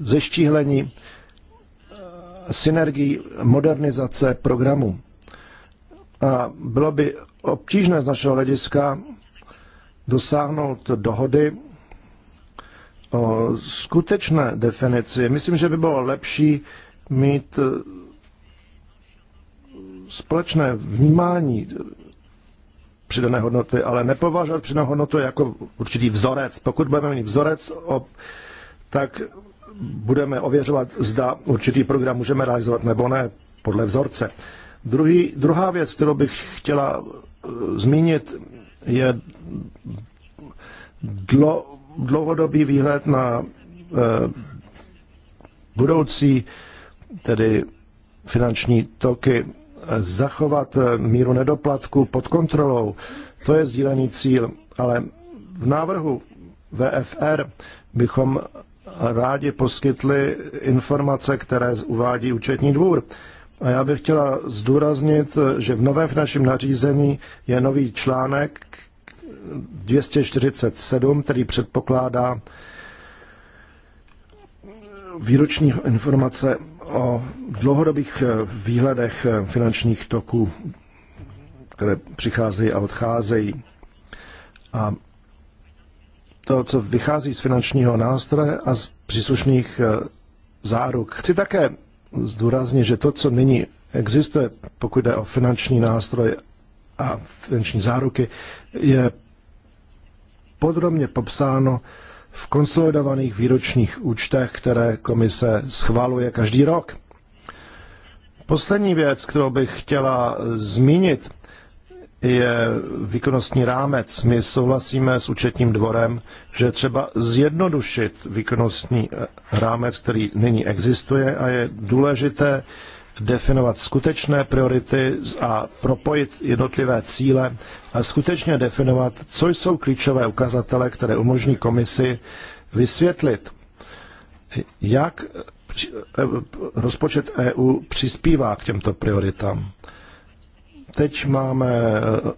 zeštíhlení synergii modernizace programu. A bylo by obtížné z našeho hlediska dosáhnout dohody o skutečné definici. Myslím, že by bylo lepší mít eh, společné vnímání přidané hodnoty, ale nepovažovat přidanou hodnotu jako určitý vzorec. Pokud budeme mít vzorec, tak budeme ověřovat, zda určitý program můžeme realizovat nebo ne, podle vzorce. Druhý, druhá věc, kterou bych chtěla eh, zmínit, je dlo, dlouhodobý výhled na eh, budoucí, tedy finanční toky, zachovat eh, míru nedoplatku pod kontrolou. To je sdílený cíl, ale v návrhu VFR bychom rádi poskytli informace, které uvádí účetní dvůr. A já bych chtěla zdůraznit, že v novém našem nařízení je nový článek 247, který předpokládá výroční informace o dlouhodobých výhledech finančních toků, které přicházejí a odcházejí. A to, co vychází z finančního nástroje a z příslušných eh, záruk. Chci také zdůraznit, že to, co nyní existuje, pokud jde o finanční nástroj a finanční záruky, je podrobně popsáno v konsolidovaných výročních účtech, které komise schvaluje každý rok. Poslední věc, kterou bych chtěla zmínit, je výkonnostní rámec. My souhlasíme s účetním dvorem, že třeba zjednodušit výkonnostní eh, rámec, který nyní existuje a je důležité definovat skutečné priority a propojit jednotlivé cíle a skutečně definovat, co jsou klíčové ukazatele, které umožní komisi vysvětlit, jak eh, eh, rozpočet EU přispívá k těmto prioritám. Teď máme eh,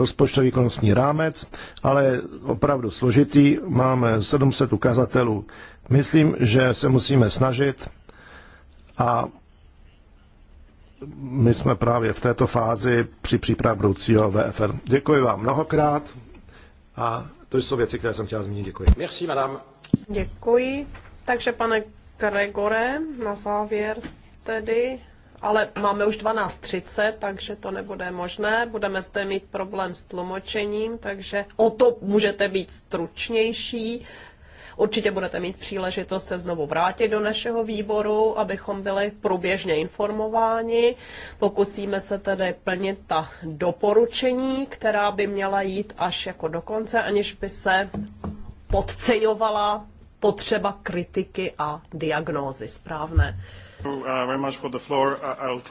rozpočtový konostní rámec, ale opravdu složitý. Máme 700 ukazatelů. Myslím, že se musíme snažit a my jsme právě v této fázi při přípravě budoucího VFR. Děkuji vám mnohokrát a to jsou věci, které jsem chtěl zmínit. Děkuji. Merci, madame. Děkuji. Takže pane Gregore, na závěr tedy ale máme už 12.30, takže to nebude možné. Budeme zde mít problém s tlumočením, takže o to můžete být stručnější. Určitě budete mít příležitost se znovu vrátit do našeho výboru, abychom byli průběžně informováni. Pokusíme se tedy plnit ta doporučení, která by měla jít až jako do konce, aniž by se podceňovala potřeba kritiky a diagnózy správné. Uh, uh,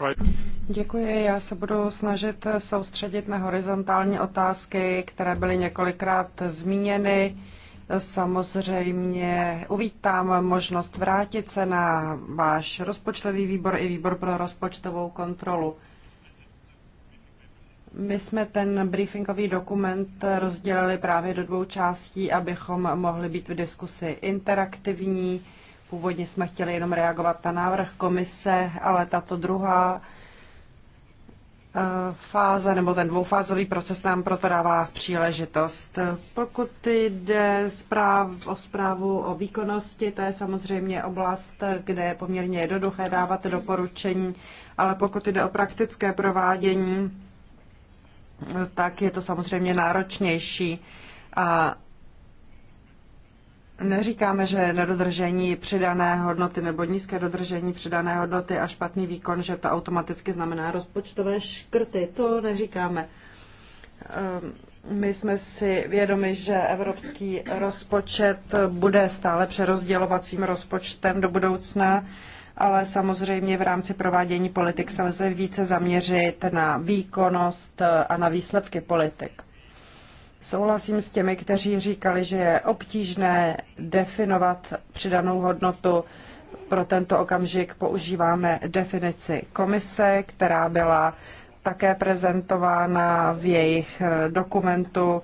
Děkuji, já se budu snažit soustředit na horizontální otázky, které byly několikrát zmíněny. Samozřejmě uvítám možnost vrátit se na váš rozpočtový výbor i výbor pro rozpočtovou kontrolu. My jsme ten briefingový dokument rozdělili právě do dvou částí, abychom mohli být v diskusi interaktivní Původně jsme chtěli jenom reagovat na návrh komise, ale tato druhá eh, fáze nebo ten dvoufázový proces nám proto dává příležitost. Pokud jde zpráv, o zprávu o výkonnosti, to je samozřejmě oblast, kde je poměrně jednoduché dávat doporučení, ale pokud jde o praktické provádění, eh, tak je to samozřejmě náročnější. A Neříkáme, že nedodržení přidané hodnoty nebo nízké dodržení přidané hodnoty a špatný výkon, že to automaticky znamená rozpočtové škrty. To neříkáme. Ehm, my jsme si vědomi, že evropský rozpočet bude stále přerozdělovacím rozpočtem do budoucna, ale samozřejmě v rámci provádění politik se lze více zaměřit na výkonnost a na výsledky politik. Souhlasím s těmi, kteří říkali, že je obtížné definovat přidanou hodnotu. Pro tento okamžik používáme definici komise, která byla také prezentována v jejich eh, dokumentu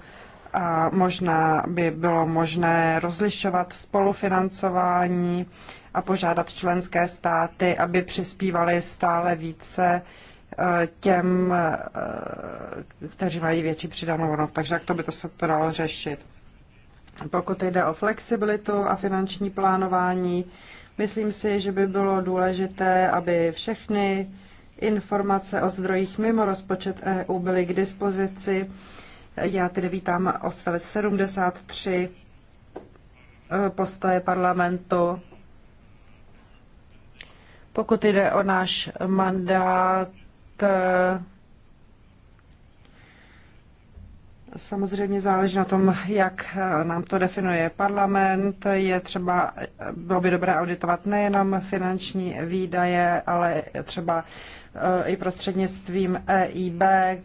a možná by bylo možné rozlišovat spolufinancování a požádat členské státy, aby přispívaly stále více Eh, těm, eh, kteří mají větší přidanou hodnotu. Takže jak to by to se to dalo řešit? Pokud jde o flexibilitu a finanční plánování, myslím si, že by bylo důležité, aby všechny informace o zdrojích mimo rozpočet EU byly k dispozici. Já tedy vítám odstavec 73 eh, postoje parlamentu. Pokud jde o náš mandát, Eh, samozřejmě záleží na tom, jak nám to definuje parlament. Je třeba, bylo by dobré auditovat nejenom finanční výdaje, ale třeba i prostřednictvím EIB eh,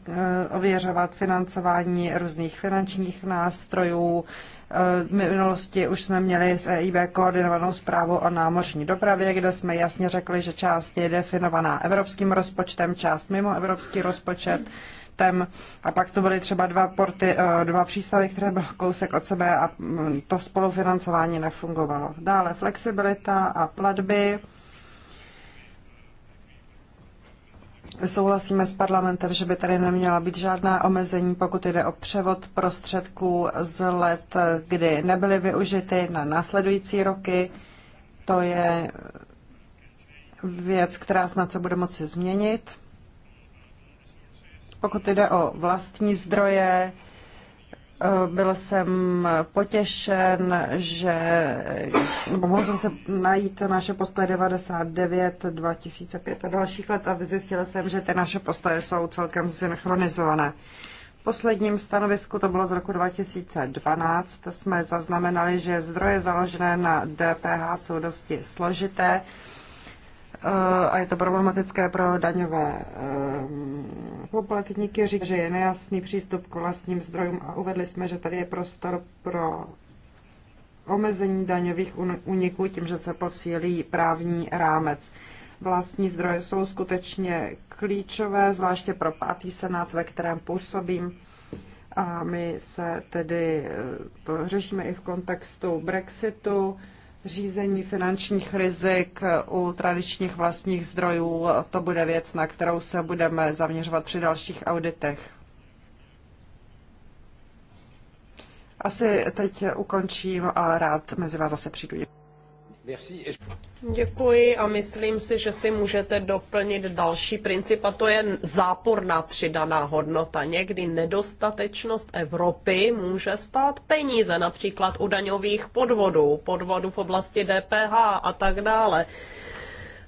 ověřovat financování různých finančních nástrojů. Eh, v minulosti už jsme měli s EIB koordinovanou zprávu o námořní dopravě, kde jsme jasně řekli, že část je definovaná evropským rozpočtem, část mimo evropský rozpočet tem. A pak to byly třeba dva porty, eh, dva přístavy, které byly kousek od sebe a mm, to spolufinancování nefungovalo. Dále flexibilita a platby. Souhlasíme s parlamentem, že by tady neměla být žádná omezení, pokud jde o převod prostředků z let, kdy nebyly využity na následující roky. To je věc, která snad se bude moci změnit. Pokud jde o vlastní zdroje, byl jsem potěšen, že nebo mohl jsem se najít naše postoje 99, 2005 a dalších let a zjistil jsem, že ty naše postoje jsou celkem synchronizované. V posledním stanovisku, to bylo z roku 2012, jsme zaznamenali, že zdroje založené na DPH jsou dosti složité Eh, a je to problematické pro daňové eh, poplatníky. Říká, že je nejasný přístup k vlastním zdrojům a uvedli jsme, že tady je prostor pro omezení daňových úniků tím, že se posílí právní rámec. Vlastní zdroje jsou skutečně klíčové, zvláště pro pátý senát, ve kterém působím. A my se tedy eh, to řešíme i v kontextu Brexitu. Řízení finančních rizik u tradičních vlastních zdrojů, to bude věc, na kterou se budeme zaměřovat při dalších auditech. Asi teď ukončím a rád mezi vás zase přijdu. Děkuji a myslím si, že si můžete doplnit další princip a to je záporná přidaná hodnota. Někdy nedostatečnost Evropy může stát peníze, například u daňových podvodů, podvodů v oblasti DPH a tak dále.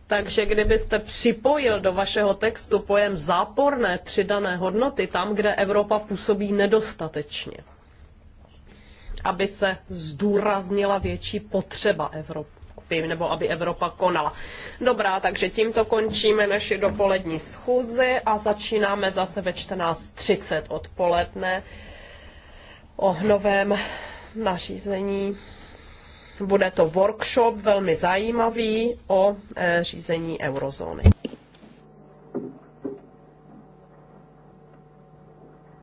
Takže kdybyste připojil do vašeho textu pojem záporné přidané hodnoty tam, kde Evropa působí nedostatečně, aby se zdůraznila větší potřeba Evropy. Evropy, nebo aby Evropa konala. Dobrá, takže tímto končíme naši dopolední schůzi a začínáme zase ve 14.30 odpoledne o novém nařízení. Bude to workshop velmi zajímavý o eh, řízení eurozóny.